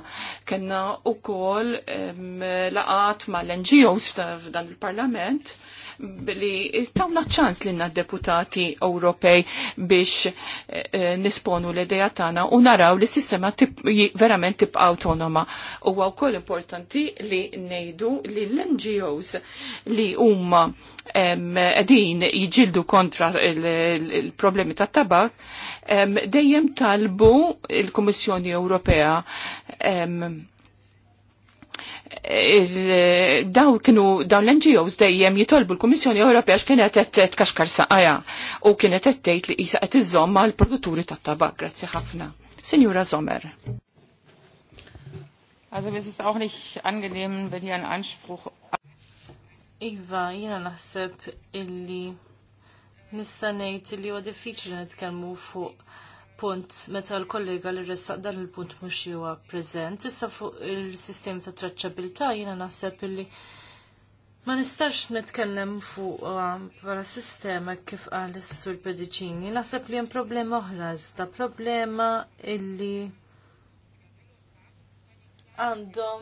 kenna ukoll laqat mal-NGOs f'dan il-Parlament li tawna ċans li deputati Ewropej biex eh, eh, nisponu l-ideja tagħna u naraw li s-sistema verament tip autonoma. Huwa wkoll importanti li ngħidu li l-NGOs li huma edin jġildu kontra il-problemi tat tabak dejjem talbu il-Kummissjoni Ewropea daw kienu daw l-NGOs dejjem jitolbu l komissjoni Ewropea x'kienet qed tkaxkar saqaja u kienet qed tgħid li qisha qed iżomm mal-produtturi tat-tabak. Grazzi ħafna. Sinjura Sommer. Also es ist auch nicht angenehm, wenn hier ein Anspruch Iva, jina naħseb illi nista' ngħid li huwa diffiċli nitkellmu fuq punt meta l-kollega li ressaq dan il-punt mhux huwa preżent, issa fuq il sistem ta' traċċabilità jiena naħseb illi ma nistax nitkellem fuq um, bħala sistema kif qal is-sur Pediċini, naħseb li hemm problema oħra iżda problema illi għandhom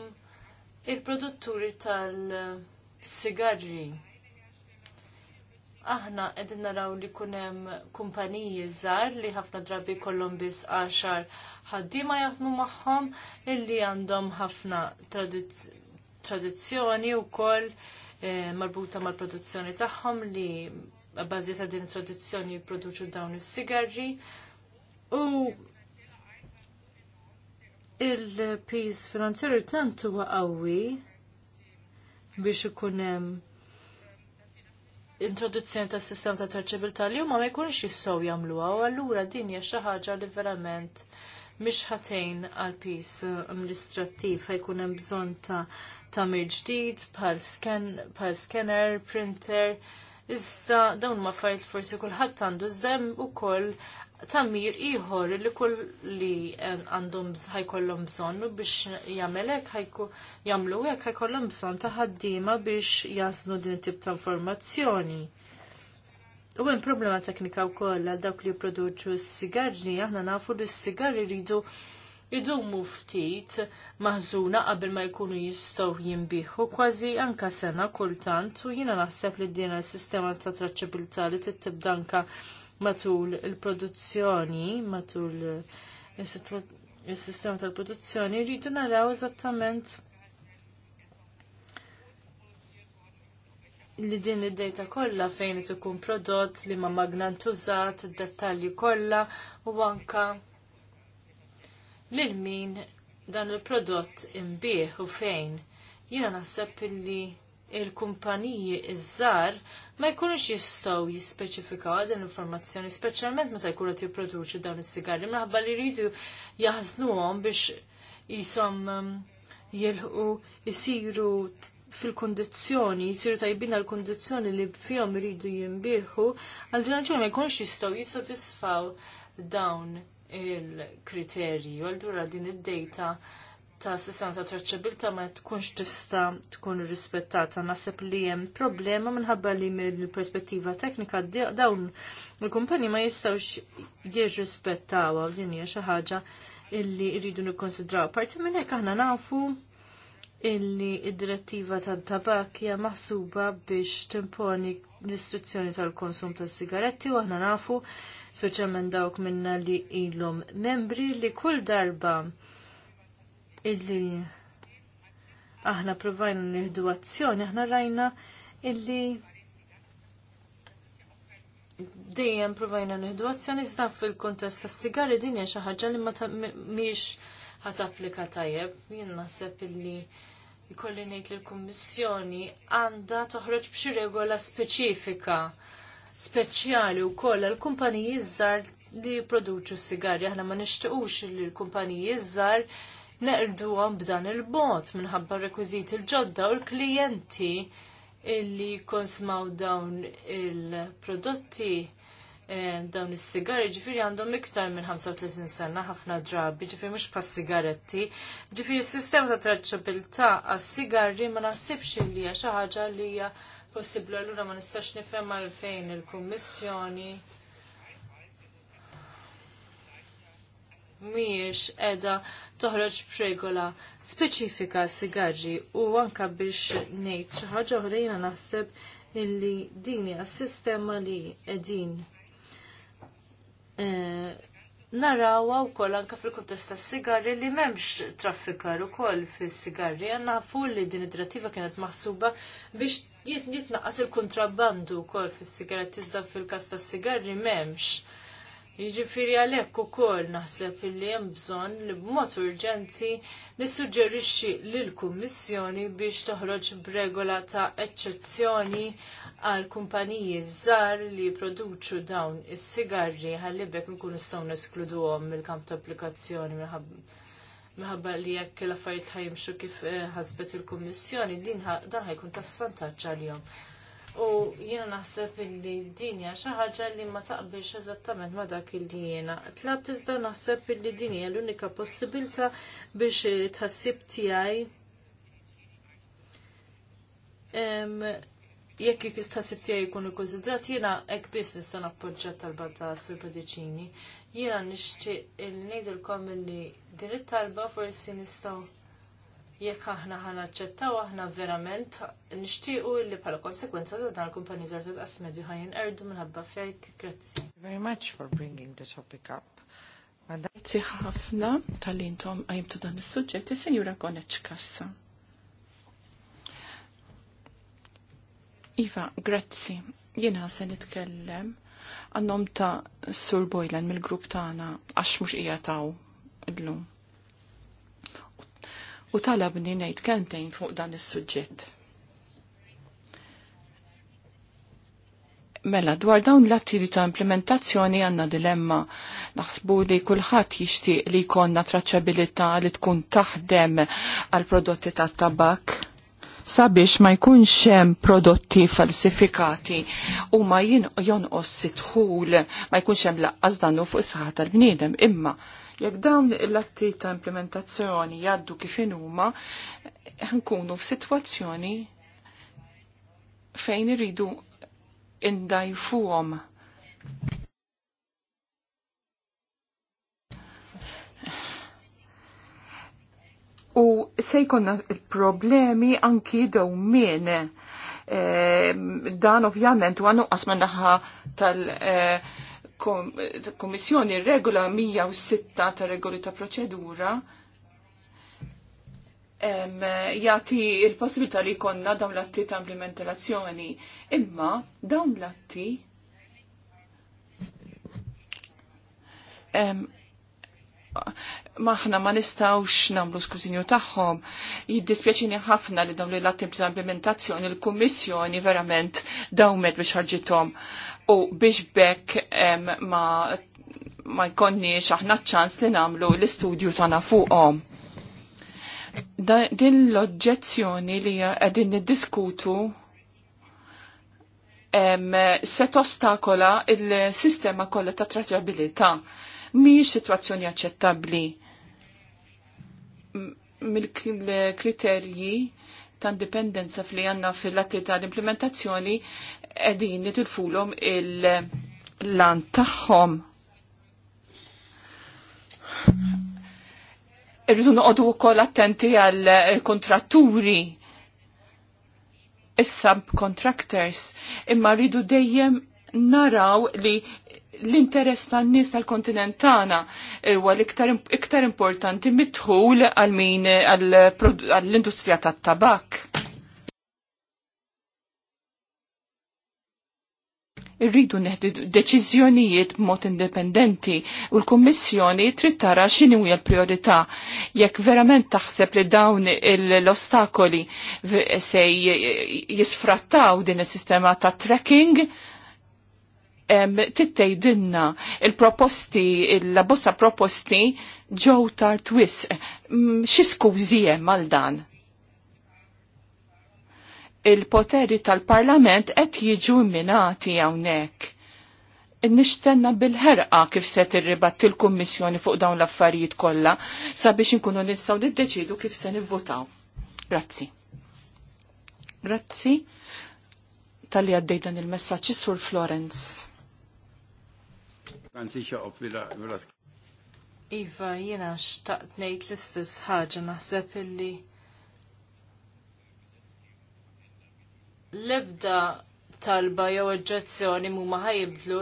il-produtturi tal-sigarri aħna qegħdin naraw li kunem hemm kumpaniji żgħar li ħafna drabi kollhom biss għaxar ħaddiema jaħdmu magħhom illi għandhom ħafna tradizzjoni wkoll eh, marbuta mal-produzzjoni tagħhom li bażi ta' din tradizzjoni jipproduċu dawn is-sigarri. U il-piż finanzjeri tant huwa qawwi biex ikun hemm introduzzjoni tas sistem ta' traċibilità li huma ma jkunx jistgħu jagħmluha u allura din hija xi ħaġa li verament mhix ħatejn għal pis amministrattiv ħajkun hemm bżonn ta' tagħmir ġdid bħal scanner, printer, Iżda dawn ma fajt forsi kulħadd għandu hemm ukoll tammir ieħor li kull li għandhom ħajkollhom bżonn u biex jagħmel hekk jagħmlu hekk ħajkollhom bżonn ta' ħaddiema biex jasnu din it-tip ta' informazzjoni. U hemm problema teknika wkoll għal dawk li jipproduċu s-sigarri, aħna nafu li s-sigarri rridu idumu ftit maħżuna qabel ma jkunu jistgħu jinbiħu kważi anka sena kultant u jiena naħseb li din is sistema ta' traċċabilità li tittibdanka anka matul il-produzzjoni, matul il-sistema il tal-produzzjoni, rridu naraw eżattament li din id-data kollha fejn qed ikun prodott li ma magnant użat, id-dettalji kollha u anka lil min dan il-prodott imbieħ u fejn. Jiena naħseb illi il-kumpaniji iż-żar ma jkunux jistgħu jispeċifikaw din l-informazzjoni, speċjalment meta jkunu qed jipproduċu dawn is-sigarri minħabba li jridu jaħżnuhom biex jisom um, jilħu jisiru fil-kondizzjoni, jisiru tajbin għal kondizzjoni li fihom jridu jimbieħu, għal din raġuni ma jkunx jistgħu jissodisfaw dawn il-kriterji, għal dura din id-data ta' sistema ta' traċċabilta ma tkunx tista' tkun rispettata. Naseb li hemm problema minħabba li mill-perspettiva teknika dawn il-kumpani ma jistgħux jirrispettawha din hija xi ħaġa illi rridu nikkonsidraw. Parti minn hekk aħna nafu illi id-direttiva tad-tabak hija maħsuba biex timponi l-istruzzjoni tal-konsum tas-sigaretti u aħna nafu soċjalment dawk minna li ilhom membri li kull darba illi aħna provajna nirdu azzjoni, aħna rajna illi dejjem provajna nirdu azzjoni iżda fil-kontest tas-sigari din hija xi ħaġa li ma miex ħat applika tajjeb. Jien naħseb illi jkolli ngħid l kummissjoni għandha toħroġ b'xi regola speċifika speċjali wkoll l kumpaniji żgħar li jipproduċu s-sigari. Aħna ma nixtiequx li l-kumpaniji żgħar għam b'dan il-bot minħabba rekwiżiti l-ġodda u l-klijenti illi konsmaw dawn il-prodotti eh, dawn is-sigari ġifiri għandhom iktar minn 35 sena ħafna drabi, ġifiri mhux pa sigaretti, ġifiri s-sistema ta' traċċabilità għas-sigari ma naħsibx illi hija xi ħaġa li hija possibbli allura ma nistax nifhem għalfejn il-Kummissjoni miex qiegħda toħroġ pregola speċifika sigarri u anke biex ngħid xi ħaġa oħra naħseb illi din hija sistema li qegħdin e, narawa u koll anka fil kuntest tas sigarri li memx traffikar u koll fil-sigarri għanna fu li din id-drattiva kienet maħsuba biex jitnaqqas il-kontrabbandu u koll fil-sigaretti iżda fil każ tas sigarri memx Jiġifieri għalhekk ukoll naħseb illi hemm bżonn li b'mod urġenti nissuġġerixxi lill-Kummissjoni biex toħroġ b'regola ta' eċċezzjoni għal kumpaniji żgħar li jipproduċu dawn is-sigarri ħallibek nkunu nistgħu neskluduhom mill-kamp ta' applikazzjoni minħabba li jekk l-affarijiet ħajimxu kif eh, ħasbet il-Kummissjoni din dan ħajkun ta' svantaġġ għalihom. U jiena naħseb illi din hija xi ħaġa li ma taqbilx eżattament ma dak illi jiena. Tlab iżda naħseb illi din hija l-unika possibilità biex tħassib tiegħi jekk tħassib tiegħi jkunu konsidrat jiena hekk biss nista' nappoġġja talba ta' Sur Pediċini. Jiena nixtieq il ngħidilkom illi din it-talba forsi nistgħu jekk aħna ħana ċettaw aħna verament nixtiequ li bħala konsekwenza ta' dan il-kumpani żgħar ta' medju ħajin erdu minħabba fejk. Grazzi. Very much for bringing the topic up. Grazzi ħafna tal-intom għajimtu dan is-suġġett, is senjura Goneċ Kassa. Iva, grazzi. Jiena se nitkellem għannom ta' Sur Bojlan mill-grupp tagħna għax mhux ijataw il-lum u talabni ngħid kentejn fuq dan is-suġġett. Mela, dwar dawn l-atti ta' implementazzjoni għanna dilemma. Naħsbu li kullħat jixtieq li jkollna traċabilità li tkun taħdem għal prodotti tat tabak sabiex ma jkunx hemm prodotti falsifikati u ma jonqos sitħul ma jkunx hemm laqqas dannu fuq is-saħħa tal-bniedem imma Jekk dawn l-atti ta' implementazzjoni jaddu kif huma, nkunu f'sitwazzjoni fejn iridu indajfuhom. U se jkonna problemi anki daw mene. Eh, dan ovvjament u għannu qasman naħħa tal- e, komissjoni regola 106 ta' regoli ta' proċedura jati il-possibilità li konna dawn l-atti ta' implementazzjoni. Imma dawn l-atti maħna ma nistawx namlu skużinju tagħhom. Jiddispjaċini ħafna li dawn l-atti ta' implementazzjoni l-Kummissjoni verament dawmet biex ħarġithom u biex bekk ma, ma jkonniex aħna ċans li namlu l-istudju tana fuqhom. Din l-oġġezzjoni li qegħdin niddiskutu se tostakola il-sistema kollha ta' traċabilità mhix sitwazzjoni aċċettabbli mill-kriterji ta' indipendenza fli għanna fil-latti l-implementazzjoni edin nitilfulom il-lan taħħom. Irridu noqogħdu wkoll attenti għal kontratturi issa contractors imma rridu dejjem naraw li l-interess tan nies tal kontinentana huwa l-iktar importanti mitħul għal għall-industrija tat-tabak irridu neħdu deċiżjonijiet b'mod indipendenti u l-Kummissjoni trid tara x'inhu hija l-priorità. Jekk verament taħseb li dawn l-ostakoli se jisfrattaw din is-sistema ta' tracking, tittejdinna il-proposti, la bossa proposti ġew tar wisq. Xi skużi hemm għal dan? il-poteri tal-parlament qed jiġu minati hawnhekk. Nishtenna bil-ħerqa kif se tirribat il-Kummissjoni fuq dawn l-affarijiet kollha sabiex inkunu nistgħu niddeċidu kif se nivvotaw. Grazzi. Grazzi tal-li għaddej dan il messaġġ sur Florence. Iva, jena xtaqt nejt l-istess ħaġa naħseb illi l-ebda talba jew oġġezzjoni huma ħajibdlu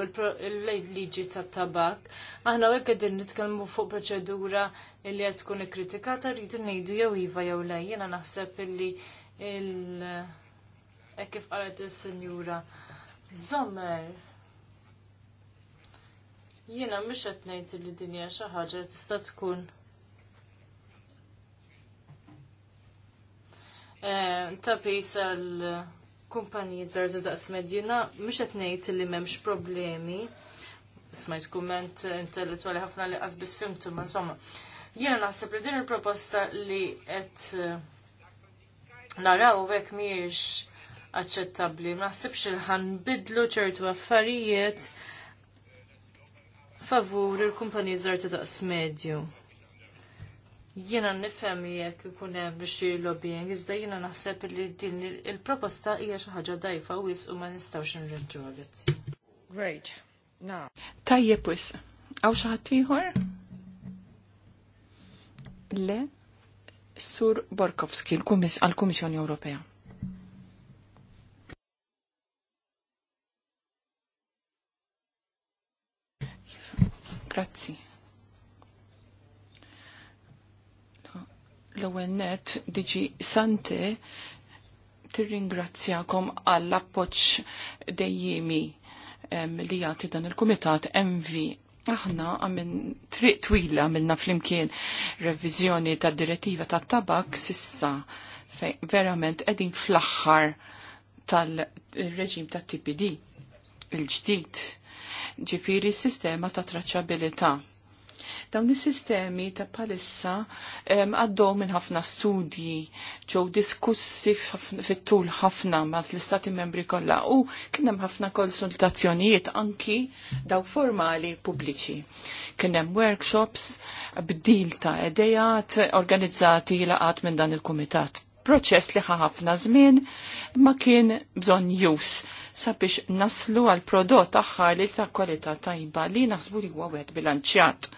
l-liġi tat-tabak. Aħna hekk qegħdin nitkellmu fuq proċedura li qed tkun ikkritikata rridu ngħidu jew iva jew lej Jiena naħseb illi il hekk kif qalet is-Sinjura Sommer. Jiena mhux qed ngħid li dinja xi ħaġa tista' tkun eh, ta' l- kumpaniji żgħar ta' daqs medjina mhux qed ngħid li m'hemmx problemi. Smajt kumment intellettwali ħafna li qasbis fimtu, ma insomma. Jiena naħseb li din il-proposta li qed naraw hekk mhijiex aċċettabbli. Ma il-ħan bidlu ċertu affarijiet favur il-kumpaniji żgħar daqs medju. Jiena nifhem jekk ikun hemm xi lobbying, iżda jiena naħseb li din il-proposta hija xi ħaġa dajfa wis u ma nistgħux nirġgħu grazzi. Great. Na. Tajjeb wis. Aw xi ħadd ieħor? Le Sur Borkowski għall-Kummissjoni Ewropea. Grazzi. l-ewwel net diġi Sante tirringrazzjakom għall appoġġ dejjimi li jagħti dan il-kumitat MV. Aħna għamil triq twila għamilna flimkien revizjoni ta' direttiva ta' tabak sissa fej verament edin fl-axħar tal-reġim ta' TPD il-ġdid ġifiri sistema ta' traċabilita' Dawn is-sistemi ta' palissa għaddew minn ħafna studji ġew diskussi fit-tul ħafna ma' l-istati membri kollha u kien hemm ħafna konsultazzjonijiet anki daw formali pubbliċi. Kien hemm workshops bdil ta' idejat organizzati laqat minn dan il-kumitat proċess li ħafna żmien ma kien bżonn jus sabiex naslu għal prodott aħħar li ta' kwalità tajba li nasbu li huwa wieħed bilanċjat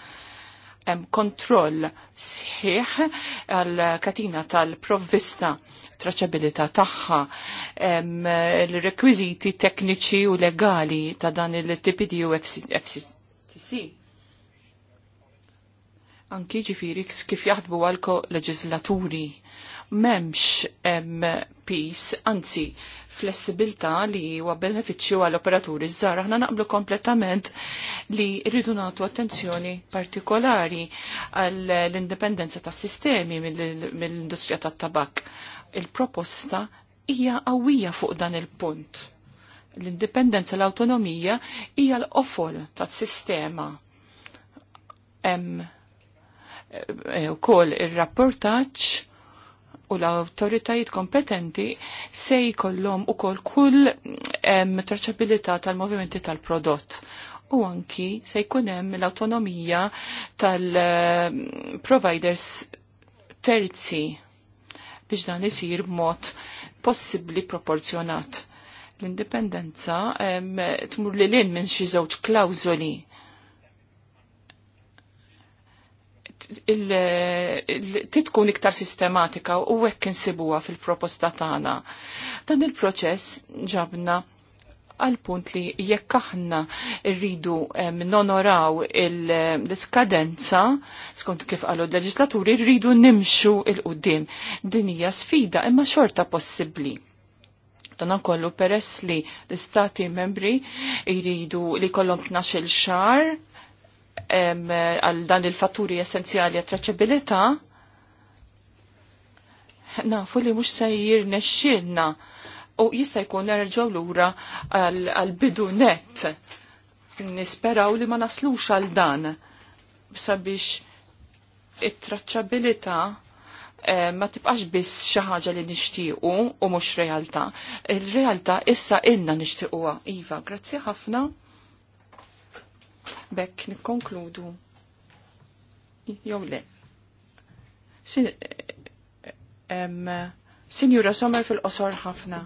hemm kontroll sħiħ għal katina tal-provvista traċabilità tagħha l-rekwiżiti tekniċi u legali ta' dan il-TPD u FCTC anki ġifiri kif jaħdbu għalko leġislaturi. Memx em, pis, anzi, flessibilta li huwa benefiċċju għal operaturi żgħar aħna naqblu kompletament li rridu nagħtu attenzjoni partikolari għall indipendenza tas sistemi mill-industrija tat-tabak. Il-proposta hija qawwija fuq dan il-punt. L-indipendenza l-autonomija hija l-qofol tas-sistema wkoll eh, ir-rapportaġġ u l-autoritajiet kompetenti se jkollhom ukoll kull traċabilità tal-movimenti tal-prodott u anki se jkun hemm l-awtonomija tal-providers terzi biex dan isir b'mod possibbli proporzjonat. L-indipendenza tmur li lin minn xi żewġ klawżoli titkun iktar sistematika u hekk insibuha fil-proposta tagħna. Dan il-proċess ġabna għal punt li jekk aħna rridu nonoraw l-iskadenza, skont kif qalu l-leġislaturi, rridu nimxu il-qoddim. Din hija sfida imma xorta possibbli. Dan kollu peress li l-istati membri jridu li kollom 12 xar għal dan il-fatturi essenzjali għat traċabilita, nafu li mux sejjir nesċilna u jista' jkun nerġgħu lura għal bidu net. Nisperaw li ma naslux għal dan sabiex it traċabilita eh, ma tibqax biss xi ħaġa li nixtiequ u mhux realtà. Il-realtà issa ilna nixtiequha. Iva, grazzi ħafna bekk nikkonkludu. Jew le. Sinjura Sommer fil-qosor ħafna.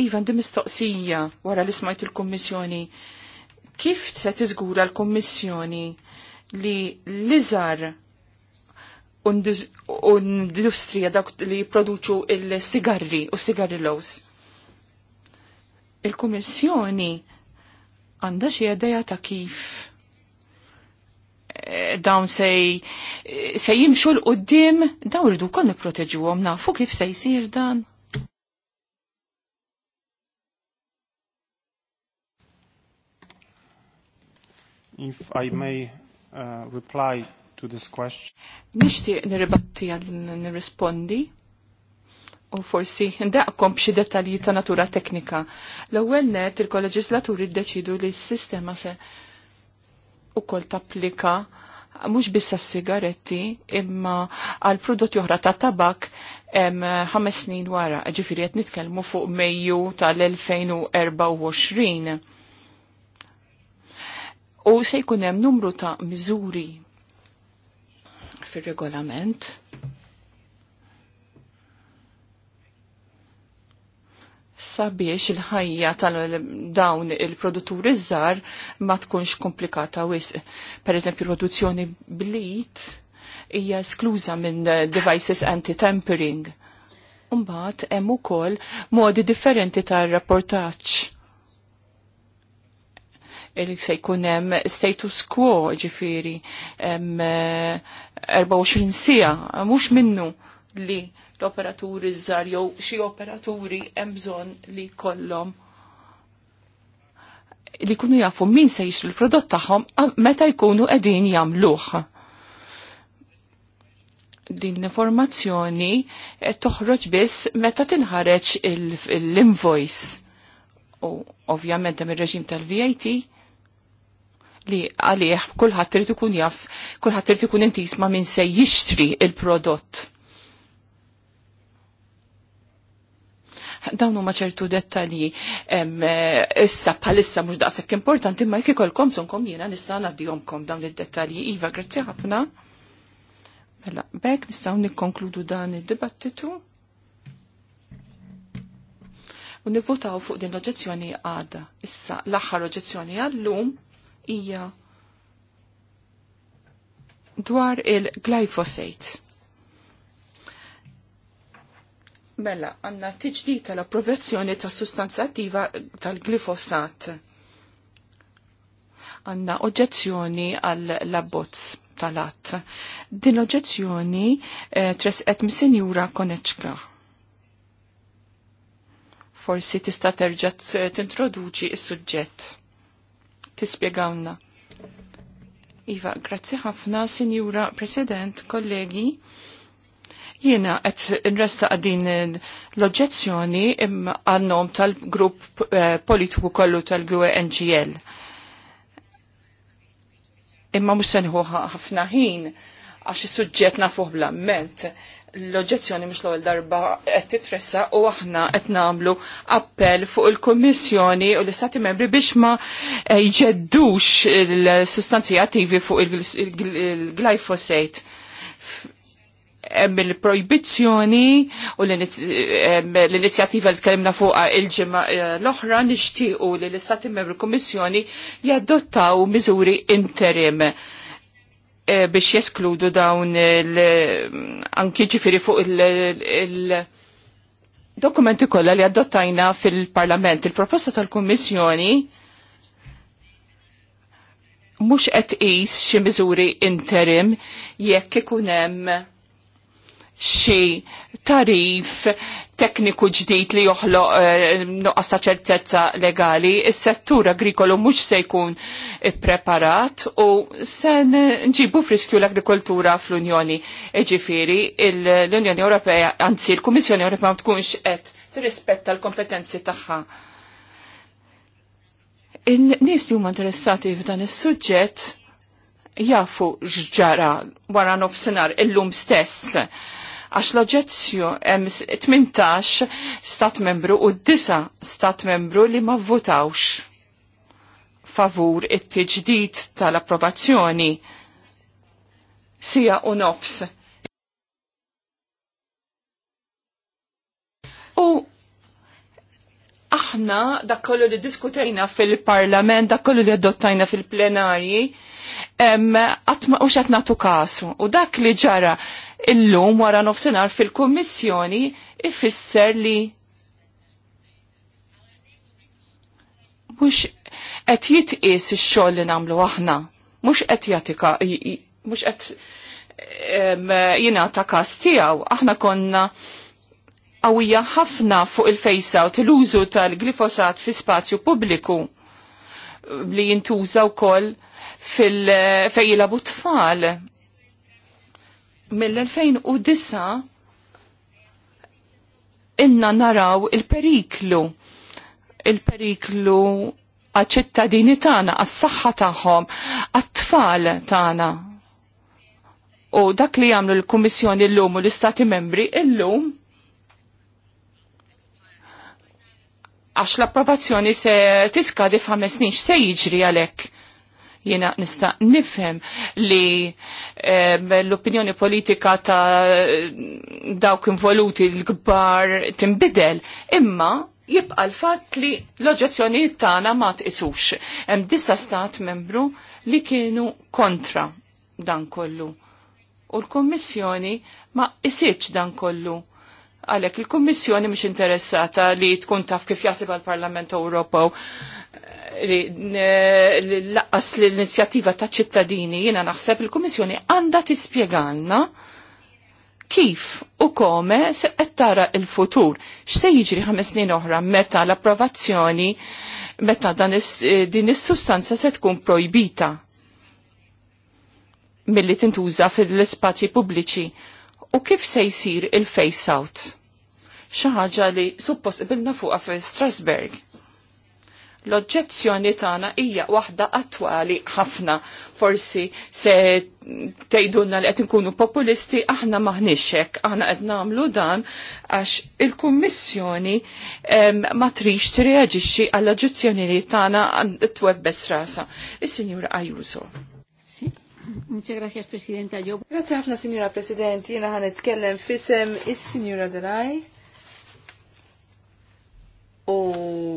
Ivan, di mistoqsija wara li smajt il-Kommissjoni. Kif se tiżgura l-Kommissjoni li l-iżar industrija dak li produċu il-sigarri u sigarri lows? Il-Kommissjoni għandha xi idea ta' kif eh, dawn sej eh, se jimxu l-qoddim, dawn rridu kon għom nafu kif se jsir dan. If I may uh, reply to this question. Nishti nirribatti għal nirrispondi u forsi ndaqkom b'xi dettalji ta' natura teknika. L-ewwel net il-kolleġislaturi ddeċidu li s-sistema se ukoll tapplika mhux biss sigaretti imma għal prodotti oħra ta' tabak ħames snin wara, ġifieri qed nitkellmu fuq Mejju tal-2024. U se jkun hemm numru ta' miżuri fir-regolament sabiex il-ħajja tal-dawn il-produtturi żgħar ma tkunx komplikata wisq. Per eżempju, produzzjoni blit hija skluża minn devices anti tempering Umbat, hemm ukoll modi differenti tar rapportaċ il se jkun hemm status quo ġifieri 24 eh, sija mhux minnu li l-operaturi żżar jew xi operaturi hemm bżonn li kollhom li kunu jafu min se jix l-prodott tagħhom meta jkunu qegħdin jagħmluh. Din informazzjoni eh, toħroġ biss meta tinħareġ l-invoice. U ovvjament hemm ir-reġim tal-VAT li għalih kulħadd trid ikun jaf, kulħadd trid ikun intisma' min se jixtri il-prodott. Dawn huma ċertu dettalji issa bħalissa mhux daqshekk importanti imma jekk ikolkom sunkom jiena nista' ngħaddihomkom dawn id-dettalji. Iva, grazzi ħafna. Mela, bekk nistgħu nikkonkludu dan id-dibattitu. U nivvotaw fuq din l-oġezzjoni għada. Issa l-aħħar oġezzjoni għallum hija dwar il-glyphosate. Bella, għanna tiġdi tal-approvazzjoni ta' sustanza attiva tal-glifosat. Għanna oġġezzjoni għall-labbozz tal-att. Din oġezzjoni oġġezzjoni eh, tresqet mis-senjura koneċka. Forsi tista' terġa' tintroduċi il suġġett Tispjegawna. Iva, grazzi ħafna, Sinjura President, kollegi Jiena qed nressa din l-oġġezzjoni għannom tal-grupp eh, politiku kollu tal-GUE NGL. Imma mhux senħu ħafna ħin għax is-suġġett nafuh bl-amment l-oġezzjoni mux l-ewwel darba qed titressa u aħna qed nagħmlu appell fuq il-Kummissjoni u l-Istati Membri biex ma eh, jġeddux l-sustanzi attivi fuq il glyfosate Il-proibizzjoni u l-inizjattiva li tkellimna fuq il-ġimgħa eh, l-oħra nixtiequ li l-Istati Membri Kummissjoni jadottaw miżuri interim eh, biex jeskludu dawn anki ġifiri fuq il-dokumenti kollha li adottajna fil-Parlament. Il-proposta tal-Kummissjoni mhux qed qis xi miżuri interim jekk ikun hemm xi tarif tekniku ġdid li joħloq eh, nuqqas ta' ċertezza legali, is-settur agrikolu mhux se jkun ippreparat u se nġibu friskju l-agrikoltura fl-Unjoni. Ġifieri l-Unjoni Ewropea, anzi l-Kummissjoni Ewropea ma tkunx qed tirrispetta l-kompetenzi tagħha. In-nies li huma interessati f'dan is-suġġett jafu ġġara wara nofsinhar illum stess għax l hemm 18 stat membru u 9 stat membru li ma votawx favur it-tiġdid tal-approvazzjoni sija u nofs. U aħna dak kollu li diskutejna fil-parlament, dak kollu li adottajna fil-plenarji, għatma u xatnatu kasu. U dak li ġara illum wara nofsinhar fil-Kummissjoni ifisser li mhux qed jitqies ix-xogħol li nagħmlu aħna, mhux qed jagħtika mhux qed jingħata każ tiegħu. Aħna konna qawwija ħafna fuq il-fejsa u l-użu tal-glifosat fi spazju pubbliku li jintuża wkoll fil-fejla tfal mill-2009 inna naraw il-periklu il-periklu għal-ċittadini tagħna, għas-saħħa tagħhom, għat-tfal tagħna. U dak li jagħmlu l-Kummissjoni llum u l-Istati Membri illum għax l-approvazzjoni se tiskadi fa' snin, se jiġri għalhekk Jena nista' nifhem li l-opinjoni politika ta' dawk involuti l-kbar timbidel, imma jibqa l-fatt li l oġezzjoni tagħna ma tqisux. Hemm disa stat membru li kienu kontra dan kollu. U l-Kommissjoni ma isieċ dan kollu Għalek il-Kommissjoni mhix interessata li tkun taf kif jasib għal-Parlament Ewropew li laqqas l-inizjattiva ta' ċittadini jiena naħseb il-Kommissjoni għandha tispjegalna kif u kome se tara il-futur. X'se jiġri ħames snin oħra meta l-approvazzjoni meta dan is, eh, din is-sustanza se tkun projbita milli tintuża fil-spazji pubbliċi u kif se jsir il-face out? Xi ħaġa li suppos ibilna fuqha fi Strasberg. L-oġġezzjoni tagħna hija waħda attwali ħafna. Forsi se tgħidulna li qed inkunu populisti aħna maħniex hekk, aħna qed nagħmlu dan għax il-Kummissjoni ma trix tirreaġixxi għall oġġezzjoni tagħna twebbes rasa. Is-Sinjura Ajuso. Muchas gracias, Presidenta. Yo... Grazie ħafna, Signora President. Jena ħan itkellem fisem is-Signora Delaj. U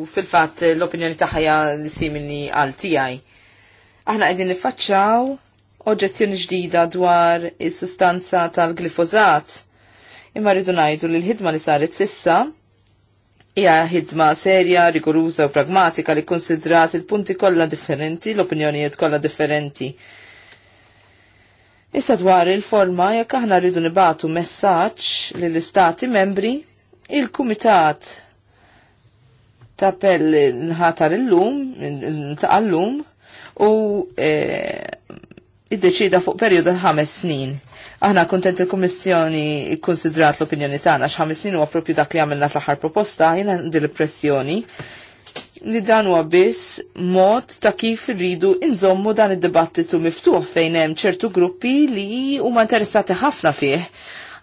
fil-fat l-opinjoni taħja li similni għal tijaj. Aħna għedin nifacċaw oġġezzjoni ġdida dwar is-sustanza tal-glifozat. Imma rridu ngħidu li l-ħidma li saret sissa hija ħidma serja, riguruża u pragmatika li konsidrat il-punti kollha differenti, l-opinjonijiet kollha differenti. Issa dwar il-forma jekk aħna rridu nibatu messaġġ lill istati membri, il-Kumitat tapell nħatar illum, ntaqallum, u e, id-deċida fuq perjodu ħames snin. Aħna kontent il-Kommissjoni konsidrat l-opinjoni tagħna x'ħames snin huwa proprju dak li għamilna fl-aħħar proposta, jiena l pressjoni li dan huwa biss mod ta' kif rridu inżommu dan id-dibattitu miftuħ fejn hemm ċertu gruppi li huma interessati ħafna fih.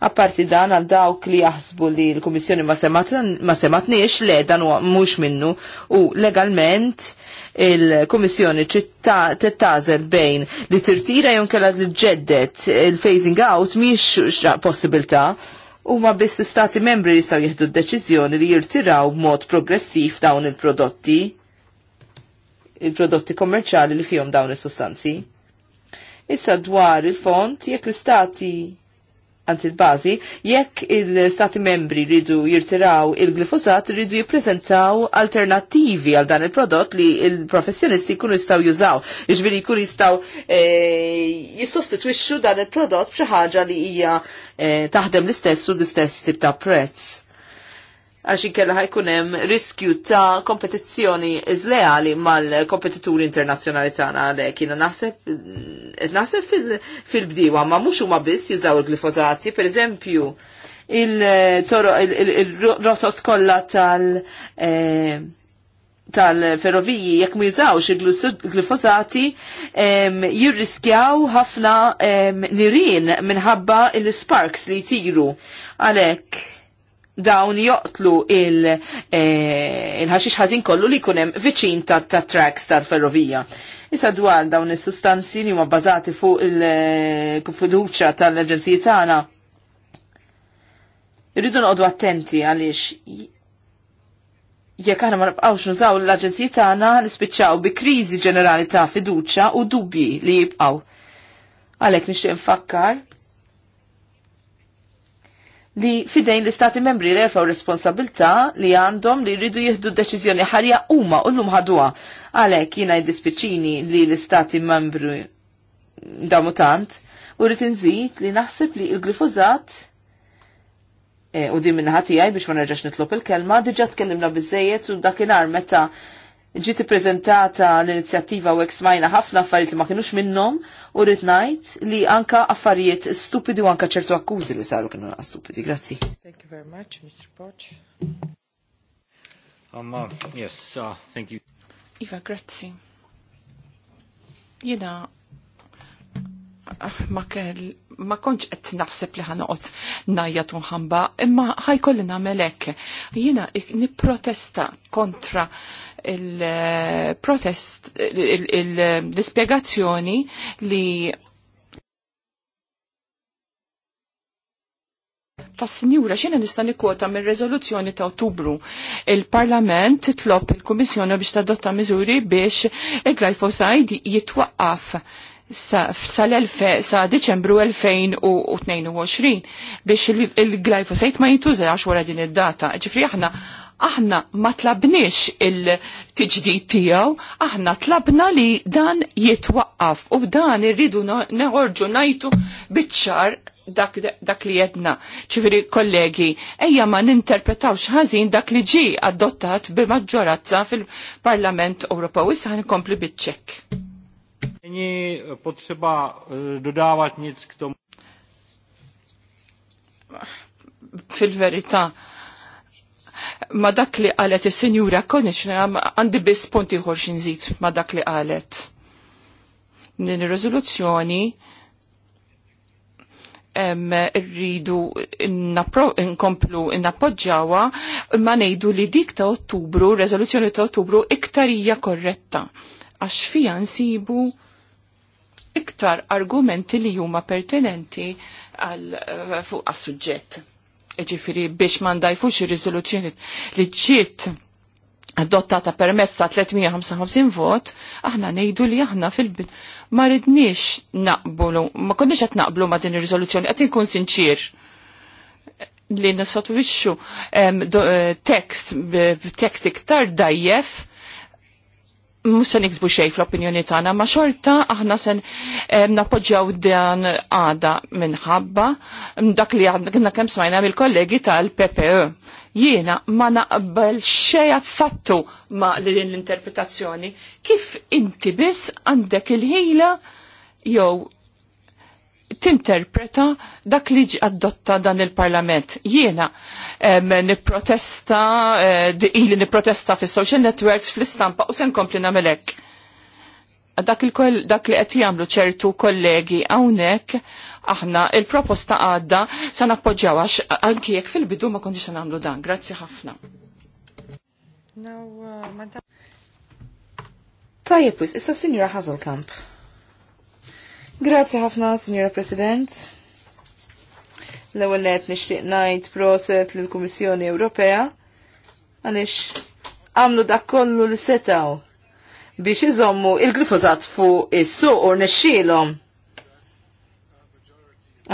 Apparti dan għal dawk li jaħsbu li l-Kummissjoni ma sematniex le dan huwa mhux minnu u legalment il-Kummissjoni tittażel bejn li tirtira jew kellha li ġeddet il-phasing out mhix possibilità huma biss l-istati membri li jistgħu jieħdu d-deċiżjoni li jirtiraw b'mod progressiv dawn il-prodotti il-prodotti kommerċali li fihom dawn is-sustanzi. Issa dwar il-font jekk l-istati anzi l-bazi, jekk il-stati membri ridu jirtiraw il-glifosat, ridu jipprezentaw alternativi għal dan il-prodott li il-professjonisti kunu jistaw jużaw. Iġviri kunu jistaw e, jissostitwixxu dan il-prodott bxi ħaġa li hija eh, taħdem l-istess u l-istess tip ta' prezz għax inkella ħajkun hemm riskju ta' kompetizzjoni iżleali mal-kompetituri internazzjonali tagħna għalhekk jiena naħseb naħseb fil-bdiewa ma mhux huma biss jużaw il-glifosati, pereżempju il-rotot kollha tal- eh, tal-ferroviji jekk ma jużawx il-glifosati jirriskjaw ħafna nirien minħabba l-sparks li jtiru. Għalhekk dawn joqtlu eh, il-ħaxix ħazin ħażin kollu li kunem viċin ta', tracks tal-ferrovija. Issa dwar dawn is-sustanzi li huma bbażati fuq il-fiduċja eh, tal-aġenziji tagħna. Irridu noqogħdu attenti għaliex jekk aħna ma nibqgħux nużaw l-aġenziji tagħna nispiċċaw bi kriżi ġenerali ta' fiduċja u dubji li jibqgħu. Għalhekk nixtieq nfakkar li fidejn l-istati membri rerfaw responsabilta li għandhom li rridu jihdu deċizjoni ħarja huma u l-lum ħadwa. Għalek jina jiddispiċini li l-istati membri damutant u rritinżit li naħseb li il-glifozat eh, u din minna ħatijaj biex ma nerġax nitlob il-kelma, diġa tkellimna bizzejiet u dakinar meta ġiet ippreżentata l-inizjattiva u smajna ħafna affarijiet li ma kinux minnhom u rrid li anka affarijiet stupidi u anka ċertu akkużi li saru kienu stupidi. Grazzi. Thank you very much, Mr. Poch. Um, uh, yes, uh, thank you. Iva, grazzi. Jena, ah, ma, kell, ma konċ qed naħseb li ħanoqot najja tunħamba, imma ħajkolli nagħmel hekk. Jiena nipprotesta kontra il-protest, l dispiegazzjoni li ta' sinjura xina nista' nikkwota minn rezoluzzjoni ta' Ottubru. Il-Parlament titlob il-Kummissjoni biex tadotta miżuri biex il-glyfosajt jitwaqqaf sal-2000 sa Diċembru 2022 biex il glyfosate ma jintużax wara din id-data. Ġifri aħna aħna ma tlabniex il tġdid tiegħu, aħna tlabna li dan jitwaqqaf u dan irridu neħorġu najtu biċ-ċar dak, dak li jedna. ċifiri kollegi, ejja ma ninterpretawx ħażin dak li ġi adottat bil-maġġorazza fil-Parlament Ewropew. Issa ħankompli biċ Není potřeba eh, dodávat nic Fil-verità, ma dak li qalet is senjura konixna għandi biss punti ħor nżid ma dak li qalet. Din ir-riżoluzzjoni rridu nkomplu nappoġġawa ma ngħidu li dik ta' Ottubru, riżoluzzjoni ta' Ottubru iktarija korretta għax fija nsibu iktar argumenti li huma pertinenti għal eh, fuq għas-suġġett. Ġifiri biex ma ndajfux ir-riżoluzzjoni li ġiet adottata permezz ta' 355 vot, aħna nejdu li aħna fil-bid ma ridniex naqblu, ma konniex qed naqblu ma din ir-riżoluzzjoni, qed inkun sinċir li nisotwixxu eh, tekst eh, tekst iktar dajjef mux se niksbu xej fl-opinjoni tagħna, ma xorta aħna se napoġġjaw dan għada minħabba dak li għandna kemm smajna mill-kollegi tal-PPE. Jiena ma naqbel xej affattu ma li din l-interpretazzjoni. Kif inti biss għandek il-ħila jew tinterpreta dak li adotta dan il-parlament. Jiena niprotesta, eh, ili niprotesta fis social networks, fl-istampa u sen kompli namelek. Dak, dak li qed jagħmlu ċertu kollegi hawnhekk aħna il-proposta għadda sa nappoġġjaw għax anki jekk fil-bidu ma konniex se nagħmlu dan. Grazzi ħafna. Uh, Tajjeb, issa Sinjura Hazelkamp. Grazzi ħafna, Signora President. L-ewwel qed nixtieq ngħid proset lill-Kummissjoni Ewropea għaliex għamlu dak kollu li setaw biex iżommu il-glifosat fuq is-suq u nexxielhom.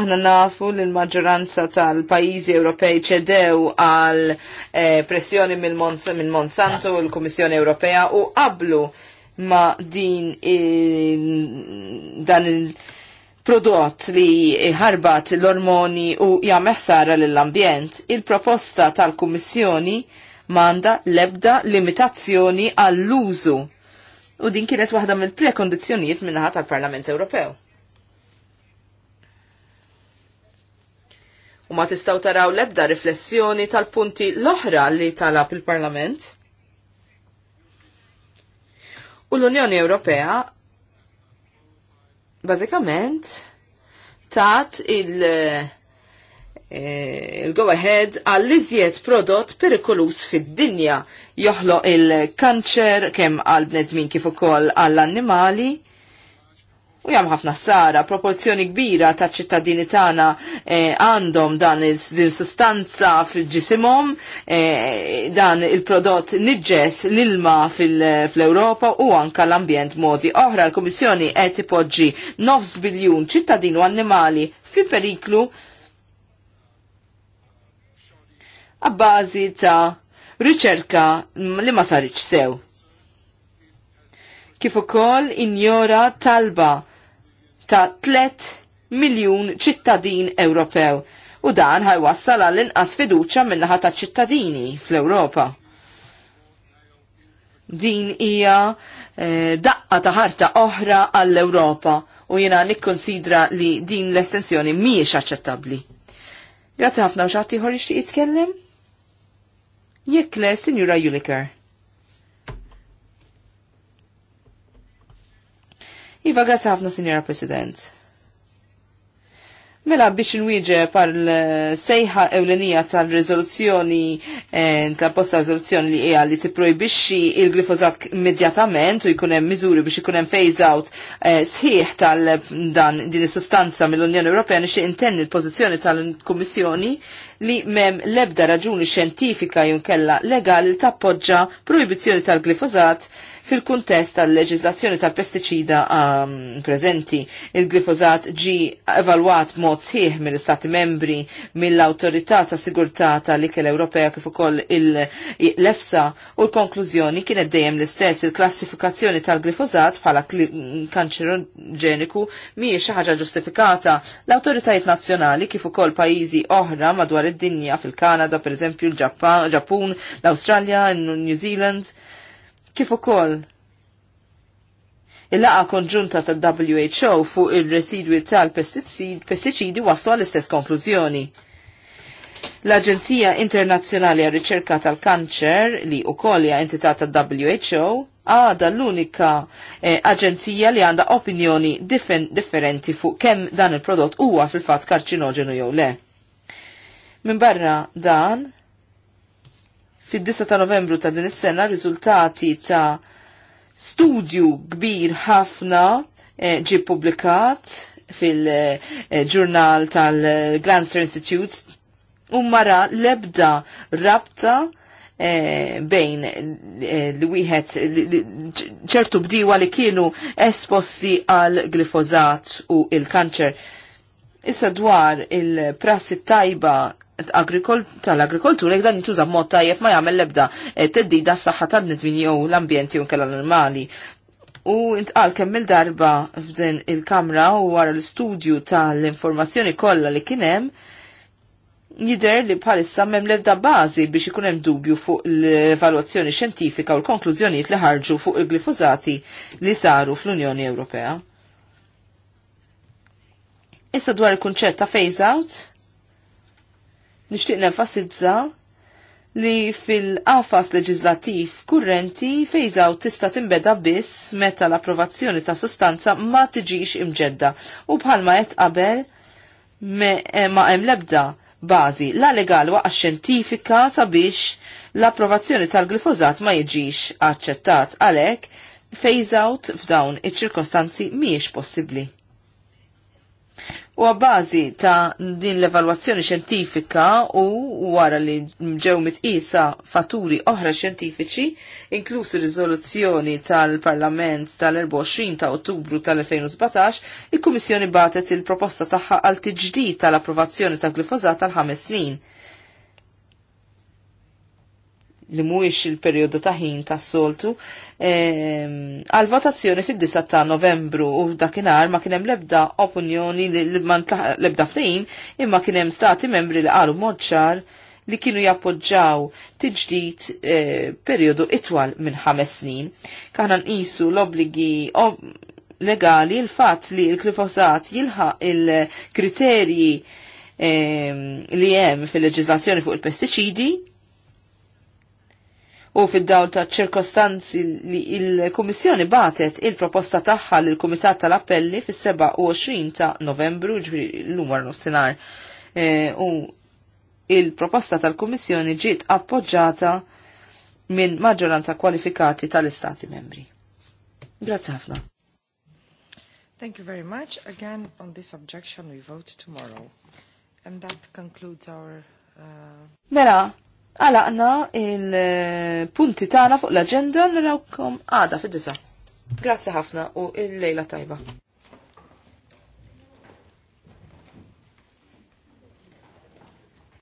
Aħna nafu li l-maġġoranza tal-pajjiżi Ewropej ċedew għal eh, pressjoni mill-Monsanto u l-Kummissjoni Ewropea u qablu ma' din dan il-prodott li ħarbat l-ormoni u jagħmel ħsara lill-ambjent, il-proposta tal-Kummissjoni manda lebda limitazzjoni għall-użu. U din kienet waħda mill-prekondizzjonijiet minnaħat tal-Parlament Ewropew. U ma tistaw taraw lebda riflessjoni tal-punti l-oħra li talab il-Parlament U l-Unjoni Ewropea bażikament tat il- eh, il-go-ahead għall-iżjed prodott perikolus fid-dinja joħloq il-kanċer kemm għal bnedmin kif ukoll għall-annimali u jam ħafna sara, proporzjoni kbira ta' ċittadini tagħna eh, għandhom dan l-sustanza fil eh, dan il-prodott nidġess l-ilma fil-Ewropa u anka l-ambjent modi. Oħra l-Kummissjoni qed ipoġġi 9 biljun ċittadini u annimali fi periklu għabbażi ta' riċerka li ma sarriċ sew kif ukoll injora talba ta' 3 miljun ċittadin Ewropew u dan ħajwassal għall inqas fiduċa mill-laħa ta' ċittadini fl-Ewropa. Din hija eh, daqqa ta' ħarta oħra għall-Ewropa u jiena nikkonsidra li din l-estensjoni mhijiex aċċettabbli. Grazzi ħafna u xaħti ħor jitkellem? Jekk le, Sinjura Juliker. Iva, grazie ħafna, Signora President. Mela biex nwieġe għal eh, sejħa ewlenija tal-rezoluzzjoni eh, tal-posta rezoluzzjoni li hija li tipprojbixxi il-glifosat immedjatament u jkun hemm miżuri biex ikun hemm phase out eh, sħiħ tal dan din is-sustanza mill-Unjoni Ewropea nixtieq intenni l-pożizzjoni tal-Kummissjoni li mem lebda raġuni xjentifika jew kella legali tappoġġa projbizzjoni tal-glifosat tal tal glifosat fil-kuntest tal-leġizlazzjoni tal-pestiċida um, preżenti. Il-glifosat ġi evalwat mod sħiħ mill-Stati membri mill-Awtorità ta' Sigurtà tal-Ikel Ewropea kif ukoll l-EFSA u l-konklużjoni kienet dejjem l-istess il-klassifikazzjoni tal-glifosat bħala kanċeroġeniku mhijiex xi ħaġa ġustifikata. L-awtoritajiet nazzjonali kif ukoll pajjiżi oħra madwar id-dinja fil-Kanada, pereżempju l-Ġappun, l-Awstralja, New Zealand, kif ukoll Il-laqa konġunta tal-WHO fuq il-residwi tal-pestiċidi waslu għall-istess konklużjoni. L-Aġenzija Internazzjonali għal Riċerka tal-Kanċer li kolja entità tal-WHO għada l-unika eh, aġenzija li għanda opinjoni differenti fuq kemm dan il-prodott huwa fil-fatt karċinoġenu jew le. Min barra dan, fid-9 ta' novembru ta' din is-sena riżultati ta' studju kbir ħafna eh, ġi publikat fil-ġurnal tal-Glanster Institute u mara lebda rabta eh, bejn e, li wieħed ċertu bdiwa li kienu esposti għal glifozat u il-kanċer. Issa dwar il-prassi tajba tal-agrikoltura jek dan jintuża mod tajjeb ma jagħmel l-ebda eh, teddida s-saħħa tan-nidmin jew l-ambjent jew kellha normali. U intqal kemm il-darba f'din il-kamra u wara l-istudju tal-informazzjoni kollha li kien hemm jider li bħalissa l lebda bażi biex ikun hemm dubju fuq l-evalwazzjoni xjentifika u l-konklużjonijiet li ħarġu fuq il-glifosati li saru fl-Unjoni Ewropea. Issa dwar il-kunċett ta' phase out, Nixtieq nenfasizza li fil-qafas leġislattiv kurrenti fejżaw tista' timbeda biss meta l-approvazzjoni ta' sostanza ma tiġix imġedda u bħalma qed qabel eh, ma hemm lebda bażi la legal waqa xjentifika sabiex l-approvazzjoni tal-glifozat ma jiġix aċċettat għalhekk phase out f'dawn iċ-ċirkostanzi mhijiex possibbli. U għabbażi ta' din l-evalwazzjoni xjentifika u wara li ġew mitqisa fatturi oħra xjentifiċi, inklus ir-riżoluzzjoni tal-Parlament tal-24 ta' Ottubru tal-2017, il-Kummissjoni batet il-proposta tagħha għal tiġdid tal-approvazzjoni tal-glifosat tal-ħames snin li mhuwiex il-perjodu ta' ħin tas soltu ehm, għal votazzjoni fid-9 ta' Novembru u dakinhar ma kien hemm l-ebda opinjoni li ma l-ebda ftehim imma kien hemm stati membri li qalu mod ċar li kienu jappoġġaw tiġdid eh, perjodu itwal minn ħames snin. Kaħna nqisu l-obligi legali l-fatt li l klifosat jilħaq il-kriterji ehm, li hemm fil leġislazzjoni fuq il-pestiċidi u fil dawl ta' ċirkostanzi li il komissjoni batet il-proposta tagħha l kumitat tal-Appelli fis-27 ta' Novembru ġifieri l-umar nofsinhar. E, u il-proposta tal-Kummissjoni ġiet appoġġata minn maġġoranza kwalifikati tal-Istati membri. Grazzi ħafna. Thank you very much. Again, on this objection we vote tomorrow. And that concludes our... Uh... Mela, Għalaqna il-punti tagħna fuq l-aġenda narawkom għada fid-disa. Grazzi ħafna u il-lejla tajba.